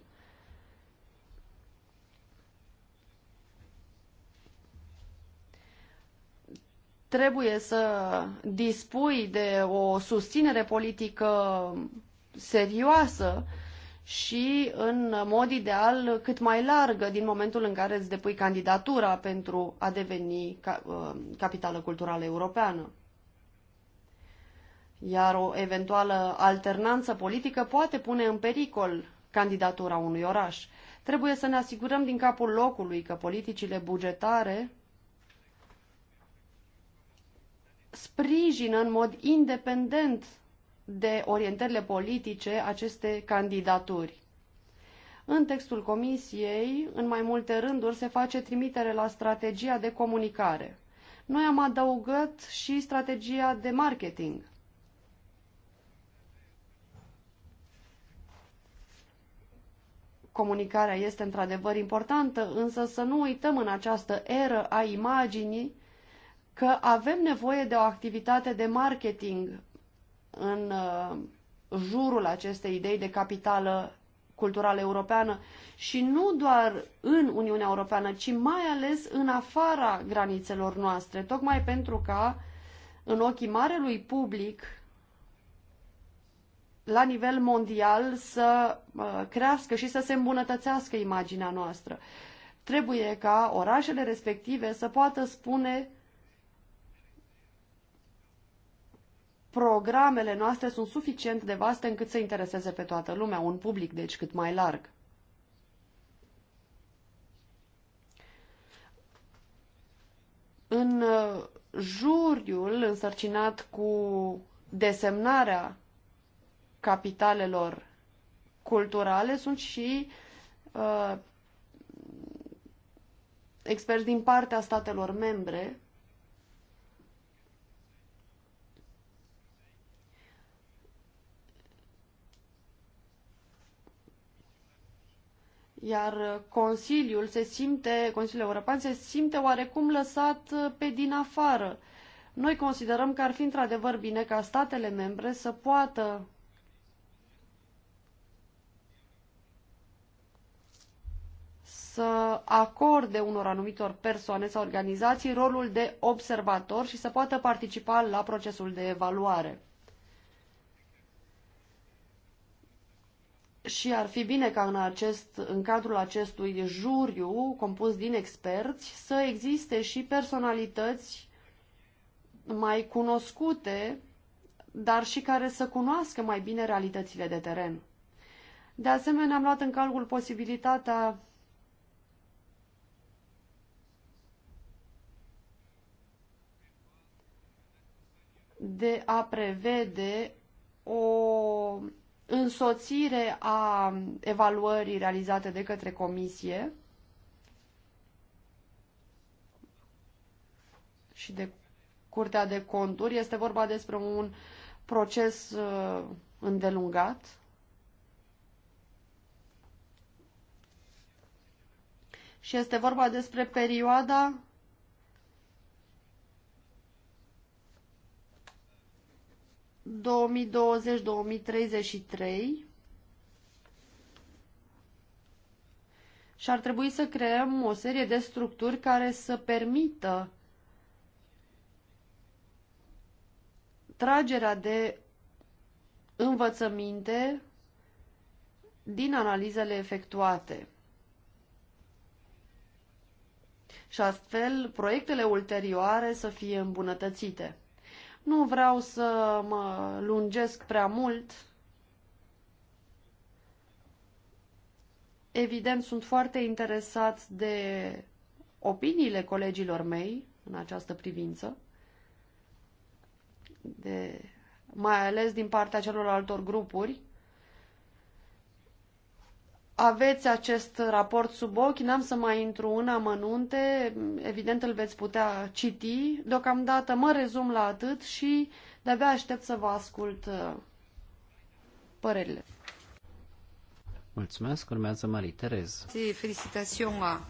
Trebuie să dispui de o susținere politică serioasă și, în mod ideal, cât mai largă din momentul în care îți depui candidatura pentru a deveni uh, capitală culturală europeană. Iar o eventuală alternanță politică poate pune în pericol candidatura unui oraș. Trebuie să ne asigurăm din capul locului că politicile bugetare sprijină în mod independent de orientările politice aceste candidaturi. În textul comisiei, în mai multe rânduri, se face trimitere la strategia de comunicare. Noi am adăugat și strategia de marketing. Comunicarea este într-adevăr importantă, însă să nu uităm în această eră a imaginii că avem nevoie de o activitate de marketing în uh, jurul acestei idei de capitală culturală europeană și nu doar în Uniunea Europeană, ci mai ales în afara granițelor noastre, tocmai pentru ca în ochii marelui public la nivel mondial să uh, crească și să se îmbunătățească imaginea noastră. Trebuie ca orașele respective să poată spune programele noastre sunt suficient de vaste încât să intereseze pe toată lumea, un public, deci, cât mai larg. În uh, juriul însărcinat cu desemnarea capitalelor culturale sunt și uh, experți din partea statelor membre iar Consiliul se simte, Consiliul European se simte oarecum lăsat uh, pe din afară. Noi considerăm că ar fi într-adevăr bine ca statele membre să poată să acorde unor anumitor persoane sau organizații rolul de observator și să poată participa la procesul de evaluare. și ar fi bine ca în, acest, în cadrul acestui juriu compus din experți să existe și personalități mai cunoscute, dar și care să cunoască mai bine realitățile de teren. De asemenea, am luat în calcul posibilitatea de a prevede o însoțire a evaluării realizate de către comisie și de Curtea de Conturi. Este vorba despre un proces uh, îndelungat. Și este vorba despre perioada 2020-2033 și ar trebui să creăm o serie de structuri care să permită tragerea de învățăminte din analizele efectuate. Și astfel, proiectele ulterioare să fie îmbunătățite. Nu vreau să mă lungesc prea mult. Evident, sunt foarte interesat de opiniile colegilor mei în această privință, de, mai ales din partea celor altor grupuri aveți acest raport sub ochi, n-am să mai intru în amănunte, evident îl veți putea citi. Deocamdată mă rezum la atât și de-abia aștept să vă ascult uh, părerile. Mulțumesc, urmează Marie Terez. Felicitațiunea.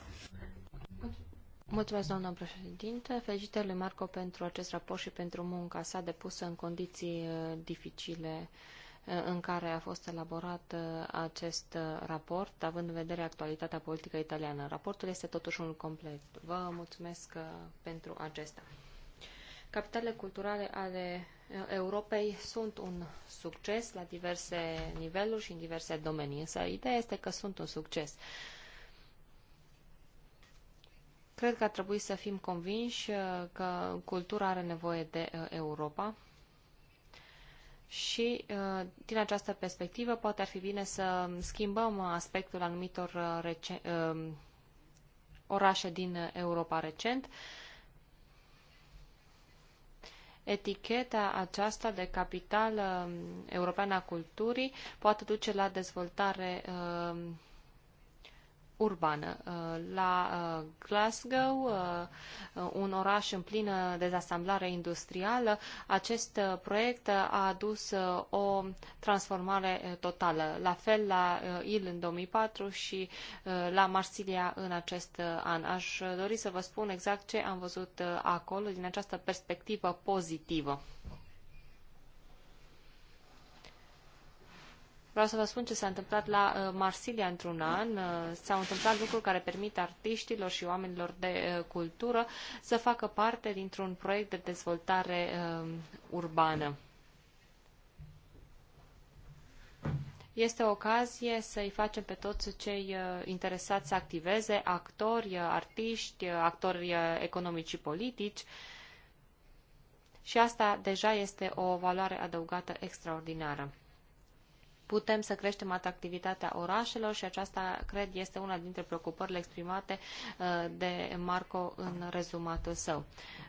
Mulțumesc, doamna președinte. Felicitări lui Marco pentru acest raport și pentru munca sa depusă în condiții uh, dificile Eh, în care a fost elaborat eh, acest eh, raport, având în vedere actualitatea politică italiană. Raportul este totuși unul complet. Vă mulțumesc pentru acesta. Capitalele culturale ale Europei sunt un succes la diverse niveluri și în diverse domenii, însă ideea este că sunt un succes. Cred că ar trebui să fim convinși că cultura are nevoie de Europa și uh, din această perspectivă poate ar fi bine să schimbăm aspectul anumitor uh, rece- uh, orașe din Europa recent. Eticheta aceasta de capital europeană a culturii poate duce la dezvoltare urbană. Uh, la uh, Glasgow, uh, un oraș în plină dezasamblare industrială, acest proiect a adus o transformare totală. La fel la Il în 2004 și la Marsilia în acest an. Aș dori să vă spun exact ce am văzut acolo din această perspectivă pozitivă. Vreau să vă spun ce s-a întâmplat la uh, Marsilia într-un an. Uh, s-au întâmplat lucruri care permit artiștilor și oamenilor de uh, cultură să facă parte dintr-un proiect de dezvoltare urbană. Este o ocazie să-i facem pe toți cei interesați să activeze, actori, artiști, actori economici și politici. Și asta deja este o valoare adăugată extraordinară putem să creștem atractivitatea orașelor și aceasta, cred, este una dintre preocupările exprimate uh, de Marco în rezumatul său.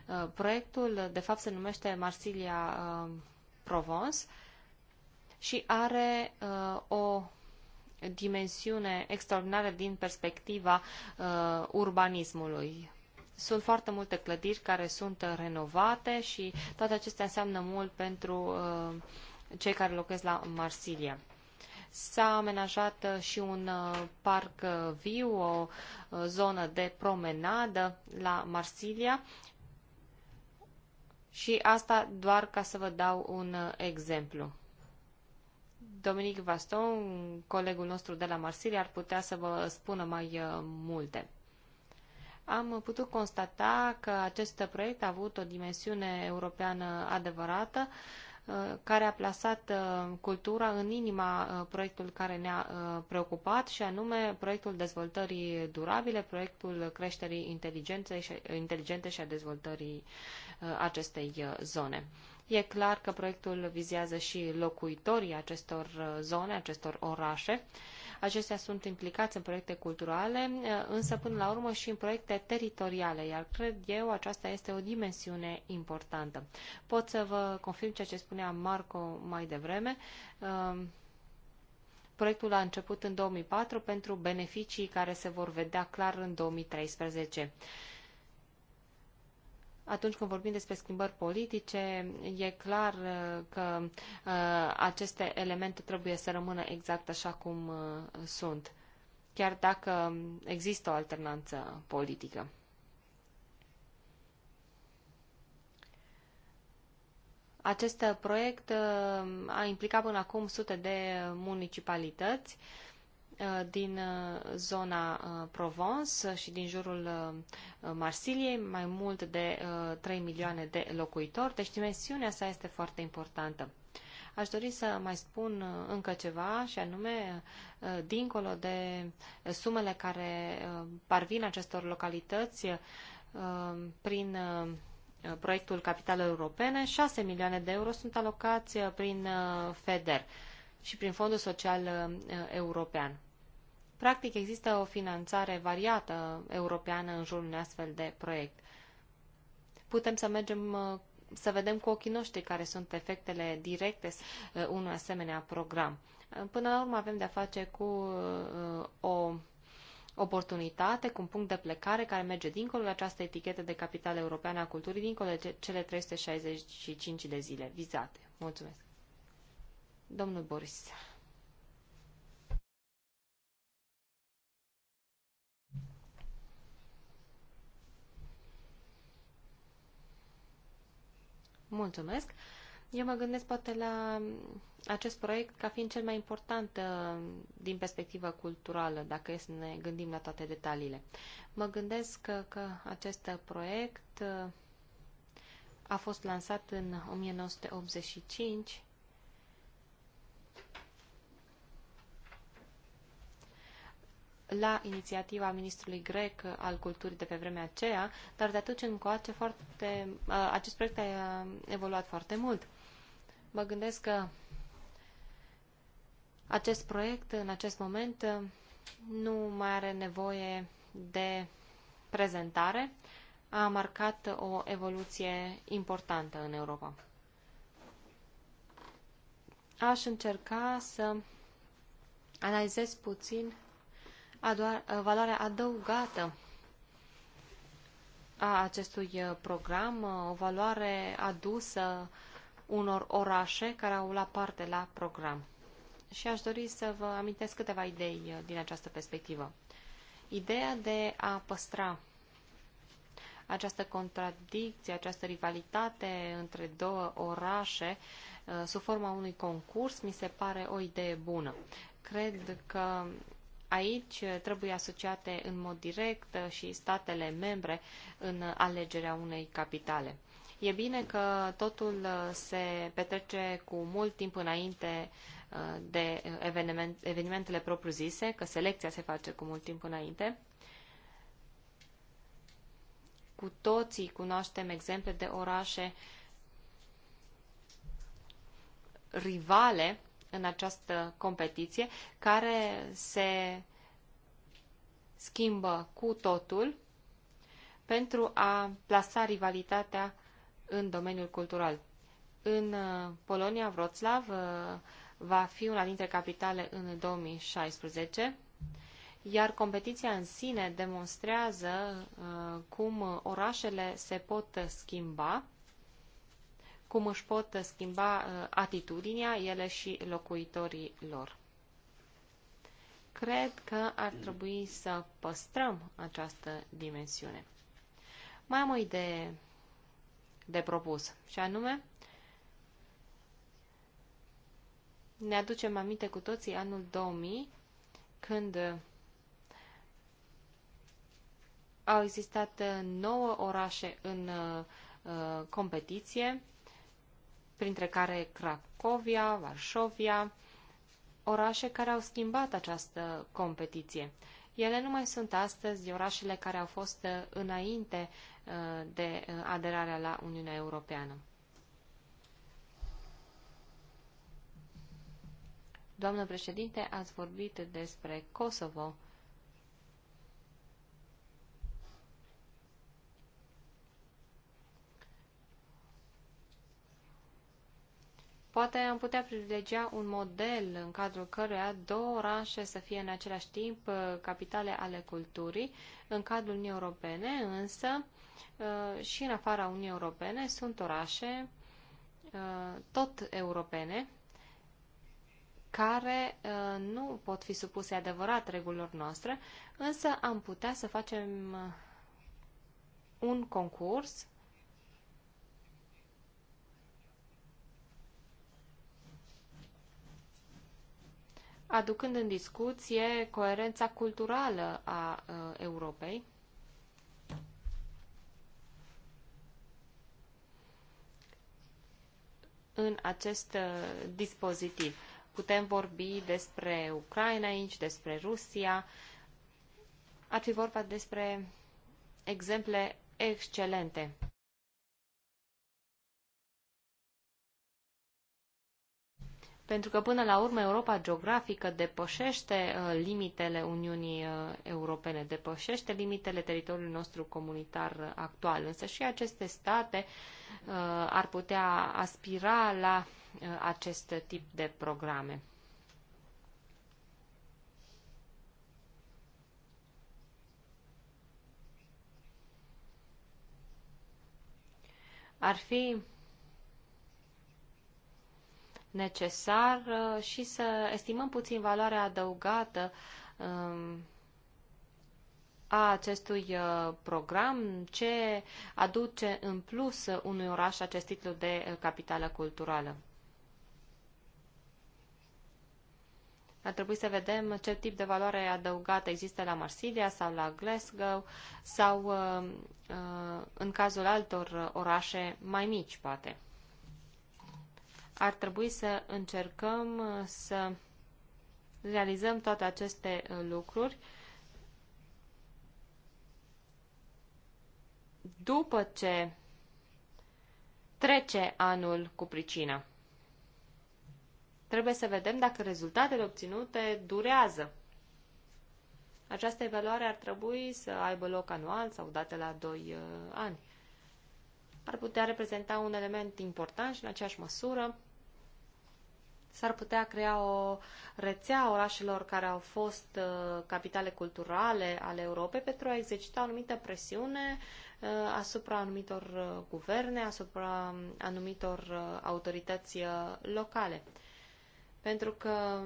Uh, proiectul, de fapt, se numește Marsilia uh, Provence și are o dimensiune extraordinară din perspectiva urbanismului sunt foarte multe clădiri care sunt renovate și toate acestea înseamnă mult pentru uh, cei care locuiesc la Marsilia s-a amenajat uh, și un uh, parc uh, viu, o zonă de promenadă la Marsilia și asta doar ca să vă dau un exemplu. Dominic Vaston, colegul nostru de la Marsilia, ar putea să vă spună mai multe. Am putut constata că acest proiect a avut o dimensiune europeană adevărată, uh, Uh, care a plasat uh, cultura în inima uh, proiectul care ne-a preocupat și anume proiectul dezvoltării durabile, proiectul creșterii inteligenței și, inteligente și a dezvoltării acestei zone. E clar că proiectul vizează și locuitorii acestor zone, acestor orașe, Acestea sunt implicați în proiecte culturale, însă până la urmă și în proiecte teritoriale, iar cred eu aceasta este o dimensiune importantă. Pot să vă confirm ceea ce spunea Marco mai devreme. Um, proiectul a început în 2004 pentru beneficii care se vor vedea clar în 2013 atunci când vorbim despre schimbări politice, e clar uh, că uh, aceste elemente trebuie să rămână exact așa cum uh, sunt, chiar dacă există o alternanță politică. Acest proiect a implicat până acum sute de municipalități Uh, din uh, zona uh, Provence și din jurul Marsiliei, mai mult de 3 milioane de locuitori, deci dimensiunea sa este foarte importantă. Aș dori să mai spun încă ceva și anume, dincolo de sumele care parvin acestor localități prin proiectul Capital Europene, 6 milioane de euro sunt alocați prin FEDER și prin Fondul Social European. Practic există o finanțare variată europeană în jurul unui astfel de proiect. Putem să mergem uh, să vedem cu ochii noștri care sunt efectele directe uh, unui asemenea program. Uh, până la urmă avem de-a face cu o oportunitate, cu un punct de plecare care merge dincolo de această etichetă de capital europeană a culturii, dincolo de cele 365 de zile vizate. Mulțumesc. Domnul Boris. Mulțumesc! Eu mă gândesc poate la acest proiect ca fiind cel mai important uh, din perspectivă culturală, dacă e să ne gândim la toate detaliile. Mă gândesc că, uh, că acest proiect uh, a fost lansat în 1985 la inițiativa ministrului grec uh, al culturii de pe vremea aceea, dar de atunci încoace foarte, uh, acest proiect a evoluat foarte mult. Mă gândesc că acest proiect, în acest moment, uh, nu mai are nevoie de prezentare. A marcat o evoluție importantă în Europa. Aș încerca să analizez puțin Uh, valoarea adăugată a acestui uh, program, uh, o valoare adusă unor orașe care au la parte la program. Și aș dori să vă amintesc câteva idei din această perspectivă. Ideea de a păstra această contradicție, această rivalitate între două orașe sub forma unui concurs mi se pare o idee bună. Cred că Aici uh, trebuie asociate în mod direct uh, și statele membre în alegerea unei capitale. E bine că totul uh, se petrece cu mult timp înainte de eveniment, evenimentele propriu-zise, că selecția se face cu mult timp înainte. Cu toții cunoaștem exemple de orașe rivale în această competiție, care se schimbă cu totul pentru a plasa rivalitatea în domeniul cultural. În uh, Polonia, Wroclaw uh, va fi una dintre capitale în 2016, iar competiția în sine demonstrează uh, cum orașele se pot schimba cum își pot schimba uh, atitudinea ele și locuitorii lor. Cred că ar trebui să păstrăm această dimensiune. Mai am o idee de propus, și anume, ne aducem aminte cu toții anul 2000, când au existat nouă orașe în uh, competiție printre care Cracovia, Varșovia, orașe care au schimbat această competiție. Ele nu mai sunt astăzi orașele care au fost uh, înainte uh, de uh, aderarea la Uniunea Europeană. Doamnă președinte, ați vorbit despre Kosovo Poate am putea privilegia un model în cadrul căruia două orașe să fie în același timp uh, capitale ale culturii în cadrul Uniunii Europene, însă uh, și în afara Uniunii Europene sunt orașe uh, tot europene care nu pot fi supuse adevărat regulilor noastre, însă am putea să facem un concurs aducând în discuție coerența culturală a uh, Europei. în acest uh, dispozitiv. Putem vorbi despre Ucraina aici, despre Rusia. Ar fi vorba despre exemple excelente. pentru că până la urmă Europa geografică depășește uh, limitele Uniunii uh, Europene, depășește limitele teritoriului nostru comunitar uh, actual, însă și aceste state uh, ar putea aspira la uh, acest tip de programe. Ar fi necesar uh, și să estimăm puțin valoarea adăugată um, a acestui uh, program, ce aduce în plus unui oraș acest titlu de uh, capitală culturală. Ar trebui să vedem ce tip de valoare adăugată există la Marsilia sau la Glasgow sau în cazul altor orașe mai mici, poate ar trebui să încercăm uh, să realizăm toate aceste uh, lucruri după ce trece anul cu pricină. Trebuie să vedem dacă rezultatele obținute durează. Această evaluare ar trebui să aibă loc anual sau date la 2 uh, ani. Ar putea reprezenta un element important și în aceeași măsură S-ar putea crea o rețea orașelor care au fost uh, capitale culturale ale Europei pentru a exercita o anumită presiune uh, asupra anumitor uh, guverne, asupra um, anumitor uh, autorități uh, locale. Pentru că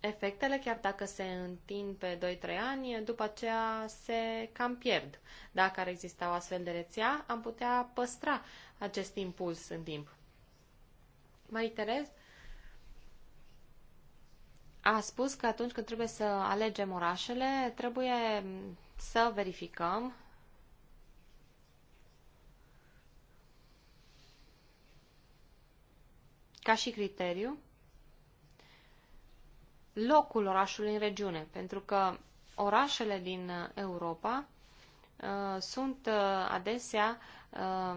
efectele, chiar dacă se întind pe 2-3 ani, după aceea se cam pierd. Dacă ar exista o astfel de rețea, am putea păstra acest impuls în timp. Marie Terez a spus că atunci când trebuie să alegem orașele, trebuie să verificăm ca și criteriu locul orașului în regiune, pentru că orașele din Europa uh, sunt uh, adesea uh,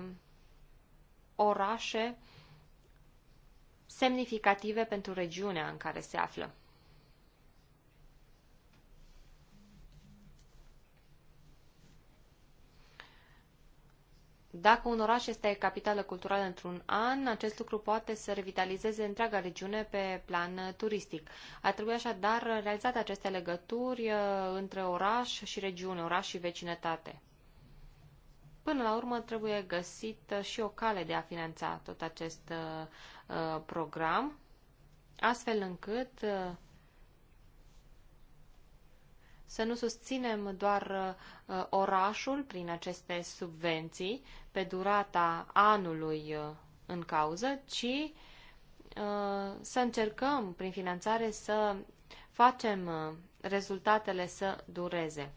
orașe uh, semnificative pentru regiunea în care se află. Dacă un oraș este capitală culturală într-un an, acest lucru poate să revitalizeze întreaga regiune pe plan turistic. Ar trebui așadar realizate aceste legături uh, între oraș și regiune, oraș și vecinătate. Până la urmă trebuie găsită și o cale de a finanța tot acest uh, program, astfel încât uh, să nu susținem doar uh, orașul prin aceste subvenții pe durata anului uh, în cauză, ci uh, să încercăm prin finanțare să facem uh, rezultatele să dureze.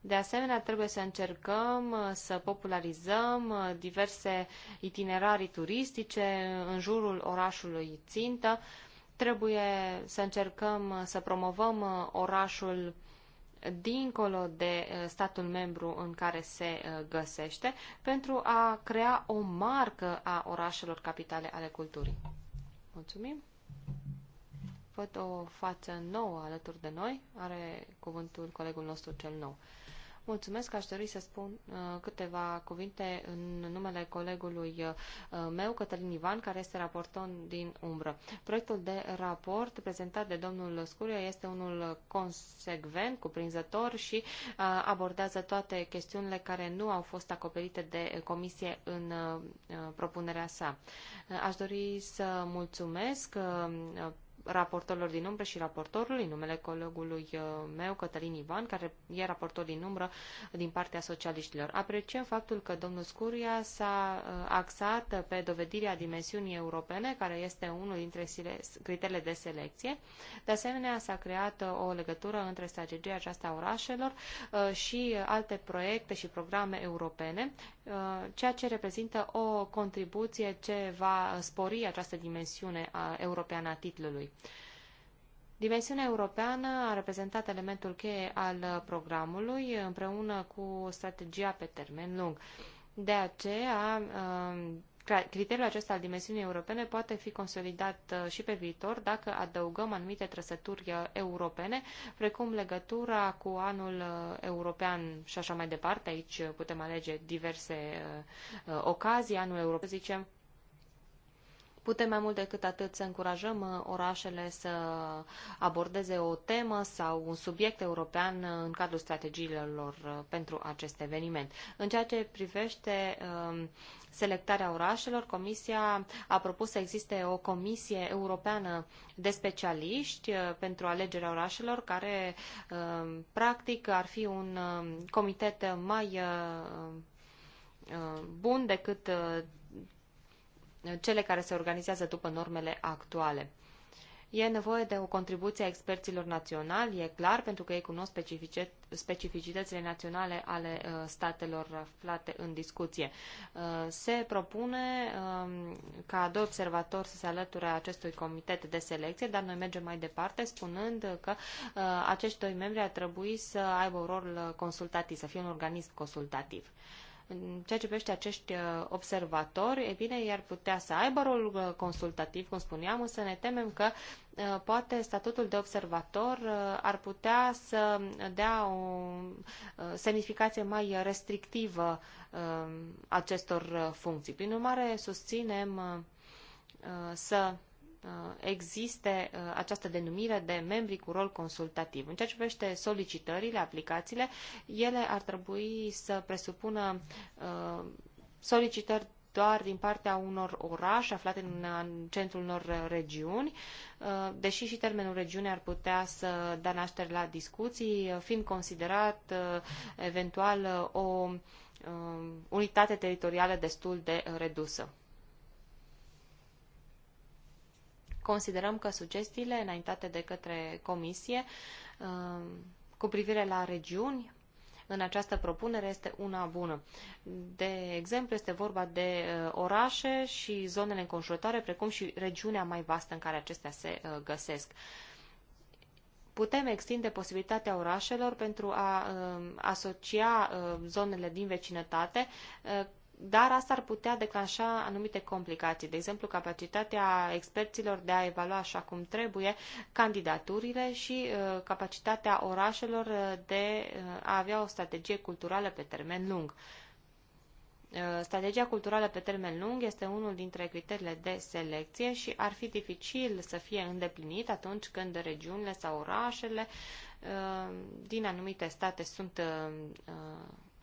De asemenea, trebuie să încercăm uh, să popularizăm uh, diverse itinerarii turistice în jurul orașului țintă. Trebuie să încercăm uh, să promovăm orașul dincolo de statul membru în care se găsește, pentru a crea o marcă a orașelor capitale ale culturii. Mulțumim! Văd o față nouă alături de noi. Are cuvântul colegul nostru cel nou. Mulțumesc, aș dori să spun uh, câteva cuvinte în numele colegului uh, meu, Cătălin Ivan, care este raporton din umbră. Proiectul de raport prezentat de domnul Scuria este unul consecvent, cuprinzător și uh, abordează toate chestiunile care nu au fost acoperite de comisie în uh, uh propunerea sa. Uh, aș dori să mulțumesc uh, raportorilor din umbră și raportorului, numele colegului uh, meu, Cătălin Ivan, care e raportor din umbră din partea socialiștilor. Apreciem faptul că domnul Scuria s-a uh, axat pe dovedirea dimensiunii europene, care este unul dintre criteriile de selecție. De asemenea, s-a creat uh, o legătură între strategia aceasta a orașelor și alte proiecte și programe europene, ceea ce reprezintă o contribuție ce va spori această dimensiune europeană a titlului. Dimensiunea europeană a reprezentat elementul cheie al programului împreună cu strategia pe termen lung. De aceea, um, criteriul acesta al dimensiunii europene poate fi consolidat uh, și pe viitor dacă adăugăm anumite trăsături uh, europene, precum legătura cu anul uh, european și așa mai departe. Aici putem alege diverse ocazii, anul european, zicem, Putem mai mult decât atât să încurajăm uh, orașele să abordeze o temă sau un subiect european uh, în cadrul strategiilor lor uh, pentru acest eveniment. În ceea ce privește um, selectarea orașelor, Comisia a propus să existe o comisie europeană de specialiști pentru alegerea orașelor, care um, practic ar fi un um, comitet mai bun decât cele care se organizează după normele actuale. E nevoie de o contribuție a experților naționali, e clar, pentru că ei cunosc specificitățile naționale ale uh, statelor aflate în discuție. Uh, se propune um, ca doi observatori să se alăture acestui comitet de selecție, dar noi mergem mai departe spunând că uh, acești doi membri ar trebui să aibă un rol consultativ, să fie un organism consultativ. În ceea ce privește acești uh, observatori, e bine, i-ar putea să aibă rolul uh, consultativ, cum spuneam, însă ne temem că uh, poate statutul de observator ar putea să dea o semnificație mai restrictivă acestor funcții. Prin urmare, susținem să Uh, existe uh, această denumire de membri cu rol consultativ. În ceea ce privește solicitările, aplicațiile, ele ar trebui să presupună uh, solicitări doar din partea unor orașe aflate în centrul unor regiuni, deși și termenul regiune ar putea să dea naștere la discuții, fiind considerat eventual o unitate teritorială destul de redusă. Considerăm că sugestiile înaintate de către Comisie um, cu privire la regiuni în această propunere este una bună. De exemplu, este vorba de uh, orașe și zonele înconjurătoare, precum și regiunea mai vastă în care acestea se uh, găsesc putem extinde posibilitatea orașelor pentru a um, asocia uh, zonele din vecinătate dar asta ar putea declanșa anumite complicații, de exemplu capacitatea experților de a evalua așa cum trebuie candidaturile și uh, capacitatea orașelor uh, de uh, a avea o strategie culturală pe termen lung. Uh, strategia culturală pe termen lung este unul dintre criteriile de selecție și ar fi dificil să fie îndeplinit atunci când regiunile sau orașele din anumite state sunt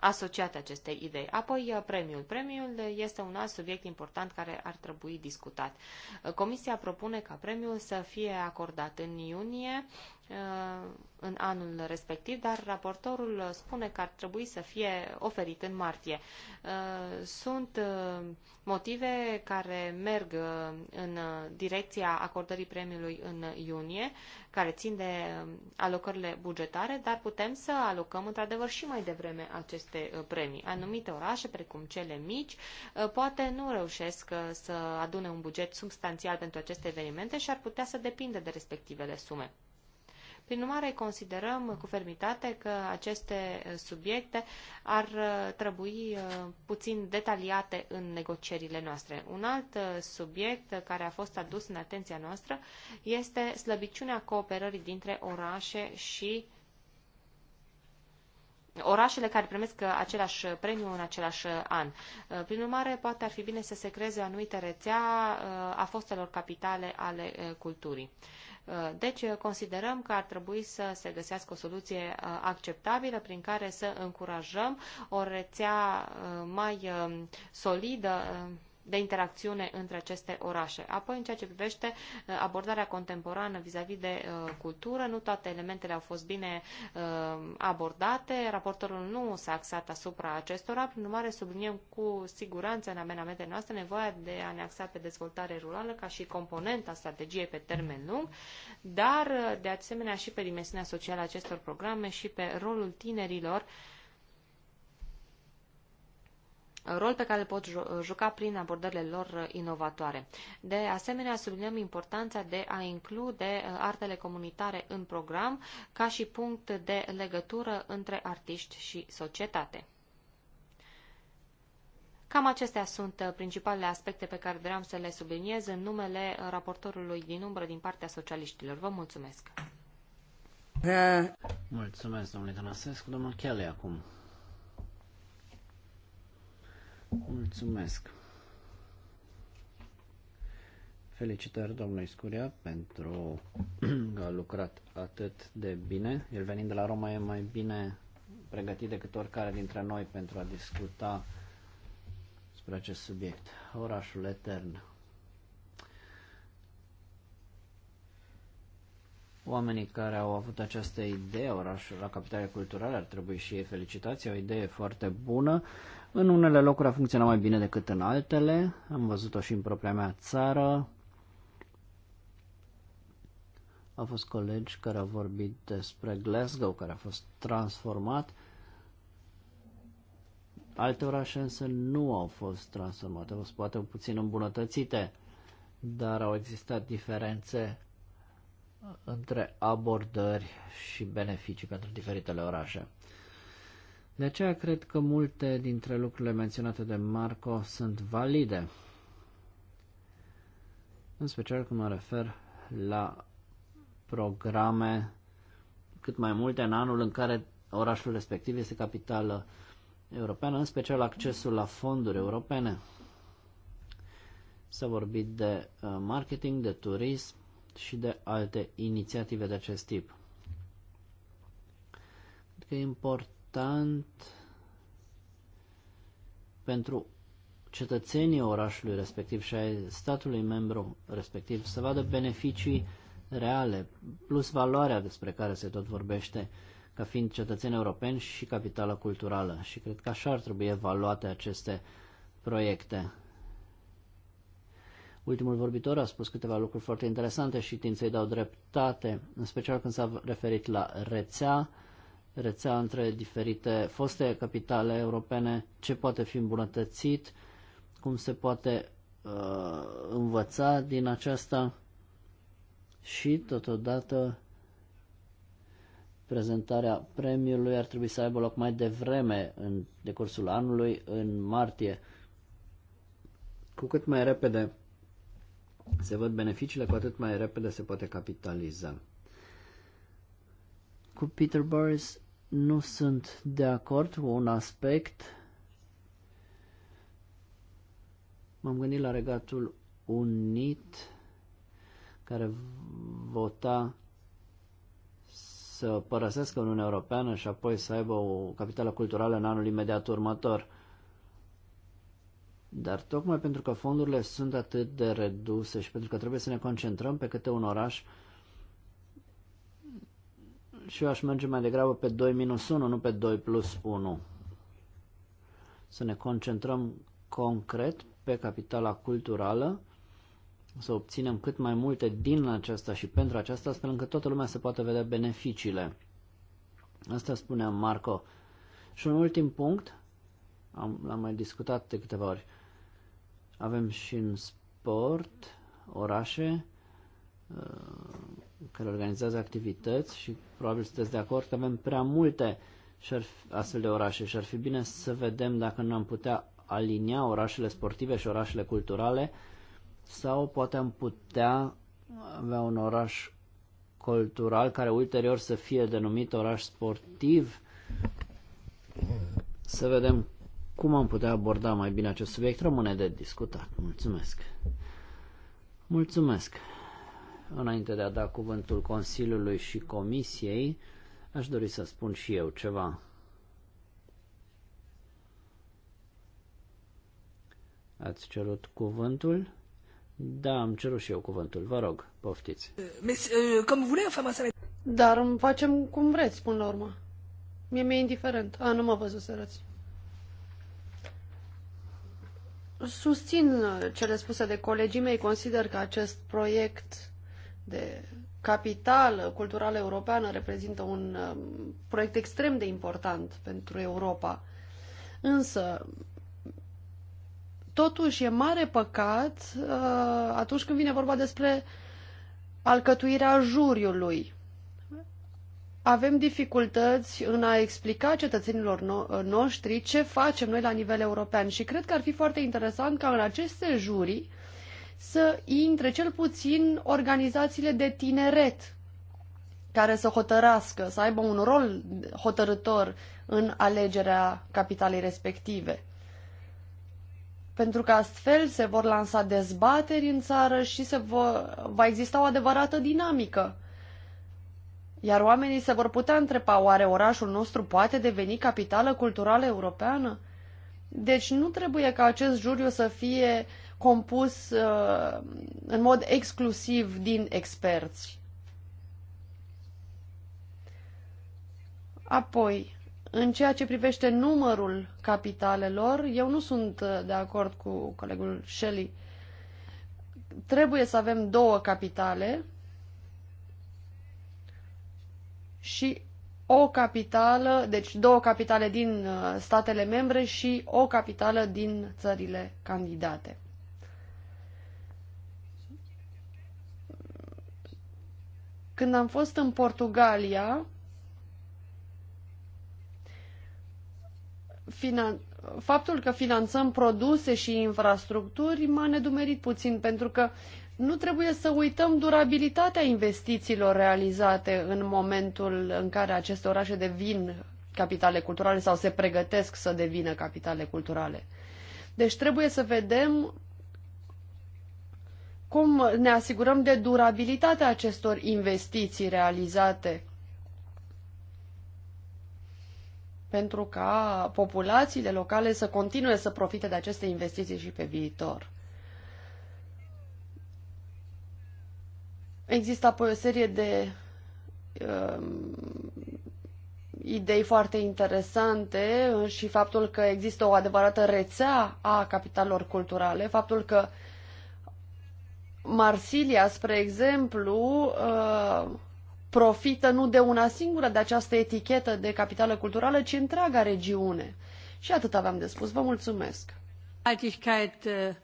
asociate acestei idei. Apoi, uh, premiul. Premiul uh, este un alt subiect important care ar trebui discutat. Uh, Comisia propune ca premiul să fie acordat în iunie în anul respectiv, dar raportorul spune că ar trebui să fie oferit în martie. Uh, sunt uh, motive care merg uh, în direcția acordării premiului în iunie, care țin de um, alocările bugetare, dar putem să alocăm într-adevăr și mai devreme aceste premii. Anumite orașe, precum cele mici, poate nu reușesc să adune un buget substanțial pentru aceste evenimente și ar putea să depindă de respectivele sume. Prin urmare, considerăm cu fermitate că aceste subiecte ar uh, trebui uh, puțin detaliate în negocierile noastre. Un alt uh, subiect care a fost adus în atenția noastră este slăbiciunea cooperării dintre orașe și orașele care primesc același premiu în același an. Prin urmare, poate ar fi bine să se creeze o anumită rețea a fostelor capitale ale culturii. Uh, deci uh, considerăm că ar trebui să se găsească o soluție uh, acceptabilă prin care să încurajăm o rețea mai solidă de interacțiune între aceste orașe. Apoi, în ceea ce privește uh, abordarea contemporană vis-a-vis -vis de uh, cultură, nu toate elementele au fost bine uh, abordate, raportorul nu s-a axat asupra acestora, prin urmare subliniem cu siguranță în amenamentele noastre nevoia de a ne axa pe dezvoltare rurală ca și componenta strategiei pe termen lung, dar uh, de asemenea și pe dimensiunea socială a acestor programe și pe rolul tinerilor uh, rol pe care îl pot juca prin abordările lor inovatoare. De asemenea, subliniem importanța de a include uh, artele comunitare în program ca și punct de legătură între artiști și societate. Cam acestea sunt uh, principalele aspecte pe care vreau să le subliniez în numele uh, raportorului din umbră din partea socialiștilor. Vă mulțumesc! Mulțumesc, domnule Tănăsescu. Domnul Chele acum. Mulțumesc. Felicitări domnului Scuria pentru că a lucrat atât de bine. El venind de la Roma e mai bine pregătit decât oricare dintre noi pentru a discuta despre acest subiect. Orașul etern. Oamenii care au avut această idee, orașul la capitale culturale, ar trebui și ei felicitați, e o idee foarte bună. În unele locuri a funcționat mai bine decât în altele, am văzut-o și în propria mea țară. Au fost colegi care au vorbit despre Glasgow, care a fost transformat. Alte orașe însă nu au fost transformate, au fost poate puțin îmbunătățite, dar au existat diferențe între abordări și beneficii pentru diferitele orașe. De aceea cred că multe dintre lucrurile menționate de Marco sunt valide. În special când mă refer la programe cât mai multe în anul în care orașul respectiv este capitală europeană, în special accesul la fonduri europene. S-a vorbit de uh, marketing, de turism și de alte inițiative de acest tip. Cred că e important important pentru cetățenii orașului respectiv și ai statului membru respectiv să vadă beneficii reale, plus valoarea despre care se tot vorbește ca fiind cetățeni europeni și capitală culturală. Și cred că așa ar trebui evaluate aceste proiecte. Ultimul vorbitor a spus câteva lucruri foarte interesante și tind să-i dau dreptate, în special când s-a referit la rețea, rețea între diferite foste capitale europene, ce poate fi îmbunătățit, cum se poate uh, învăța din aceasta și totodată prezentarea premiului ar trebui să aibă loc mai devreme în decursul anului, în martie. Cu cât mai repede se văd beneficiile, cu atât mai repede se poate capitaliza. Cu Peter Boris nu sunt de acord cu un aspect. M-am gândit la Regatul Unit care vota să părăsească Uniunea Europeană și apoi să aibă o capitală culturală în anul imediat următor. Dar tocmai pentru că fondurile sunt atât de reduse și pentru că trebuie să ne concentrăm pe câte un oraș uh, și eu aș merge mai degrabă pe 2 minus 1, nu pe 2 plus 1. Să ne concentrăm concret pe capitala culturală, să obținem cât mai multe din aceasta și pentru aceasta, astfel încât toată lumea să poată vedea beneficiile. Asta spunea Marco. Și un ultim punct, am, l-am mai discutat de câteva ori, avem și în sport, orașe, uh, care organizează activități și probabil sunteți de acord că avem prea multe astfel de orașe și ar fi bine să vedem dacă nu am putea alinia orașele sportive și orașele culturale sau poate am putea avea un oraș cultural care ulterior să fie denumit oraș sportiv. Să vedem cum am putea aborda mai bine acest subiect. Rămâne de discutat. Mulțumesc. Mulțumesc. Înainte de a da cuvântul Consiliului și Comisiei, aș dori să spun și eu ceva. Ați cerut cuvântul? Da, am cerut și eu cuvântul. Vă rog, poftiți. Uh, Dar îmi facem cum vreți, până la urmă. Mie mi-e indiferent. A, nu mă văzut să răți. Susțin cele spuse de colegii mei. Consider că acest proiect de capitală culturală europeană reprezintă un um, proiect extrem de important pentru Europa. Însă, totuși e mare păcat uh, atunci când vine vorba despre alcătuirea juriului. Avem dificultăți în a explica cetățenilor no- uh, noștri ce facem noi la nivel european și cred că ar fi foarte interesant ca în aceste jurii să intre cel puțin organizațiile de tineret care să hotărască, să aibă un rol hotărător în alegerea capitalei respective. Pentru că astfel se vor lansa dezbateri în țară și se vo- va exista o adevărată dinamică. Iar oamenii se vor putea întreba, oare orașul nostru poate deveni capitală culturală europeană? Deci nu trebuie ca acest juriu să fie uh, compus uh, în mod exclusiv din experți. Apoi, în ceea ce privește numărul capitalelor, eu nu sunt uh, de acord cu colegul Shelley. Trebuie să avem două capitale și o capitală, deci două capitale din uh, statele membre și o capitală din țările candidate. Când am fost în Portugalia, faptul că finanțăm produse și infrastructuri m-a nedumerit puțin, pentru că nu trebuie să uităm durabilitatea investițiilor realizate în momentul în care aceste orașe devin capitale culturale sau se pregătesc să devină capitale culturale. Deci trebuie să vedem cum ne asigurăm de durabilitatea acestor investiții realizate pentru ca populațiile locale să continue să profite de aceste investiții și pe viitor. Există apoi o serie de uh, idei foarte interesante și faptul că există o adevărată rețea a capitalelor culturale, faptul că uh, Marsilia, spre exemplu, uh, profită nu de una singură de această etichetă de capitală culturală, ci întreaga regiune. Și atât aveam de spus. Vă mulțumesc. Uh,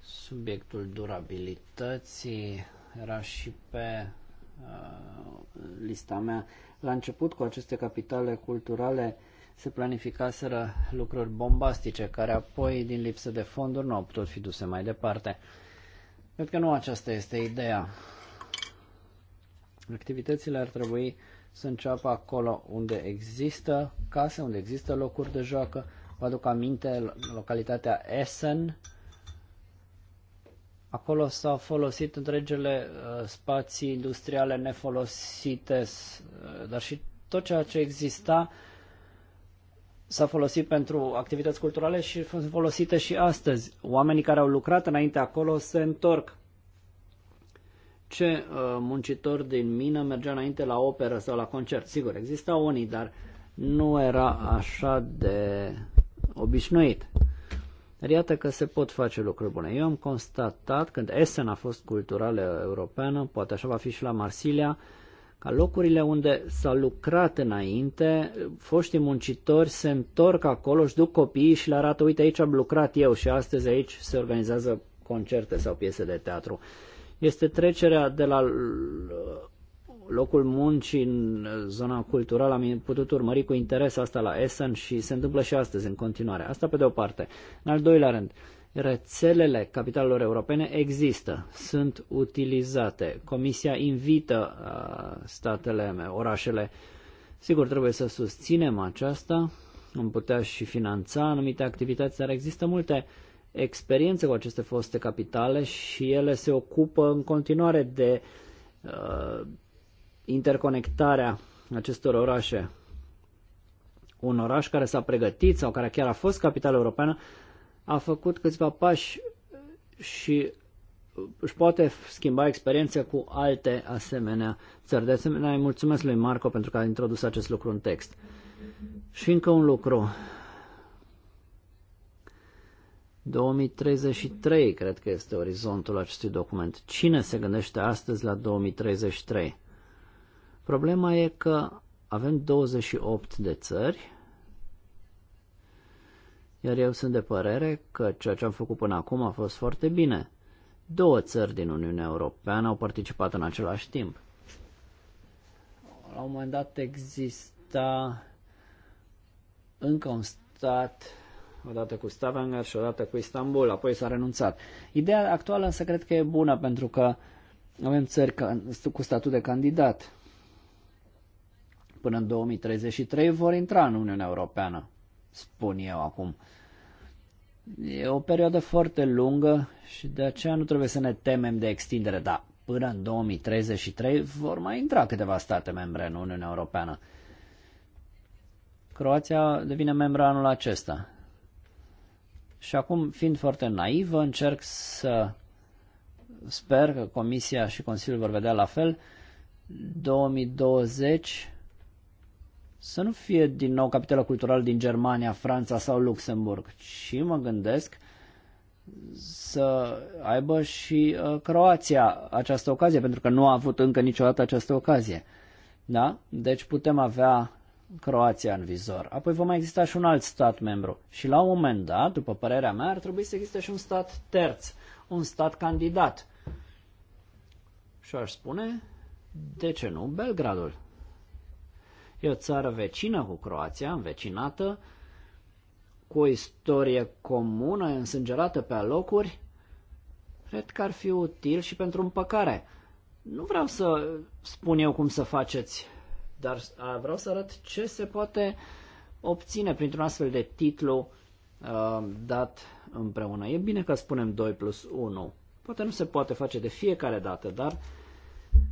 Subiectul durabilității era și pe uh, lista mea. La început, cu aceste capitale culturale, se planificaseră lucruri bombastice, care apoi, din lipsă de fonduri, nu au putut fi duse mai departe. Uh, Cred că nu aceasta este ideea. Activitățile ar trebui să înceapă acolo unde există case, unde există locuri de joacă. Vă aduc aminte localitatea Essen. Acolo s-au folosit întregele uh, spații industriale nefolosite, uh, dar și tot ceea ce exista s-a folosit pentru activități culturale și sunt folosite și astăzi. Oamenii care au lucrat înainte acolo se întorc. Ce uh, muncitor din mină mergea înainte la operă sau la concert? Sigur, exista unii, dar nu era așa de obișnuit. Dar iată că se pot face lucruri bune. Eu am constatat, când Essen a fost culturală europeană, poate așa va fi și la Marsilia, uh, ca locurile unde s-a lucrat înainte, foștii muncitori se întorc acolo, își duc copiii și le arată, uite aici am lucrat eu și astăzi aici se organizează concerte sau piese de teatru. Este trecerea de la locul muncii în zona culturală, am putut urmări cu interes asta la Essen și se întâmplă și astăzi în continuare. Asta pe de o parte. În al doilea rând, uh, rețelele capitalelor europene există, sunt utilizate. Comisia invită uh, statele, orașele. Sigur, trebuie să susținem aceasta, am putea și finanța anumite activități, dar există multe experiențe cu aceste foste capitale și ele se ocupă în continuare de uh, interconectarea acestor orașe. Un oraș care s-a pregătit sau care chiar a fost capitală europeană a făcut câțiva pași și își poate schimba experiența cu alte asemenea țări. De asemenea, îi mulțumesc lui Marco pentru că a introdus acest lucru în text. Și încă un lucru. 2033, cred că este orizontul acestui document. Cine se gândește astăzi la 2033? Problema e că avem 28 de țări iar eu sunt de părere că ceea ce am făcut până acum a fost foarte bine. Două țări din Uniunea Europeană au participat în același timp. La un moment dat exista încă un stat, odată cu Stavanger și odată cu Istanbul, apoi s-a renunțat. Ideea actuală însă cred că e bună pentru că avem țări cu statut de candidat. Până în 2033 vor intra în Uniunea Europeană spun eu acum. E o perioadă foarte lungă și de aceea nu trebuie să ne temem de extindere, dar până în 2033 vor mai intra câteva state membre în Uniunea Europeană. Croația devine membra anul acesta. Și acum, fiind foarte naivă, încerc să sper că Comisia și Consiliul vor vedea la fel. 2020 să nu fie din nou capitala culturală din Germania, Franța sau Luxemburg, și mă gândesc să aibă și uh, Croația această ocazie, pentru că nu a avut încă niciodată această ocazie. Da? Deci putem avea Croația în vizor. Apoi va mai exista și un alt stat membru. Și la un moment dat, după părerea mea, ar trebui să existe și un stat terț, un stat candidat. Și aș spune, de ce nu Belgradul? E o țară vecină cu Croația, învecinată, cu o istorie comună, însângerată pe alocuri, cred că ar fi util și pentru împăcare. Nu vreau să spun eu cum să faceți, dar vreau să arăt ce se poate obține printr-un astfel de titlu uh, dat împreună. E bine că spunem 2 plus 1. Poate nu se poate face de fiecare dată, dar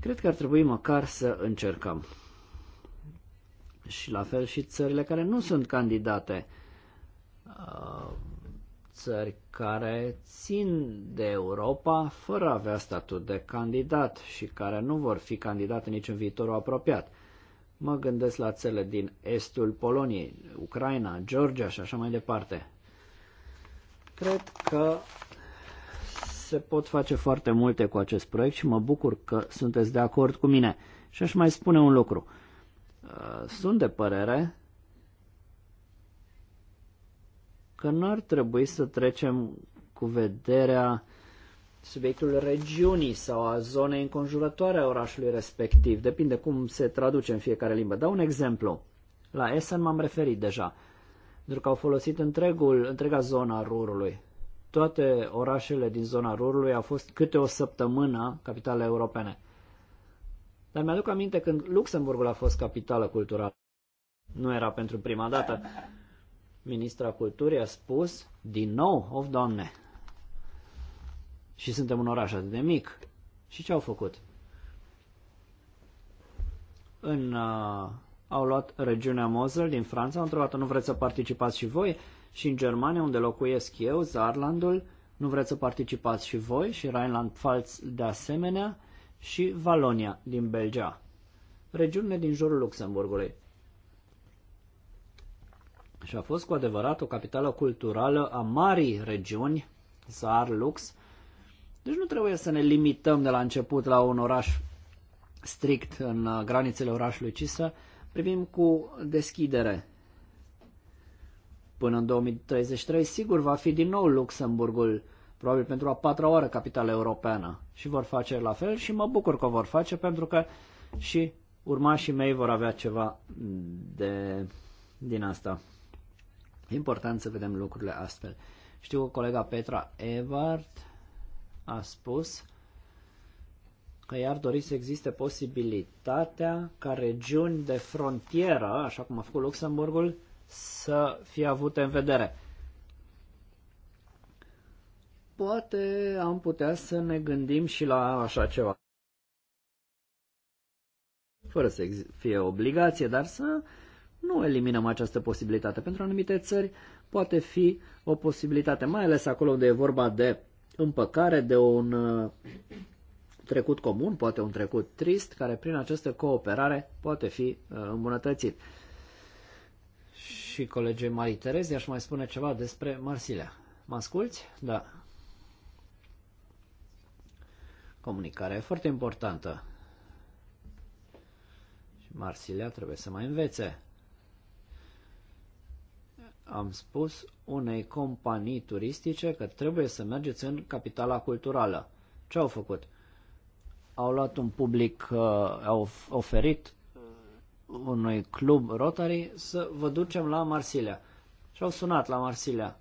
cred că ar trebui măcar să încercăm și la fel și țările care nu sunt candidate. Uh, țări care țin de Europa fără a avea statut de candidat și care nu vor fi candidate nici în viitorul apropiat. Mă gândesc la țările din estul Poloniei, Ucraina, Georgia și așa mai departe. Cred că se pot face foarte multe cu acest proiect și mă bucur că sunteți de acord cu mine. Și aș mai spune un lucru. Uh, sunt de părere că nu ar trebui să trecem cu vederea subiectul regiunii sau a zonei înconjurătoare a orașului respectiv. Depinde cum se traduce în fiecare limbă. Dau un exemplu. La Essen m-am referit deja, pentru că au folosit întregul, întreaga zona Rurului. Toate orașele din zona Rurului au fost câte o săptămână capitale europene. Dar mi-aduc aminte când Luxemburgul a fost capitală culturală. Nu era pentru prima dată. Ministra Culturii a spus, din nou, of doamne, și suntem un oraș atât de mic. Și ce au făcut? În, uh, au luat regiunea Mosel din Franța, au întrebat nu vreți să participați și voi? Și în Germania, unde locuiesc eu, Zarlandul, nu vreți să participați și voi? Și Rheinland-Pfalz de asemenea? și Valonia din Belgia, regiune din jurul Luxemburgului. Și a fost cu adevărat o capitală culturală a marii regiuni, Saar Lux. Deci nu trebuie să ne limităm de la început la un oraș strict în uh, granițele orașului, ci să privim cu deschidere. Până în 2033, sigur, va fi din nou Luxemburgul probabil pentru a patra oară capitala europeană și vor face la fel și mă bucur că o vor face pentru că și urmașii mei vor avea ceva de, din asta. E important să vedem lucrurile astfel. Știu că colega Petra Evart a spus că i-ar dori să existe posibilitatea ca regiuni de frontieră, așa cum a făcut Luxemburgul, să fie avute în vedere poate am putea să ne gândim și la așa ceva. Fără să fie obligație, dar să nu eliminăm această posibilitate. Pentru anumite țări poate fi o posibilitate, mai ales acolo unde e vorba de împăcare, de un uh, trecut comun, poate un trecut trist, care prin această cooperare poate fi uh, îmbunătățit. Și colegii Marie Terezi aș mai spune ceva despre Marsilia. Mă asculți? Da. Comunicarea e foarte importantă. Și Marsilia trebuie să mai învețe. Am spus unei companii turistice că trebuie să mergeți în capitala culturală. Ce au făcut? Au luat un public, uh, au oferit uh, unui club Rotary să vă ducem la Marsilia. Și au sunat la Marsilia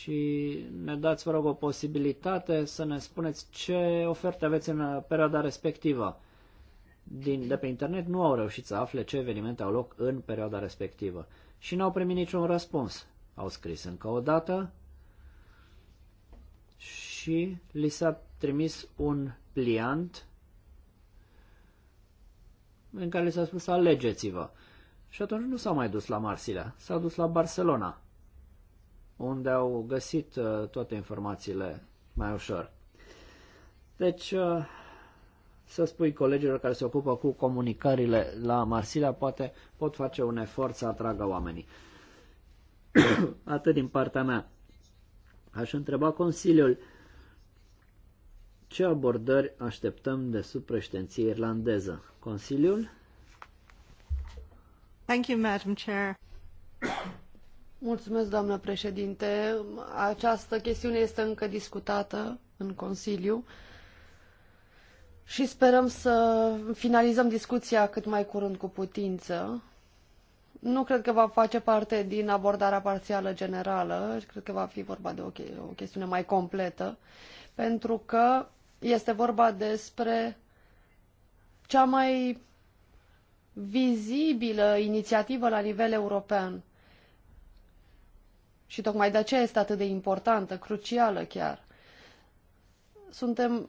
și ne dați, vă rog, o posibilitate să ne spuneți ce oferte aveți în perioada respectivă. Din, de pe internet nu au reușit să afle ce evenimente au loc în perioada respectivă și n-au primit niciun răspuns. Au scris încă o dată și li s-a trimis un pliant în care li s-a spus alegeți-vă. Și atunci nu s-au mai dus la Marsilia, s-au dus la Barcelona unde au găsit uh, toate informațiile mai ușor. Deci, uh, să spui colegilor care se ocupă cu comunicările la Marsilia, poate pot face un efort să atragă oamenii. Atât din partea mea. Aș întreba Consiliul ce abordări așteptăm de sub președinție irlandeză. Consiliul? Thank you, Madam Chair. Mulțumesc, președinte. Această chestiune este încă discutată în Consiliu și sperăm să finalizăm discuția cât mai curând cu putință. Nu cred că va face parte din abordarea parțială generală, cred că va fi vorba de o chestiune mai completă, pentru că este vorba despre cea mai vizibilă inițiativă la nivel european și tocmai de aceea este atât de importantă, crucială chiar. Suntem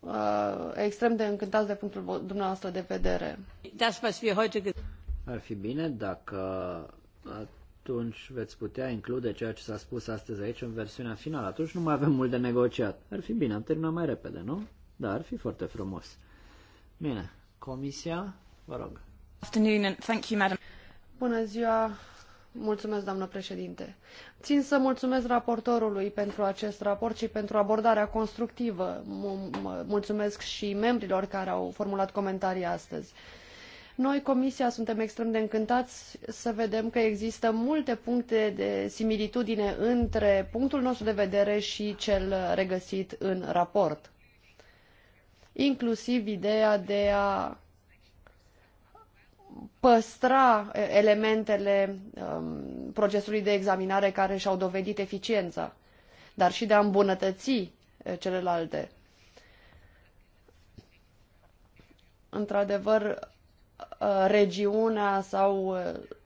uh, extrem de încântați de punctul dumneavoastră de vedere. Ar fi bine dacă atunci veți putea include ceea ce s-a spus astăzi aici în versiunea finală. Atunci nu mai avem mult de negociat. Ar fi bine, am terminat mai repede, nu? Da, ar fi foarte frumos. Bine, comisia, vă rog. Bună ziua, Mulțumesc, președinte. Țin să mulțumesc raportorului pentru acest raport și pentru abordarea constructivă. Mulțumesc și membrilor care au formulat comentarii astăzi. Noi, Comisia, suntem extrem de încântați să vedem că există multe puncte de similitudine între punctul nostru de vedere și cel regăsit în raport. Inclusiv ideea de a păstra elementele um, procesului de examinare care și-au dovedit eficiența, dar și de a îmbunătăți celelalte. Într-adevăr, regiunea sau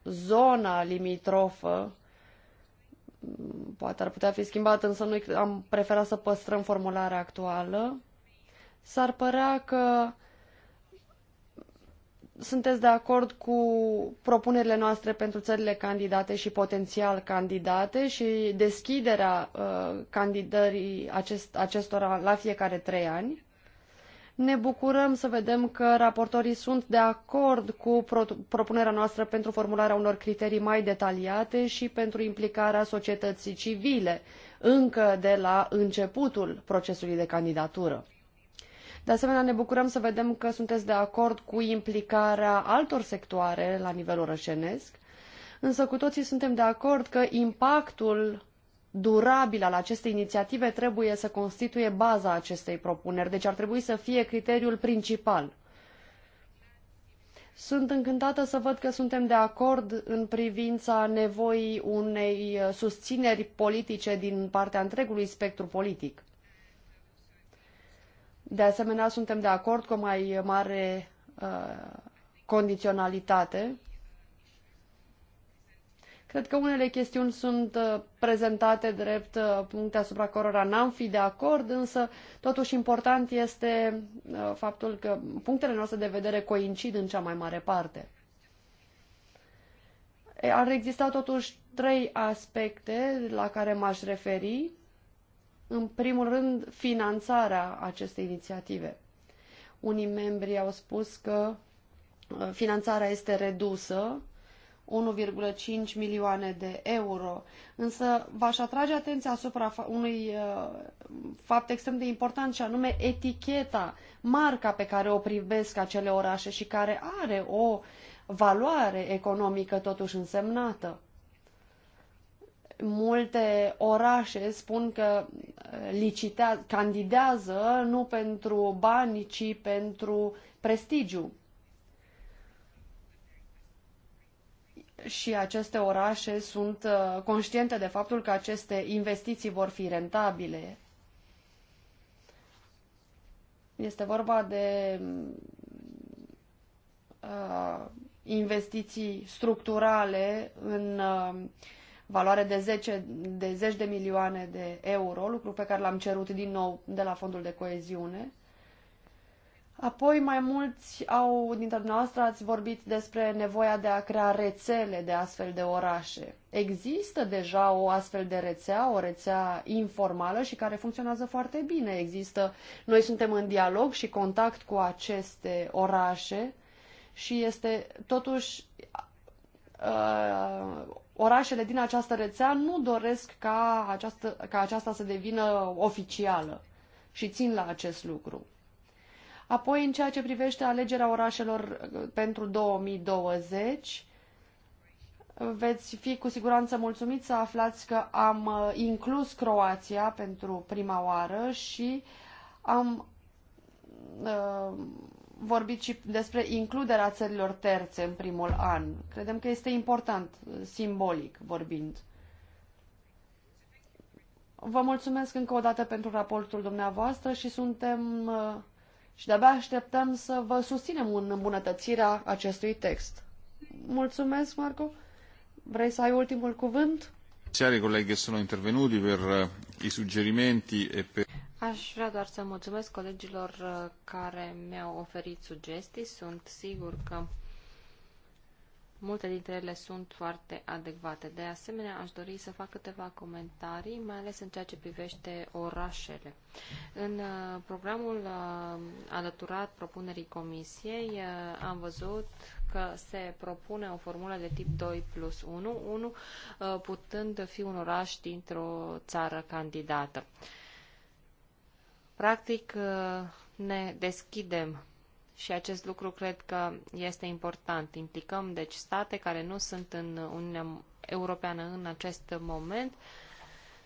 zona limitrofă poate ar putea fi schimbat, însă noi am preferat să păstrăm formularea actuală, s-ar părea că sunteți de acord cu propunerile noastre pentru țările candidate și potențial candidate și deschiderea uh, candidării acest, acestora la fiecare trei ani? Ne bucurăm să vedem că raportorii sunt de acord cu pro propunerea noastră pentru formularea unor criterii mai detaliate și pentru implicarea societății civile încă de la începutul procesului de candidatură. De asemenea, ne bucurăm să vedem că sunteți de acord cu implicarea altor sectoare la nivel orășenesc, însă cu toții suntem de acord că impactul durabil al acestei inițiative trebuie să constituie baza acestei propuneri, deci ar trebui să fie criteriul principal. Sunt încântată să văd că suntem de acord în privința nevoii unei susțineri politice din partea întregului spectru politic. De asemenea, suntem de acord cu o mai mare uh, condiționalitate. Cred că unele chestiuni sunt uh, prezentate drept uh, puncte asupra cărora n-am fi de acord, însă totuși important este uh, faptul că punctele noastre de vedere coincid în cea mai mare parte. Ar exista totuși trei aspecte la care m-aș referi în primul rând, finanțarea acestei inițiative. Unii membri au spus că uh, finanțarea este redusă, 1,5 milioane de euro. Însă v-aș atrage atenția asupra unui uh, fapt extrem de important și anume eticheta, marca pe care o privesc acele orașe și care are o valoare economică totuși însemnată multe orașe spun că uh, licitează, candidează nu pentru bani, ci pentru prestigiu. Și aceste orașe sunt uh, conștiente de faptul că aceste investiții vor fi rentabile. Este vorba de uh, investiții structurale în uh, valoare de, 10, de 10 de milioane de euro, lucru pe care l-am cerut din nou de la fondul de coeziune. Apoi mai mulți au, dintre dumneavoastră ați vorbit despre nevoia de a crea rețele de astfel de orașe. Există deja o astfel de rețea, o rețea informală și care funcționează foarte bine. Există, noi suntem în dialog și contact cu aceste orașe și este totuși uh, orașele din această rețea nu doresc ca, această, ca aceasta să devină oficială și țin la acest lucru. Apoi, în ceea ce privește alegerea orașelor uh, pentru 2020, veți fi cu siguranță mulțumiți să aflați că am uh, inclus Croația pentru prima oară și am uh, vorbit și despre includerea țărilor terțe în primul an. Credem că este important, simbolic vorbind. Vă mulțumesc încă o dată pentru raportul dumneavoastră și suntem uh, și de-abia așteptăm să vă susținem în îmbunătățirea acestui text. Mulțumesc, Marco. Vrei să ai ultimul cuvânt? Grazie ai colleghi che sono intervenuti per uh, i suggerimenti e per... Aș vrea doar să mulțumesc colegilor uh, care mi-au oferit sugestii. Sunt sigur că multe dintre ele sunt foarte adecvate. De asemenea, aș dori să fac câteva comentarii, mai ales în ceea ce privește orașele. În uh, programul uh, alăturat propunerii comisiei am văzut că se propune o formulă de tip 2 plus 1, 1 putând fi un oraș dintr-o țară candidată. Practic, uh, ne deschidem și acest lucru cred că este important. Implicăm, deci, state care nu sunt în Uniunea Europeană în acest moment,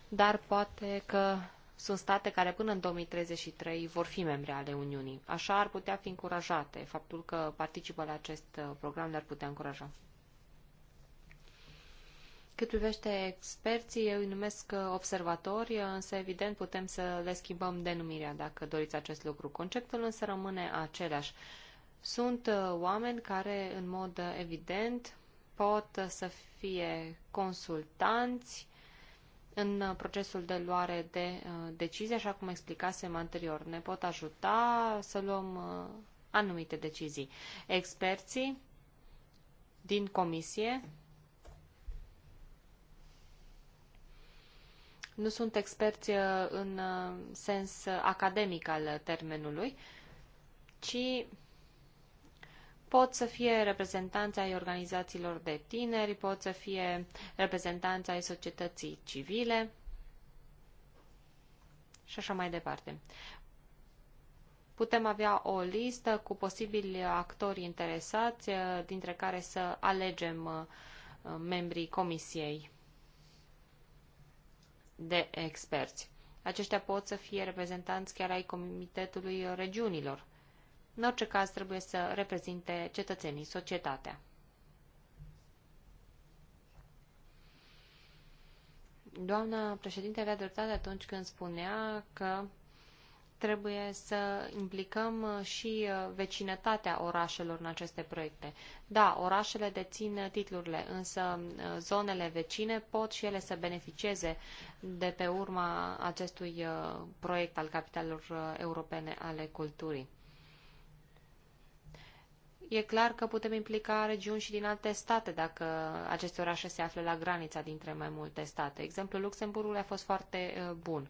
dar poate că sunt state care până în 2033 vor fi membre ale Uniunii. Așa ar putea fi încurajate. Faptul că participă la acest uh, program le-ar putea încuraja. Cât privește experții, eu îi numesc uh, observatori, uh, însă evident putem să le schimbăm denumirea dacă doriți acest lucru. Conceptul însă rămâne același. Sunt uh, oameni care, în mod evident, pot să fie consultanți în procesul de luare de decizii, așa cum explicasem anterior. Ne pot ajuta să luăm anumite decizii. Experții din comisie Nu sunt experți uh, în uh, sens uh, academic al termenului, ci pot să fie reprezentanți ai organizațiilor de tineri, pot să fie reprezentanți ai societății civile și așa mai departe. Putem avea o listă cu posibili actori interesați, dintre care să alegem membrii comisiei de experți. Aceștia pot să fie reprezentanți chiar ai Comitetului Regiunilor. În orice caz, trebuie să reprezinte cetățenii, societatea. Doamna președinte avea dreptate atunci când spunea că trebuie să implicăm uh, și uh, vecinătatea orașelor în aceste proiecte. Da, orașele dețin uh, titlurile, însă zonele vecine pot și ele să beneficieze de pe urma acestui proiect al capitalelor europene ale culturii. E clar că putem implica regiuni și din alte state dacă aceste orașe se află la granița dintre mai multe state. Exemplul Luxemburgului a fost foarte bun.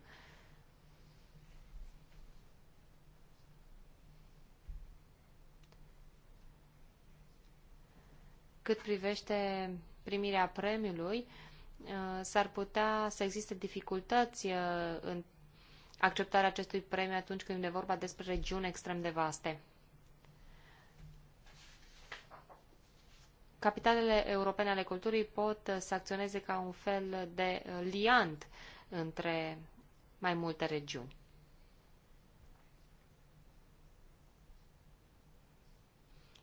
Cât privește primirea premiului, uh, s-ar putea să existe dificultăți uh, în acceptarea acestui premiu atunci când e vorba despre regiuni extrem de vaste. Capitalele europene ale culturii pot uh, să acționeze ca un fel de liant între mai multe regiuni.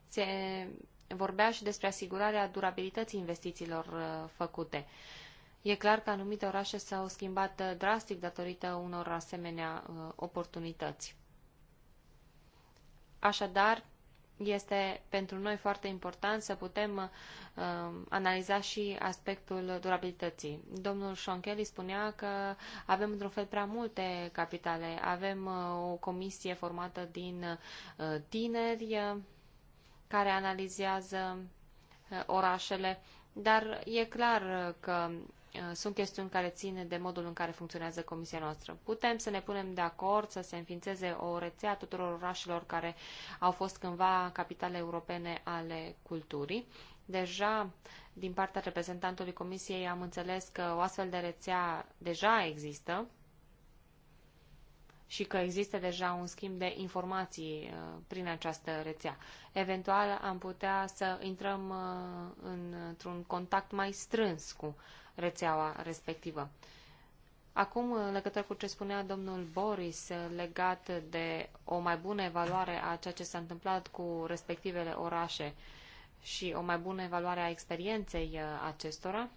Se vorbea și despre asigurarea durabilității investițiilor uh, făcute. E clar că anumite orașe s-au schimbat uh, drastic datorită unor asemenea uh, oportunități. Așadar, este pentru noi foarte important să putem uh, analiza și aspectul durabilității. Domnul Kelly spunea că avem într-un fel prea multe capitale. Avem uh, o comisie formată din uh, tineri, care analizează uh, orașele, dar e clar uh, că uh, sunt chestiuni care țin de modul în care funcționează comisia noastră. Putem să ne punem de acord să se înființeze o rețea tuturor orașelor care au fost cândva capitale europene ale culturii. Deja, din partea reprezentantului comisiei, am înțeles că o astfel de rețea deja există și că există deja un schimb de informații uh, prin această rețea. Eventual am putea să intrăm uh, într-un contact mai strâns cu rețeaua respectivă. Acum, în legătură cu ce spunea domnul Boris uh, legat de o mai bună evaluare a ceea ce s-a întâmplat cu respectivele orașe și o mai bună evaluare a experienței acestora,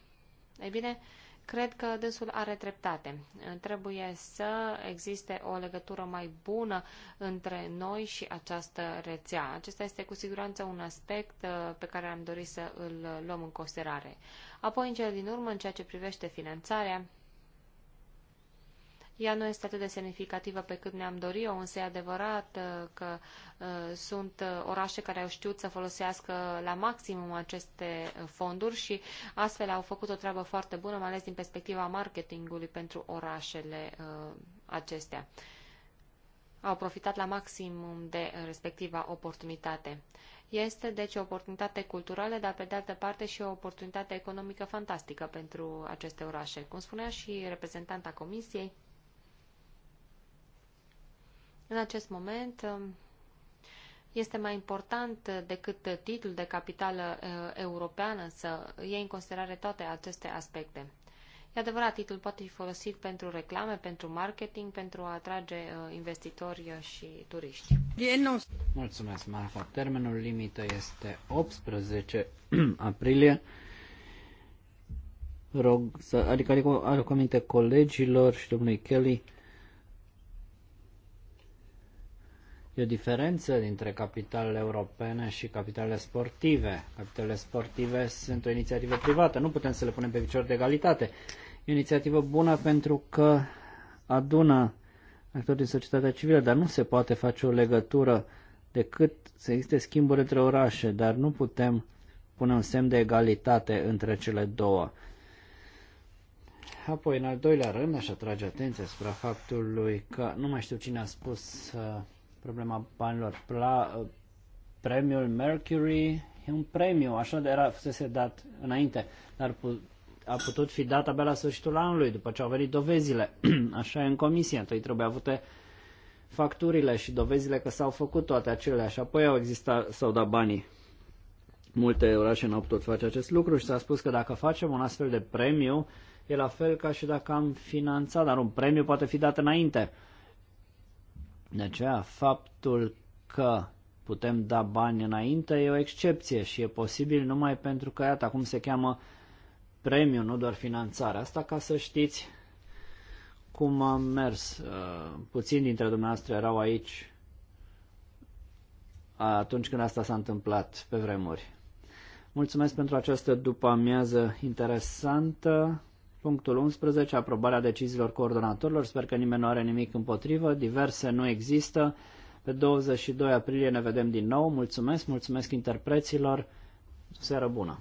ei bine, uh, Cred că dânsul are dreptate. Trebuie să existe o legătură mai bună între noi și această rețea. Acesta este cu siguranță un aspect uh, pe care am dorit să îl luăm în considerare. Apoi, în cele din urmă, în ceea ce privește finanțarea, ea nu este atât de semnificativă pe cât ne-am dorit-o, însă e adevărat uh, că uh, sunt uh, orașe care au știut să folosească la maximum aceste fonduri și astfel au făcut o treabă foarte bună, mai ales din perspectiva marketingului pentru orașele acestea. Au profitat la maximum de respectiva oportunitate. Este deci o oportunitate culturală, dar pe de altă parte și o oportunitate economică fantastică pentru aceste orașe. Cum spunea și reprezentanta Comisiei, în acest moment um, este mai important decât titlul de capitală uh, europeană să iei în considerare toate aceste aspecte. E adevărat, titlul poate fi folosit pentru reclame, pentru marketing, pentru a atrage uh, investitori uh, și turiști. Mulțumesc, Marfa. Termenul limită este 18 aprilie. Rog să, adică, adică, adică, adică colegilor și domnului Kelly E o diferență dintre capitalele europene și capitalele sportive. Capitalele sportive sunt o inițiativă privată, nu putem să le punem pe picior de egalitate. E o inițiativă bună pentru că adună actori din societatea civilă, dar nu se poate face o legătură decât să existe schimburi între orașe, dar nu putem pune un semn de egalitate între cele două. Apoi, în al doilea rând, aș atrage atenția asupra faptului că nu mai știu cine a spus uh, problema banilor. uh, premiul Mercury e un premiu, așa de era, fusese dat înainte, dar pu- a putut fi dat abia la sfârșitul anului, după ce au venit dovezile. așa e în comisie, întâi trebuie avute facturile și dovezile că s-au făcut toate acelea și apoi au existat, s-au dat banii. Multe orașe n-au putut face acest lucru și s-a spus că dacă facem un astfel de premiu, e la fel ca și dacă am finanțat, dar un premiu poate fi dat înainte. De aceea, faptul că putem da bani înainte e o excepție și e posibil numai pentru că, iată, acum se cheamă premiu, nu doar finanțare. Asta ca să știți cum am mers. Uh, puțin dintre dumneavoastră erau aici atunci când asta s-a întâmplat pe vremuri. Mulțumesc pentru această după amiază interesantă. Punctul 11. Aprobarea deciziilor coordonatorilor. Sper că nimeni nu are nimic împotrivă. Diverse nu există. Pe 22 aprilie ne vedem din nou. Mulțumesc, mulțumesc interpreților. Seară bună!